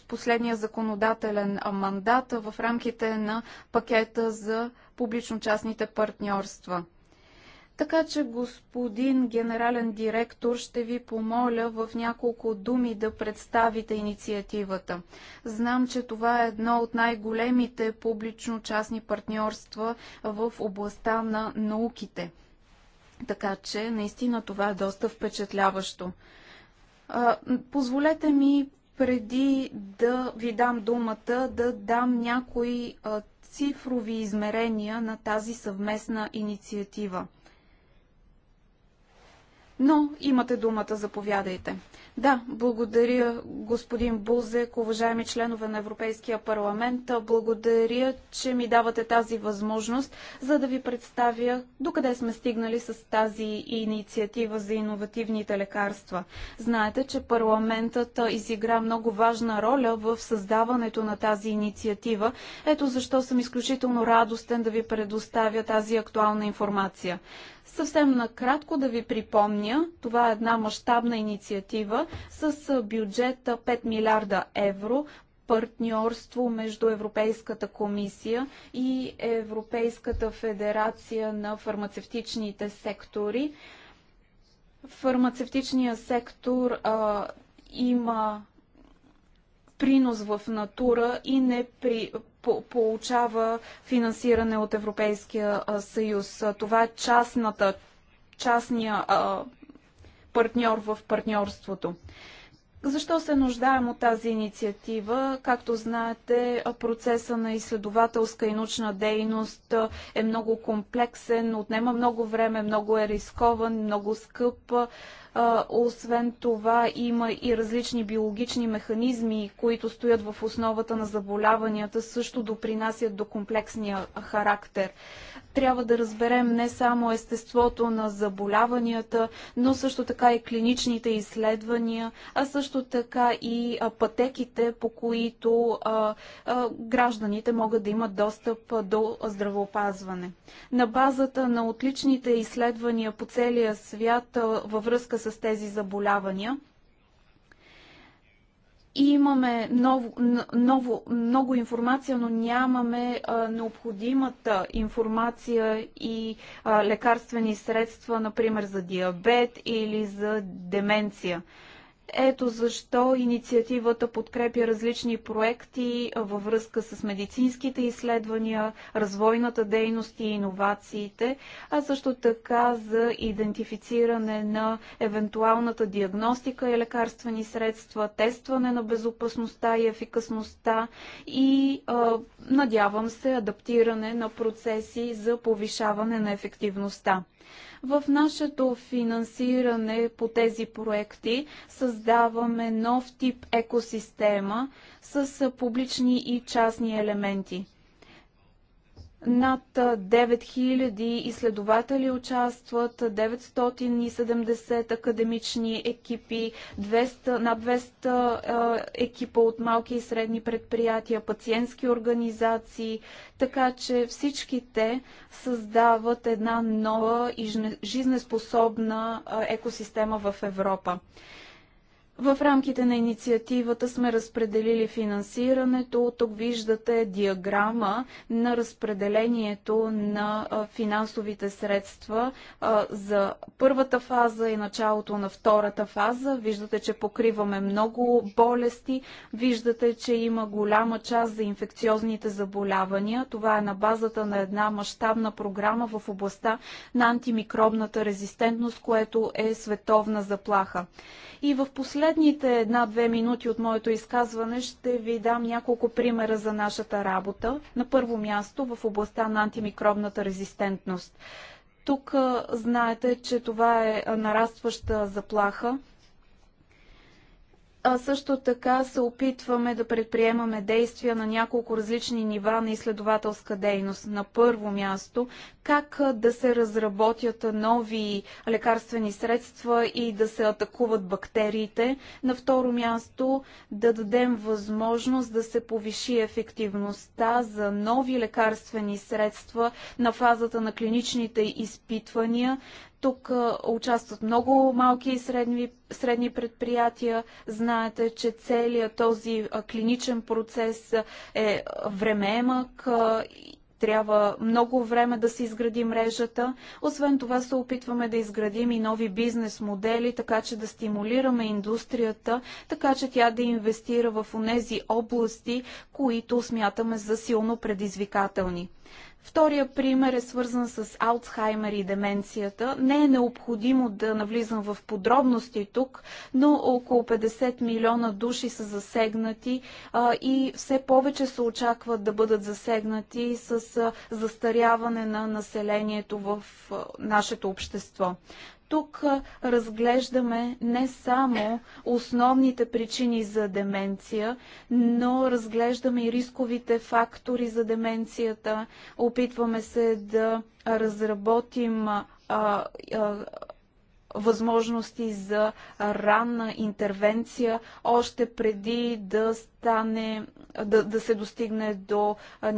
последния законодателен мандат в рамките на пакета за публично-частните партньорства. Така че, господин генерален директор, ще ви помоля в няколко думи да представите инициативата. Знам, че това е едно от най-големите публично-частни партньорства в областта на науките. Така че, наистина това е доста впечатляващо. Позволете ми преди да ви дам думата, да дам някои цифрови измерения на тази съвместна инициатива. Но имате думата, заповядайте. Да, благодаря господин Бузек, уважаеми членове на Европейския парламент. Благодаря, че ми давате тази възможност, за да ви представя докъде сме стигнали с тази инициатива за иновативните лекарства. Знаете, че парламентът изигра много важна роля в създаването на тази инициатива. Ето защо съм изключително радостен да ви предоставя тази актуална информация. Съвсем накратко да ви припомня, това е една мащабна инициатива с бюджет 5 милиарда евро, партньорство между Европейската комисия и Европейската федерация на фармацевтичните сектори. Фармацевтичният сектор а, има принос в натура и не при, по, получава финансиране от Европейския съюз. Това е частната, частния а, партньор в партньорството. Защо се нуждаем от тази инициатива? Както знаете, процеса на изследователска и научна дейност е много комплексен, отнема много време, много е рискован, много скъп. Освен това има и различни биологични механизми, които стоят в основата на заболяванията, също допринасят до комплексния характер. Трябва да разберем не само естеството на заболяванията, но също така и клиничните изследвания, а също така и пътеките, по които а, а, гражданите могат да имат достъп до здравеопазване. На базата на отличните изследвания по целия свят във връзка с тези заболявания. И имаме ново, ново, много информация, но нямаме а, необходимата информация и а, лекарствени средства, например за диабет или за деменция. Ето защо инициативата подкрепя различни проекти във връзка с медицинските изследвания, развойната дейност и иновациите, а също така за идентифициране на евентуалната диагностика и лекарствени средства, тестване на безопасността и ефикасността и надявам се адаптиране на процеси за повишаване на ефективността. В нашето финансиране по тези проекти създаваме нов тип екосистема с публични и частни елементи. Над 9000 изследователи участват, 970 академични екипи, 200, над 200 е, екипа от малки и средни предприятия, пациентски организации, така че всички те създават една нова и жизнеспособна екосистема в Европа. В рамките на инициативата сме разпределили финансирането. Тук виждате диаграма на разпределението на финансовите средства за първата фаза и началото на втората фаза. Виждате, че покриваме много болести. Виждате, че има голяма част за инфекциозните заболявания. Това е на базата на една мащабна програма в областта на антимикробната резистентност, което е световна заплаха. И в последната последните една-две минути от моето изказване ще ви дам няколко примера за нашата работа. На първо място в областта на антимикробната резистентност. Тук знаете, че това е нарастваща заплаха а също така се опитваме да предприемаме действия на няколко различни нива на изследователска дейност. На първо място, как да се разработят нови лекарствени средства и да се атакуват бактериите. На второ място, да дадем възможност да се повиши ефективността за нови лекарствени средства на фазата на клиничните изпитвания, тук участват много малки и средни, средни предприятия. Знаете, че целият този клиничен процес е времеемък трябва много време да се изгради мрежата. Освен това се опитваме да изградим и нови бизнес модели, така че да стимулираме индустрията, така че тя да инвестира в онези области, които смятаме за силно предизвикателни. Втория пример е свързан с Алцхаймер и деменцията. Не е необходимо да навлизам в подробности тук, но около 50 милиона души са засегнати а, и все повече се очакват да бъдат засегнати с а, застаряване на населението в а, нашето общество. Тук разглеждаме не само основните причини за деменция, но разглеждаме и рисковите фактори за деменцията. Опитваме се да разработим а, а, възможности за ранна интервенция още преди да стане, да, да се достигне до а,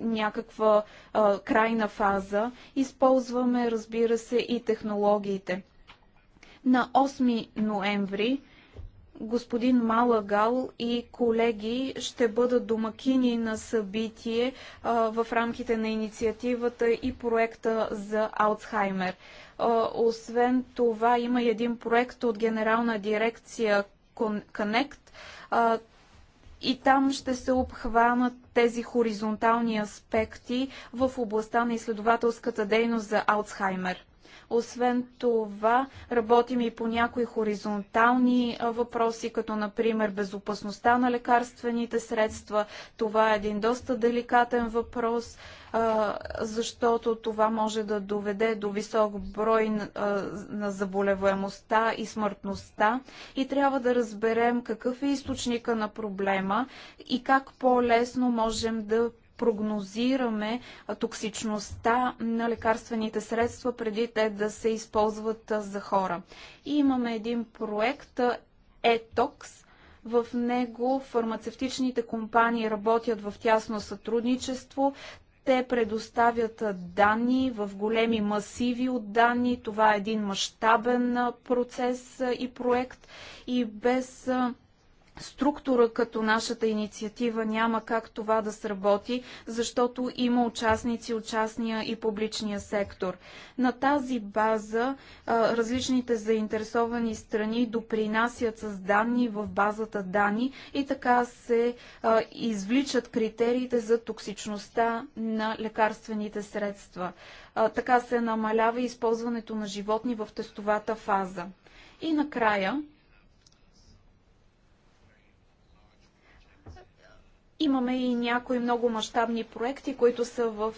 някаква а, крайна фаза. Използваме, разбира се, и технологиите. На 8 ноември господин Малагал и колеги ще бъдат домакини на събитие а, в рамките на инициативата и проекта за Алцхаймер. А, освен това има един проект от генерална дирекция Connect. А, и там ще се обхванат тези хоризонтални аспекти в областта на изследователската дейност за Алцхаймер. Освен това, работим и по някои хоризонтални въпроси, като например безопасността на лекарствените средства. Това е един доста деликатен въпрос защото това може да доведе до висок брой на заболеваемостта и смъртността и трябва да разберем какъв е източника на проблема и как по-лесно можем да прогнозираме токсичността на лекарствените средства преди те да се използват за хора. И имаме един проект ETOX. В него фармацевтичните компании работят в тясно сътрудничество. Те предоставят данни в големи масиви от данни. Това е един мащабен процес и проект и без структура като нашата инициатива няма как това да сработи, защото има участници от частния и публичния сектор. На тази база различните заинтересовани страни допринасят с данни в базата данни и така се извличат критериите за токсичността на лекарствените средства. така се намалява използването на животни в тестовата фаза. И накрая, Имаме и някои много мащабни проекти, които са в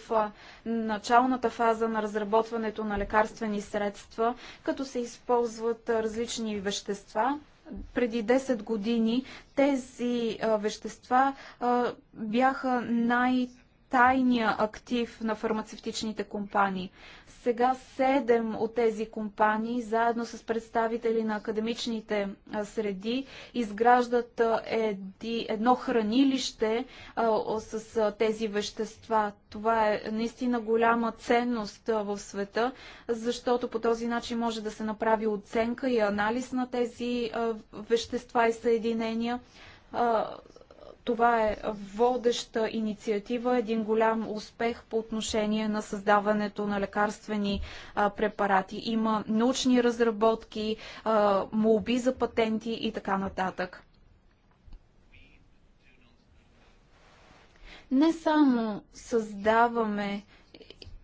началната фаза на разработването на лекарствени средства, като се използват различни вещества. Преди 10 години тези вещества бяха най- тайния актив на фармацевтичните компании. Сега седем от тези компании, заедно с представители на академичните среди, изграждат едно хранилище с тези вещества. Това е наистина голяма ценност в света, защото по този начин може да се направи оценка и анализ на тези вещества и съединения това е водеща инициатива, един голям успех по отношение на създаването на лекарствени а, препарати. Има научни разработки, а, молби за патенти и така нататък. Не само създаваме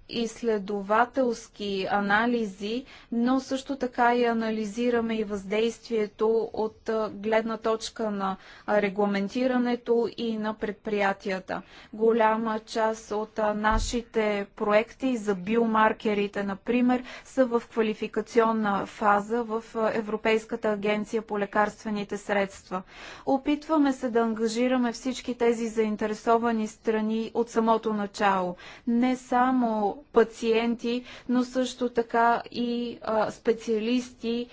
изследователски анализи, но също така и анализираме и въздействието от гледна точка на регламентирането и на предприятията. Голяма част от нашите проекти за биомаркерите, например, са в квалификационна фаза в Европейската агенция по лекарствените средства. Опитваме се да ангажираме всички тези заинтересовани страни от самото начало. Не само пациенти, но също така и специалисти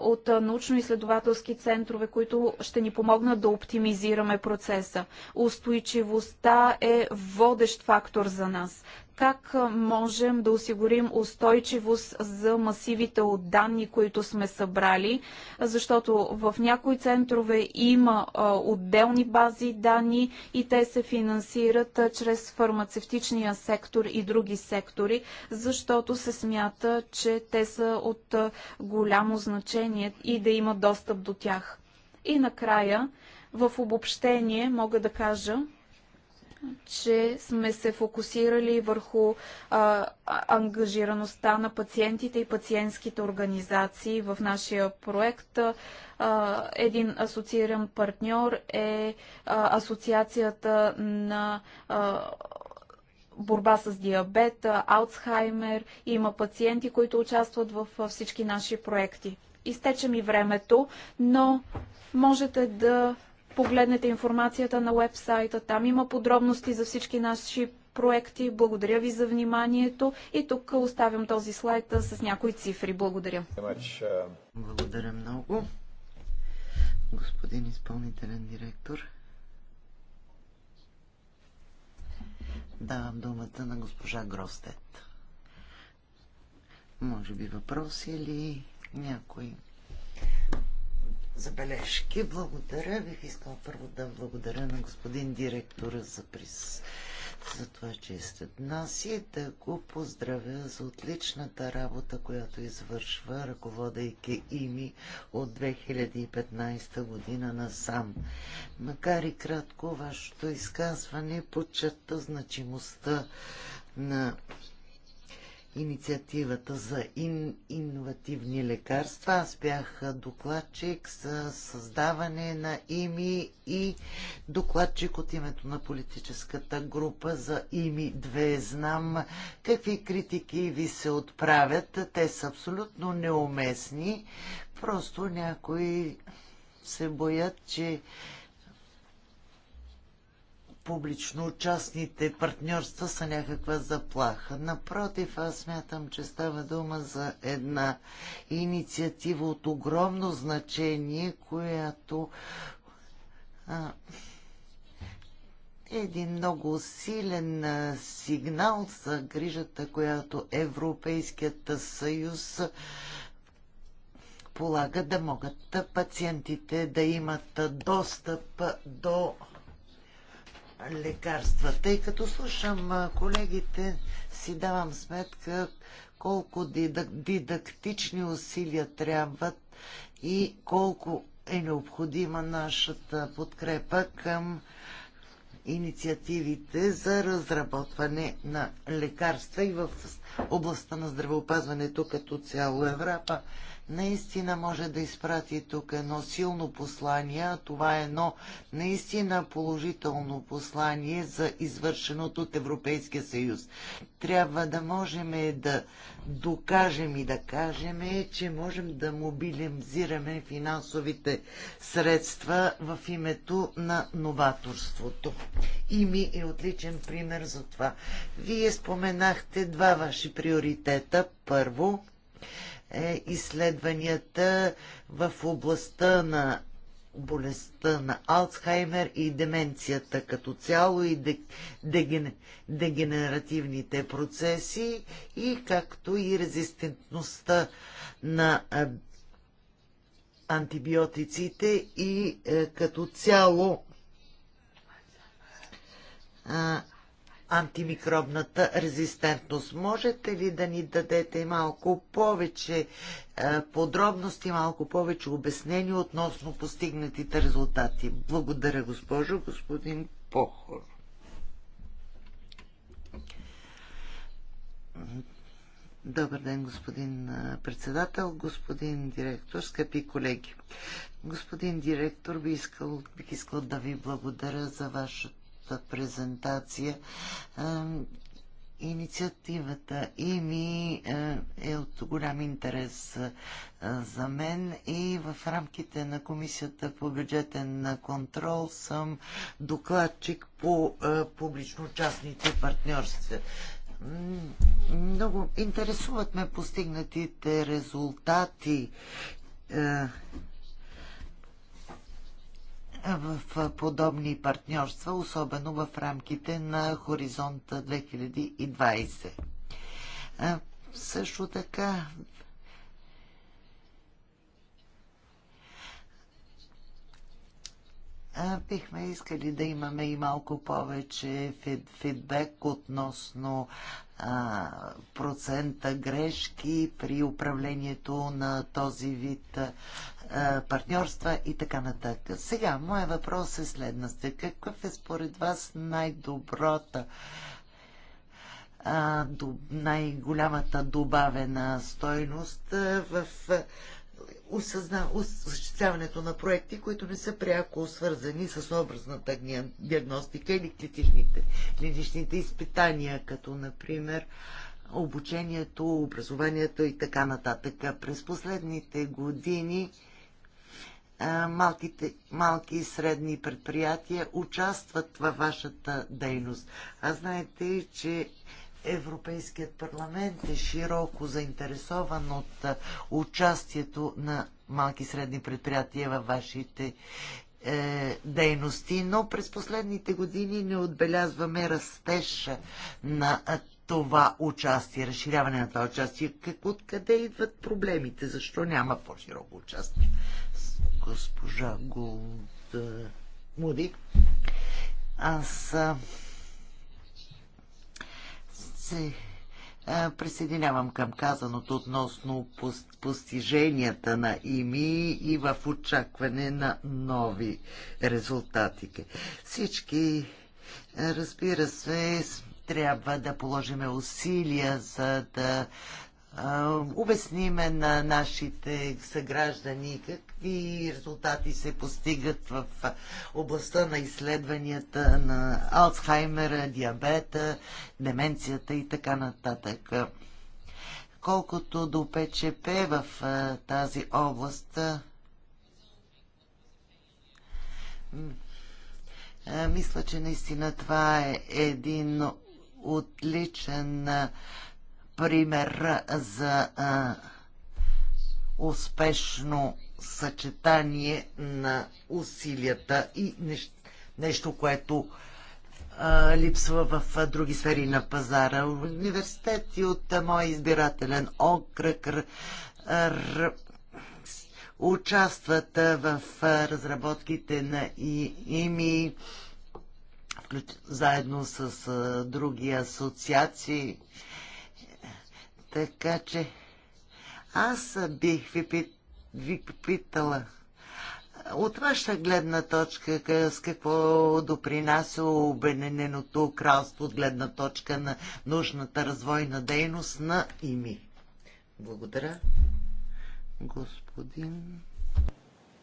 от научно-изследователски центрове, които ще ни помогнат да оптимизираме процеса. Устойчивостта е водещ фактор за нас как можем да осигурим устойчивост за масивите от данни, които сме събрали, защото в някои центрове има отделни бази данни и те се финансират чрез фармацевтичния сектор и други сектори, защото се смята, че те са от голямо значение и да има достъп до тях. И накрая, в обобщение мога да кажа, че сме се фокусирали върху а, ангажираността на пациентите и пациентските организации в нашия проект. А, един асоцииран партньор е а, Асоциацията на а, борба с диабет, Алцхаймер. Има пациенти, които участват в всички наши проекти. Изтече ми времето, но можете да погледнете информацията на вебсайта. Там има подробности за всички наши проекти. Благодаря ви за вниманието. И тук оставям този слайд с някои цифри. Благодаря. Благодаря много. Господин изпълнителен директор. Давам думата на госпожа Гростет. Може би въпроси или някои забележки. Благодаря. Бих искал първо да благодаря на господин директора за, прис... за това, че сте нас и да го поздравя за отличната работа, която извършва, ръководейки ими от 2015 година насам. Макар и кратко, вашето изказване подчерта значимостта на инициативата за ин, иновативни лекарства. Аз бях докладчик за създаване на ИМИ и докладчик от името на политическата група за ИМИ 2. Знам какви критики ви се отправят. Те са абсолютно неуместни. Просто някои се боят, че публично-частните партньорства са някаква заплаха. Напротив, аз смятам, че става дума за една инициатива от огромно значение, която а, е един много силен сигнал за грижата, която Европейският съюз полага да могат пациентите да имат достъп до лекарствата. Тъй като слушам колегите, си давам сметка колко дидактични усилия трябват и колко е необходима нашата подкрепа към инициативите за разработване на лекарства и в областта на здравеопазването като цяло Европа наистина може да изпрати тук едно силно послание. Това е едно наистина положително послание за извършеното от Европейския съюз. Трябва да можем да докажем и да кажем, че можем да мобилизираме финансовите средства в името на новаторството. И ми е отличен пример за това. Вие споменахте два ваши приоритета. Първо, е изследванията в областта на болестта на Алцхаймер и деменцията като цяло и дегенеративните процеси и както и резистентността на антибиотиците и е, като цяло антимикробната резистентност. Можете ли да ни дадете малко повече е, подробности, малко повече обяснения относно постигнатите резултати? Благодаря, госпожо, господин Похор. Добър ден, господин е, председател, господин директор, скъпи колеги. Господин директор, би искал, бих искал да ви благодаря за вашето презентация. Инициативата ИМИ е от голям интерес за мен и в рамките на Комисията по бюджетен контрол съм докладчик по публично-частните партньорства. Много интересуват ме постигнатите резултати в подобни партньорства, особено в рамките на Хоризонта 2020. Също така бихме искали да имаме и малко повече фидбек относно процента грешки при управлението на този вид партньорства и така нататък. Сега, моят въпрос е следната. Какъв е според вас най-доброта, най-голямата добавена стойност в осъществяването на проекти, които не са пряко свързани с образната диагностика или клиничните, клиничните изпитания, като например обучението, образованието и така нататък. През последните години малките, малки и средни предприятия участват във вашата дейност. А знаете, че Европейският парламент е широко заинтересован от участието на малки и средни предприятия във вашите е, дейности, но през последните години не отбелязваме растеж на това участие, разширяване на това участие. Как, откъде идват проблемите? Защо няма по-широко участие? Госпожа Голд е, Муди. Аз се присъединявам към казаното относно постиженията на ИМИ и в очакване на нови резултати. Всички, разбира се, трябва да положиме усилия, за да обясниме на нашите съграждани какви резултати се постигат в областта на изследванията на Алцхаймера, диабета, деменцията и така нататък. Колкото до ПЧП в тази област, мисля, че наистина това е един отличен пример за а, успешно съчетание на усилията и нещо, нещо което а, липсва в а, други сфери на пазара. Университети от а, мой избирателен окръг р, р, участват а, в а, разработките на и, ИМИ заедно с а, други асоциации. А, така че аз бих ви, пит, ви питала от ваша гледна точка с какво допринася Обединеното кралство от гледна точка на нужната развойна дейност на ИМИ? Благодаря. Господин.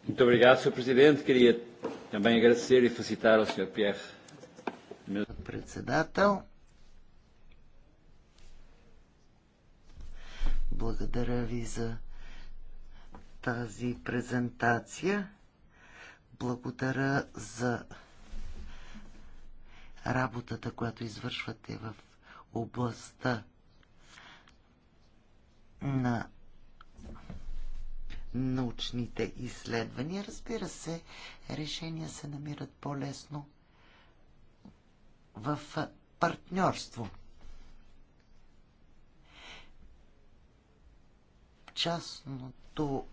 Muito obrigado, Sr. Presidente. Queria também agradecer e felicitar ao Sr. Pierre. Председател. Благодаря ви за тази презентация. Благодаря за работата, която извършвате в областта на научните изследвания. Разбира се, решения се намират по-лесно в партньорство. частното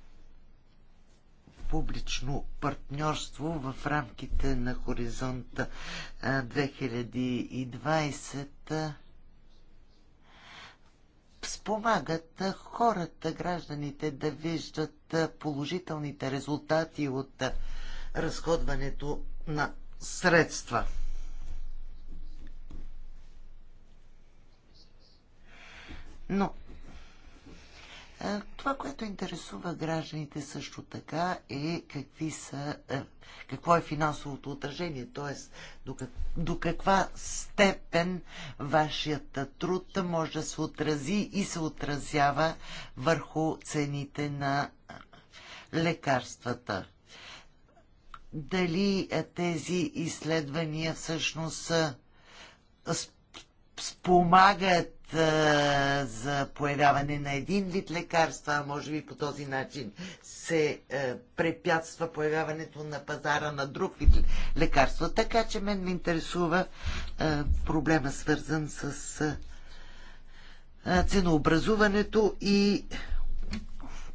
публично партньорство в рамките на хоризонта 2020 спомагат хората, гражданите да виждат положителните резултати от разходването на средства. Но това, което интересува гражданите също така е какви са, е, какво е финансовото отражение, т.е. До, до каква степен вашият труд може да се отрази и се отразява върху цените на лекарствата. Дали е, тези изследвания всъщност е, спомагат е, за появяване на един вид лекарства, а може би по този начин се е, препятства появяването на пазара на друг вид лекарства. Така че мен ме интересува е, проблема свързан с ценообразуването и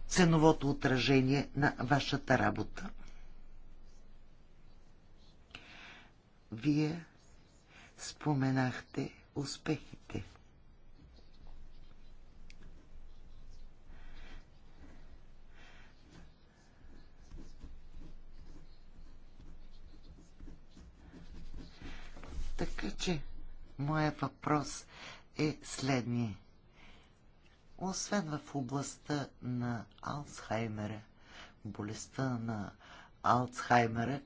ценовото отражение на вашата работа. Вие споменахте успехи Така че, моят въпрос е следния. Освен в областта на Алцхаймера, болестта на Алцхаймера,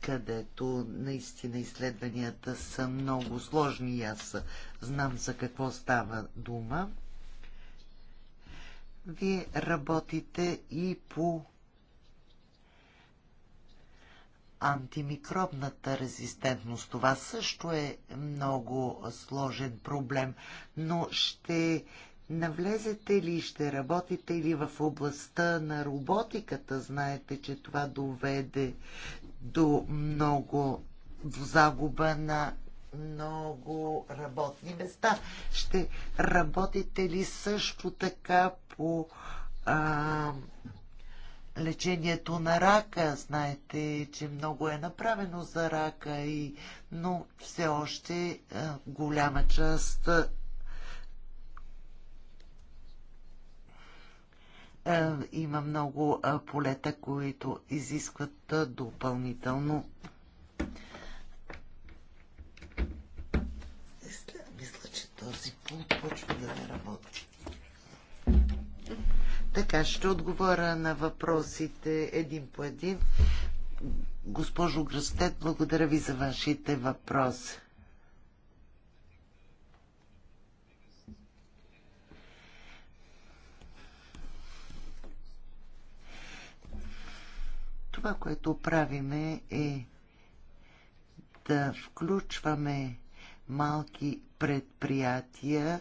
където наистина изследванията са много сложни и аз знам за какво става дума. Вие работите и по антимикробната резистентност. Това също е много сложен проблем, но ще навлезете ли, ще работите ли в областта на роботиката? Знаете, че това доведе до много до загуба на много работни места. Ще работите ли също така по а, лечението на рака. Знаете, че много е направено за рака, и, но все още е, голяма част е, има много е, полета, които изискват допълнително. Мисля, че този пункт почва да не работи. Така, ще отговоря на въпросите един по един. Госпожо Гръстет, благодаря ви за вашите въпроси. Това, което правиме е да включваме малки предприятия,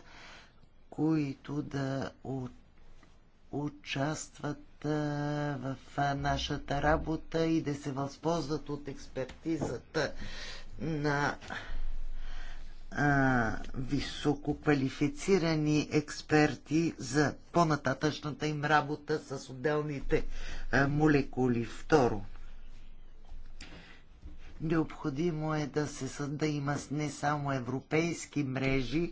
които да от участват в нашата работа и да се възползват от експертизата на а, висококвалифицирани експерти за по-нататъчната им работа с отделните а, молекули. Второ, необходимо е да се съда има не само европейски мрежи,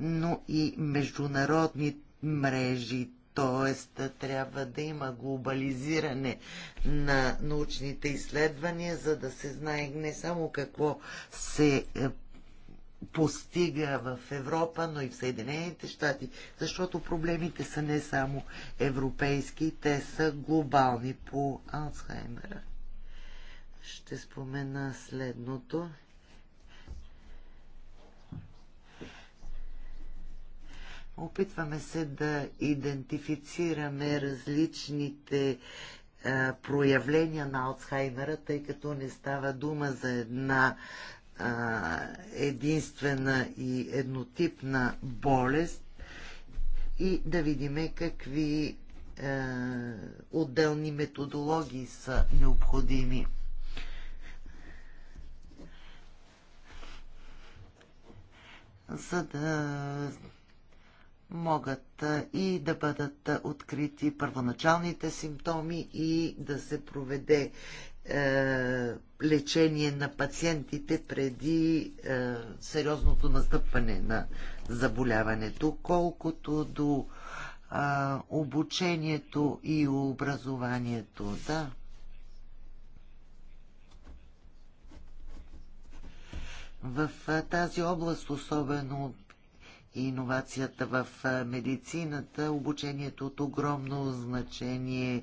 но и международни мрежи Тоест, трябва да има глобализиране на научните изследвания, за да се знае не само какво се е, постига в Европа, но и в Съединените щати, защото проблемите са не само европейски, те са глобални по Алцхаймера. Ще спомена следното. Опитваме се да идентифицираме различните а, проявления на Алцхаймера, тъй като не става дума за една а, единствена и еднотипна болест и да видим какви а, отделни методологии са необходими. за да могат и да бъдат открити първоначалните симптоми и да се проведе е, лечение на пациентите преди е, сериозното настъпване на заболяването, колкото до е, обучението и образованието. Да. В тази област особено иновацията в медицината. Обучението от огромно значение.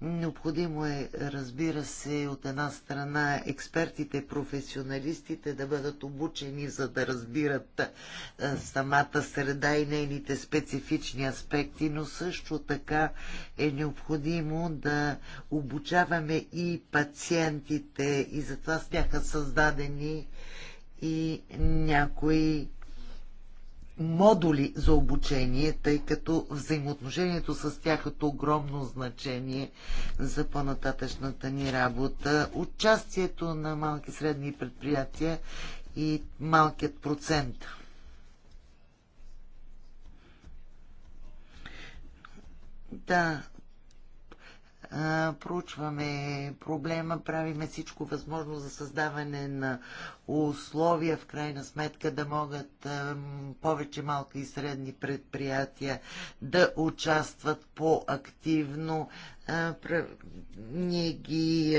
Необходимо е, разбира се, от една страна експертите, професионалистите да бъдат обучени, за да разбират самата среда и нейните специфични аспекти, но също така е необходимо да обучаваме и пациентите и затова бяха създадени и някои модули за обучение, тъй като взаимоотношението с тях е огромно значение за по-нататъчната ни работа. Участието на малки и средни предприятия и малкият процент. Да, проучваме проблема, правиме всичко възможно за създаване на условия, в крайна сметка да могат повече малки и средни предприятия да участват по-активно. Ние ги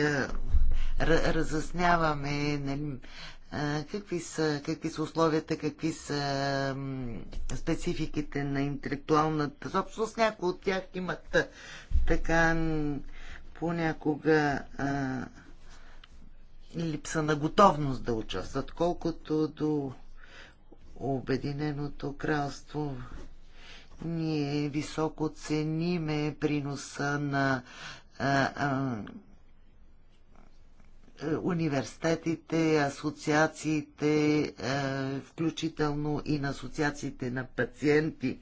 разясняваме нали, какви са, какви са условията, какви са спецификите на интелектуалната собственост. Някои от тях имат така понякога а, липса на готовност да участват, колкото до Обединеното кралство. Ние високо цениме приноса на а, а, е, университетите, асоциациите, е, включително и на асоциациите на пациенти.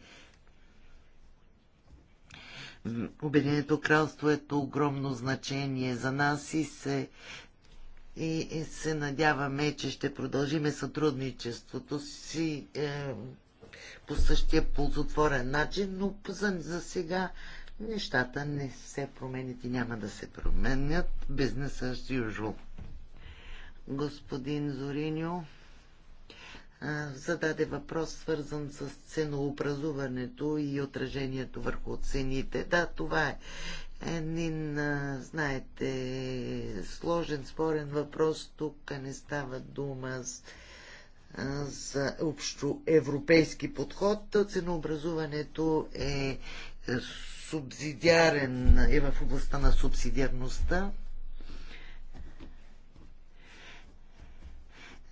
Обединеното кралство е огромно значение за нас и се, и, и се надяваме, че ще продължиме сътрудничеството си е, по същия ползотворен начин, но за, за сега нещата не се променят и няма да се променят. Бизнеса с южо. Господин Зориньо зададе въпрос, свързан с ценообразуването и отражението върху цените. Да, това е един, знаете, сложен, спорен въпрос. Тук не става дума с за общо европейски подход. Ценообразуването е субсидиарен, е в областта на субсидиарността.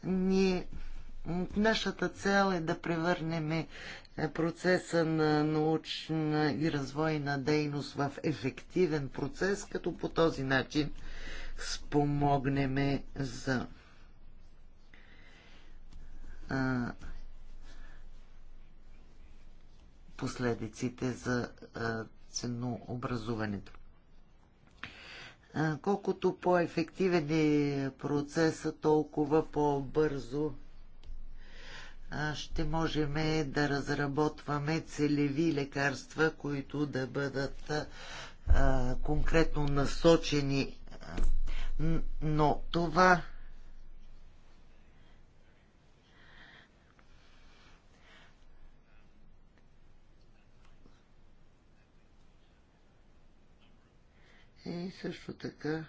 Ние, нашата цел е да превърнем е, процеса на научна и развойна дейност в ефективен процес, като по този начин спомогнеме за а, последиците за а, образуването. Колкото по-ефективен е процеса, толкова по-бързо ще можем да разработваме целеви лекарства, които да бъдат конкретно насочени. Но това И също така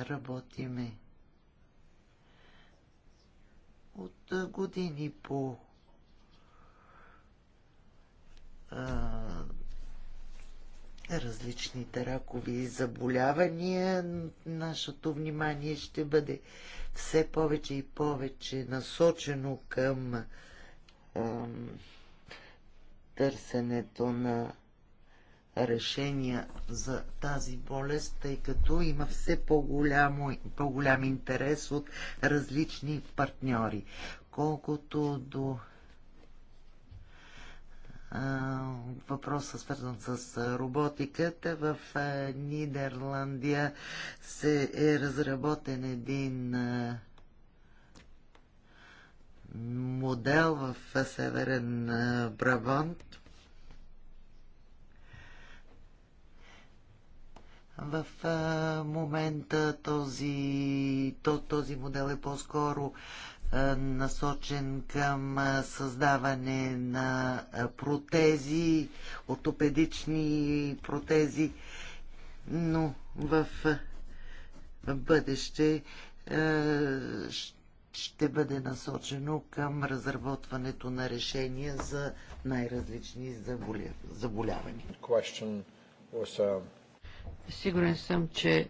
работиме от години по а, различните ракови заболявания. Нашето внимание ще бъде все повече и повече насочено към а, търсенето на решения за тази болест, тъй като има все по-голям по интерес от различни партньори. Колкото до въпроса, свързан с роботиката. В Нидерландия се е разработен един модел в Северен Брабант. В момента този, то, този модел е по-скоро насочен към създаване на протези, ортопедични протези, но в, в бъдеще ще ще бъде насочено към разработването на решения за най-различни заболявания. Uh, Сигурен съм, че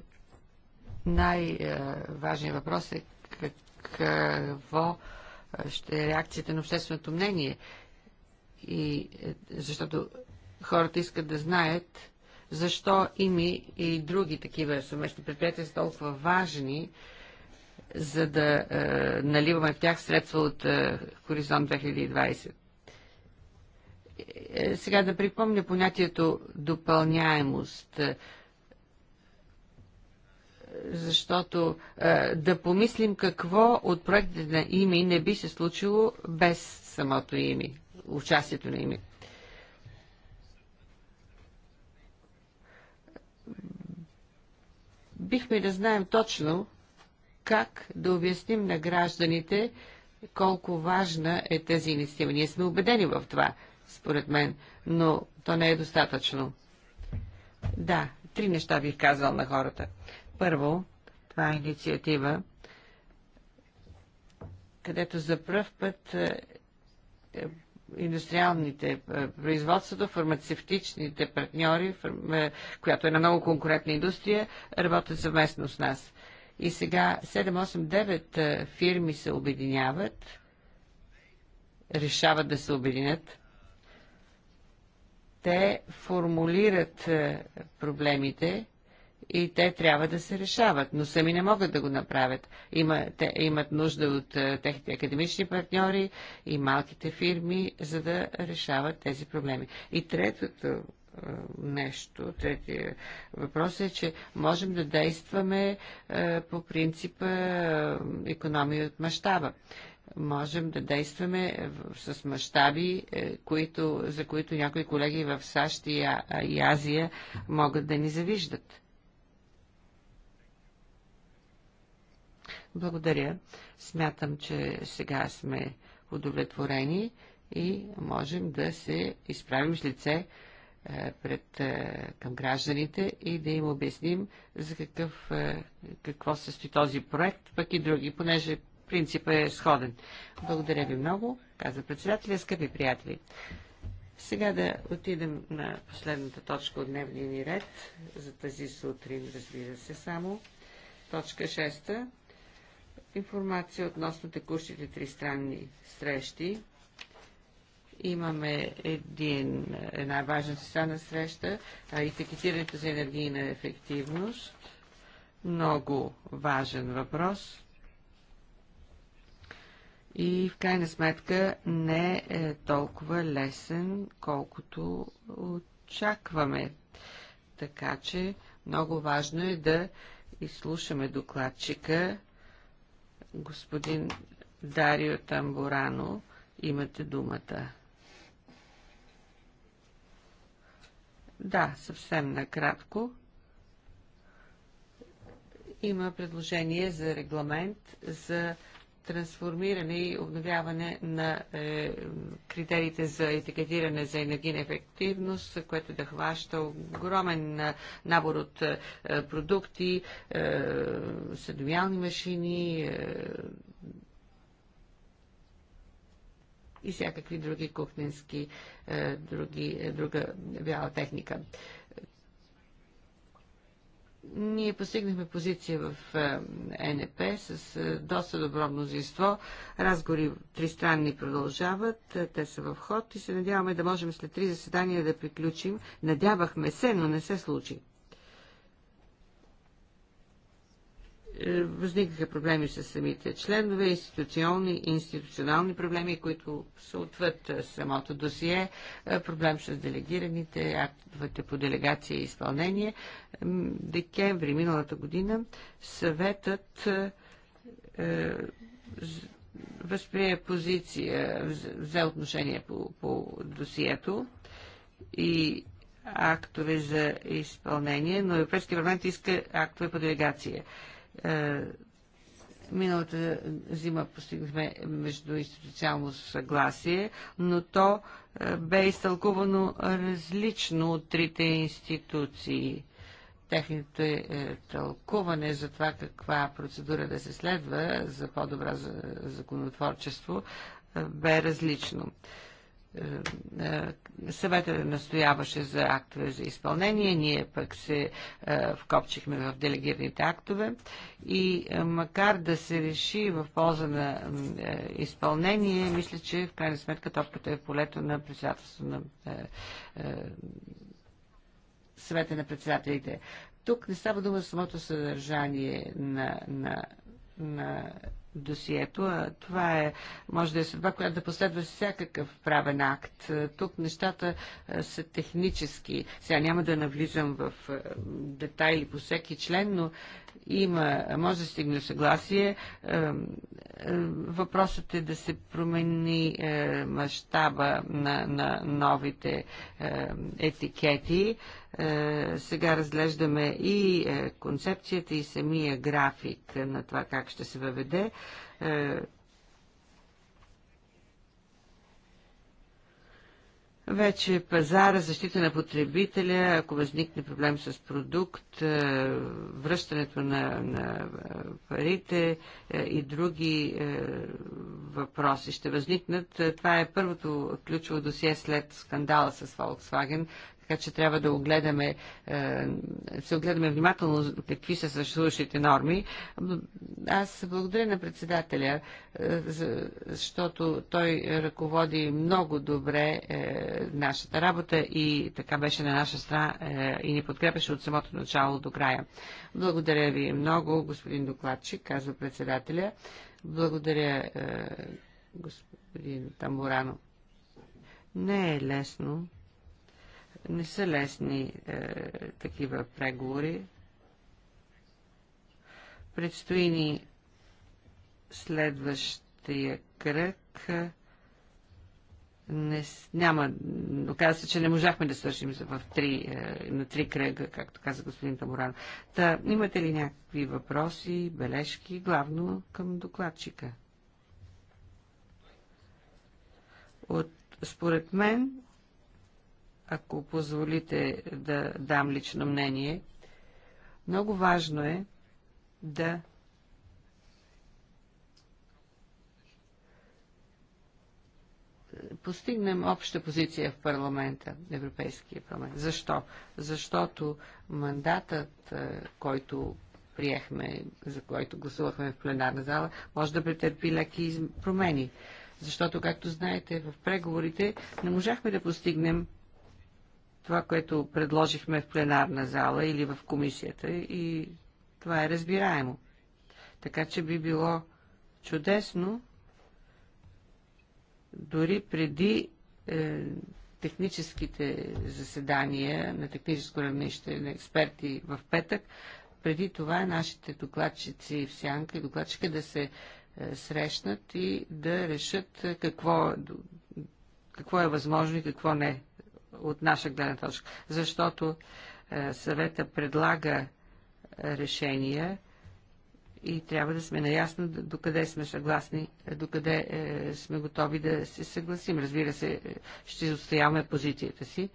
най-важният въпрос е какво ще е реакцията на общественото мнение. И, е, защото хората искат да знаят защо ими и други такива съвместни предприятия са толкова важни, за да е, наливаме в тях средства от е, Хоризонт 2020. Е, сега да припомня понятието допълняемост, е, защото е, да помислим какво от проектите на ИМИ не би се случило без самото ИМИ, участието на ИМИ. Бихме да знаем точно как да обясним на гражданите колко важна е тази инициатива. Ние сме убедени в това, според мен, но то не е достатъчно. Да, три неща бих казал на хората. Първо, това е инициатива, където за пръв път е, е, индустриалните, е, производството, фармацевтичните партньори, която е на много конкурентна индустрия, работят съвместно с нас и сега 7-8-9 е, фирми се обединяват, решават да се обединят. Те формулират е, проблемите и те трябва да се решават, но сами не могат да го направят. Има, те имат нужда от е, техните академични партньори и малките фирми, за да решават тези проблеми. И третото нещо. Третия въпрос е, че можем да действаме е, по принципа е, економия от мащаба можем да действаме е, с мащаби, които, за които някои колеги в САЩ и, а, и Азия могат да ни завиждат. Благодаря. Смятам, че сега сме удовлетворени и можем да се изправим с лице е, пред, е, към гражданите и да им обясним за какъв, е, какво състои този проект, пък и други, понеже принципът е сходен. Благодаря ви много, каза председателя, скъпи приятели. Сега да отидем на последната точка от дневния ни ред, за тази сутрин, разбира се, само. Точка 6. Информация относно текущите тристранни срещи Имаме един, една важна на среща, етикетирането за енергийна ефективност. Много важен въпрос. И в крайна сметка не е толкова лесен, колкото очакваме. Така че много важно е да изслушаме докладчика, господин Дарио Тамбурано. Имате думата. Да, съвсем накратко. Има предложение за регламент за трансформиране и обновяване на е, критериите за етикетиране за енергийна ефективност, което да хваща огромен е, набор от е, продукти, е, съдомялни машини, е, и всякакви други кухненски, е, други, е, друга бяла техника. Ние постигнахме позиция в е, НП с доста добро мнозинство. Разговори тристранни продължават, те са в ход и се надяваме да можем след три заседания да приключим. Надявахме се, но не се случи. Е, Възникаха проблеми с самите членове, институционални, институционални проблеми, които са отвъд е, самото досие, е, проблем с делегираните, актовете по делегация и изпълнение. Декември миналата година съветът е, възприе позиция, взе отношение по, по досието и актове за изпълнение, но Европейския парламент иска актове по делегация. Е, миналата зима постигнахме междуинституционално съгласие, но то е, бе изтълкувано различно от трите институции Техните е, тълкуване за това каква процедура да се следва за по-добра законотворчество бе различно. Е, е, съвета настояваше за актове за изпълнение, ние пък се е, вкопчихме в делегираните актове и макар да се реши в полза на изпълнение, мисля, че в крайна сметка топката е в полето на председателство на съвета на председателите. Тук не става дума за самото съдържание на, на, на досието. А това е, може да е съдба, която да последва всякакъв правен акт. Е, тук нещата е, са технически. Сега няма да навлизам в е, детайли по всеки член, но има, може да стигне съгласие. Въпросът е да се промени мащаба на, на новите етикети. Е, сега разглеждаме и е, концепцията, и самия график на това как ще се въведе. Е, вече пазара, защита на потребителя, ако възникне проблем с продукт, връщането на, на парите и други въпроси ще възникнат. Това е първото ключово досие след скандала с Volkswagen, така че трябва да огледаме, е, се огледаме внимателно какви са съществуващите норми. Аз благодаря на председателя, е, защото той ръководи много добре е, нашата работа и така беше на наша страна и ни подкрепеше от самото начало до края. Благодаря ви много, господин докладчик, казва председателя. Благодаря, господин Тамбурано. Не е лесно. Не са лесни е, такива преговори. Предстои ни следващия кръг. Не, няма, оказа се, че не можахме да свършим в три, е, на три кръга, както каза господин Тамуран. Та, имате ли някакви въпроси, бележки, главно към докладчика? От, според мен, ако позволите да дам лично мнение. Много важно е да постигнем обща позиция в парламента, Европейския парламент. Защо? Защото мандатът, е, който приехме, за който гласувахме в пленарна зала, може да претърпи леки промени. Защото, както знаете, в преговорите не можахме да постигнем това, което предложихме в пленарна зала или в комисията и това е разбираемо. Така че би било чудесно, дори преди е, техническите заседания на техническо равнище на експерти в петък, преди това нашите докладчици в Сянка и докладчика да се е, срещнат и да решат какво, какво е възможно и какво не от наша гледна точка, защото е, съвета предлага решения и трябва да сме наясно докъде сме съгласни, докъде е, сме готови да се съгласим. Разбира се, ще отстояваме позицията си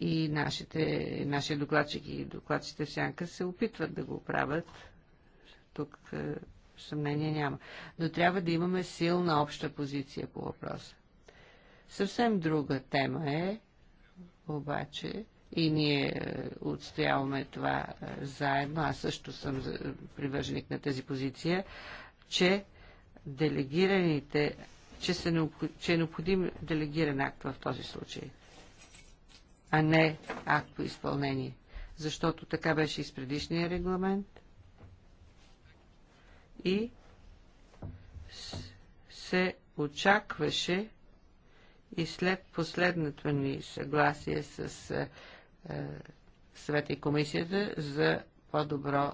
и нашите, нашия докладчик и докладчите в сянка се опитват да го правят. Тук е, съмнение няма. Но трябва да имаме силна обща позиция по въпроса. Съвсем друга тема е, обаче, и ние е, отстояваме това е, заедно, аз също съм е, привърженик на тази позиция, че делегираните, че, се, че е необходим делегиран акт в този случай, а не акт по изпълнение. Защото така беше и с предишния регламент и се очакваше и след последното ни съгласие с е, е съвета и комисията за по-добро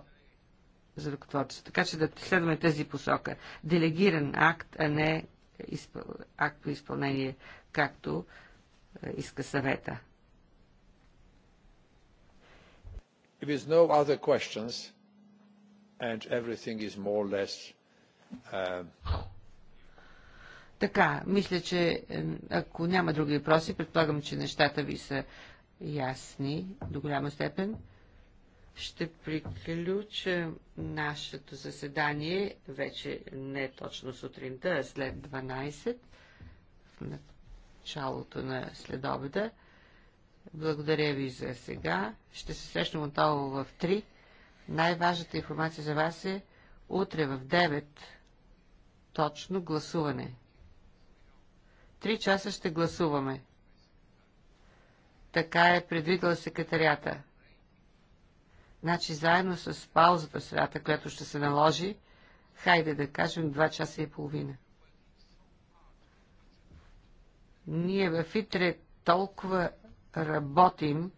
зръкотворчество. Така че да следваме тази посока. Делегиран акт, а не изпъл... акт по изпълнение, както е, иска съвета. If there's no other questions and everything is more or less uh, така, мисля, че е, ако няма други въпроси, предполагам, че нещата ви са ясни до голяма степен. Ще приключа нашето заседание вече не точно сутринта, а след 12, в началото на следобеда. Благодаря ви за сега. Ще се срещнем отново в 3. Най-важната информация за вас е утре в 9 точно гласуване. Три часа ще гласуваме. Така е предвидал секретарята. Значи заедно с паузата в която ще се наложи, хайде да кажем два часа и половина. Ние в Итре толкова работим,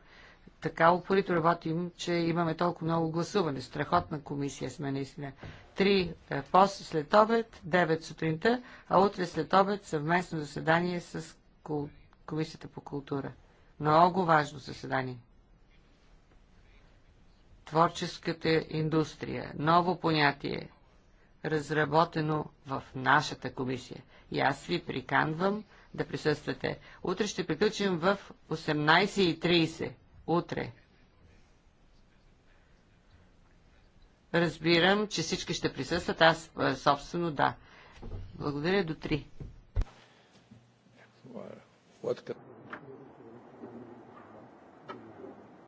така упорито работим, че имаме толкова много гласуване. Страхотна комисия сме наистина. Три е, след обед, 9 сутринта, а утре след обед съвместно заседание с кул... Комисията по култура. Много важно заседание. Творческата индустрия. Ново понятие. Разработено в нашата комисия. И аз ви приканвам да присъствате. Утре ще приключим в 18.30 утре. Разбирам, че всички ще присъстват. Аз собствено да. Благодаря до три. What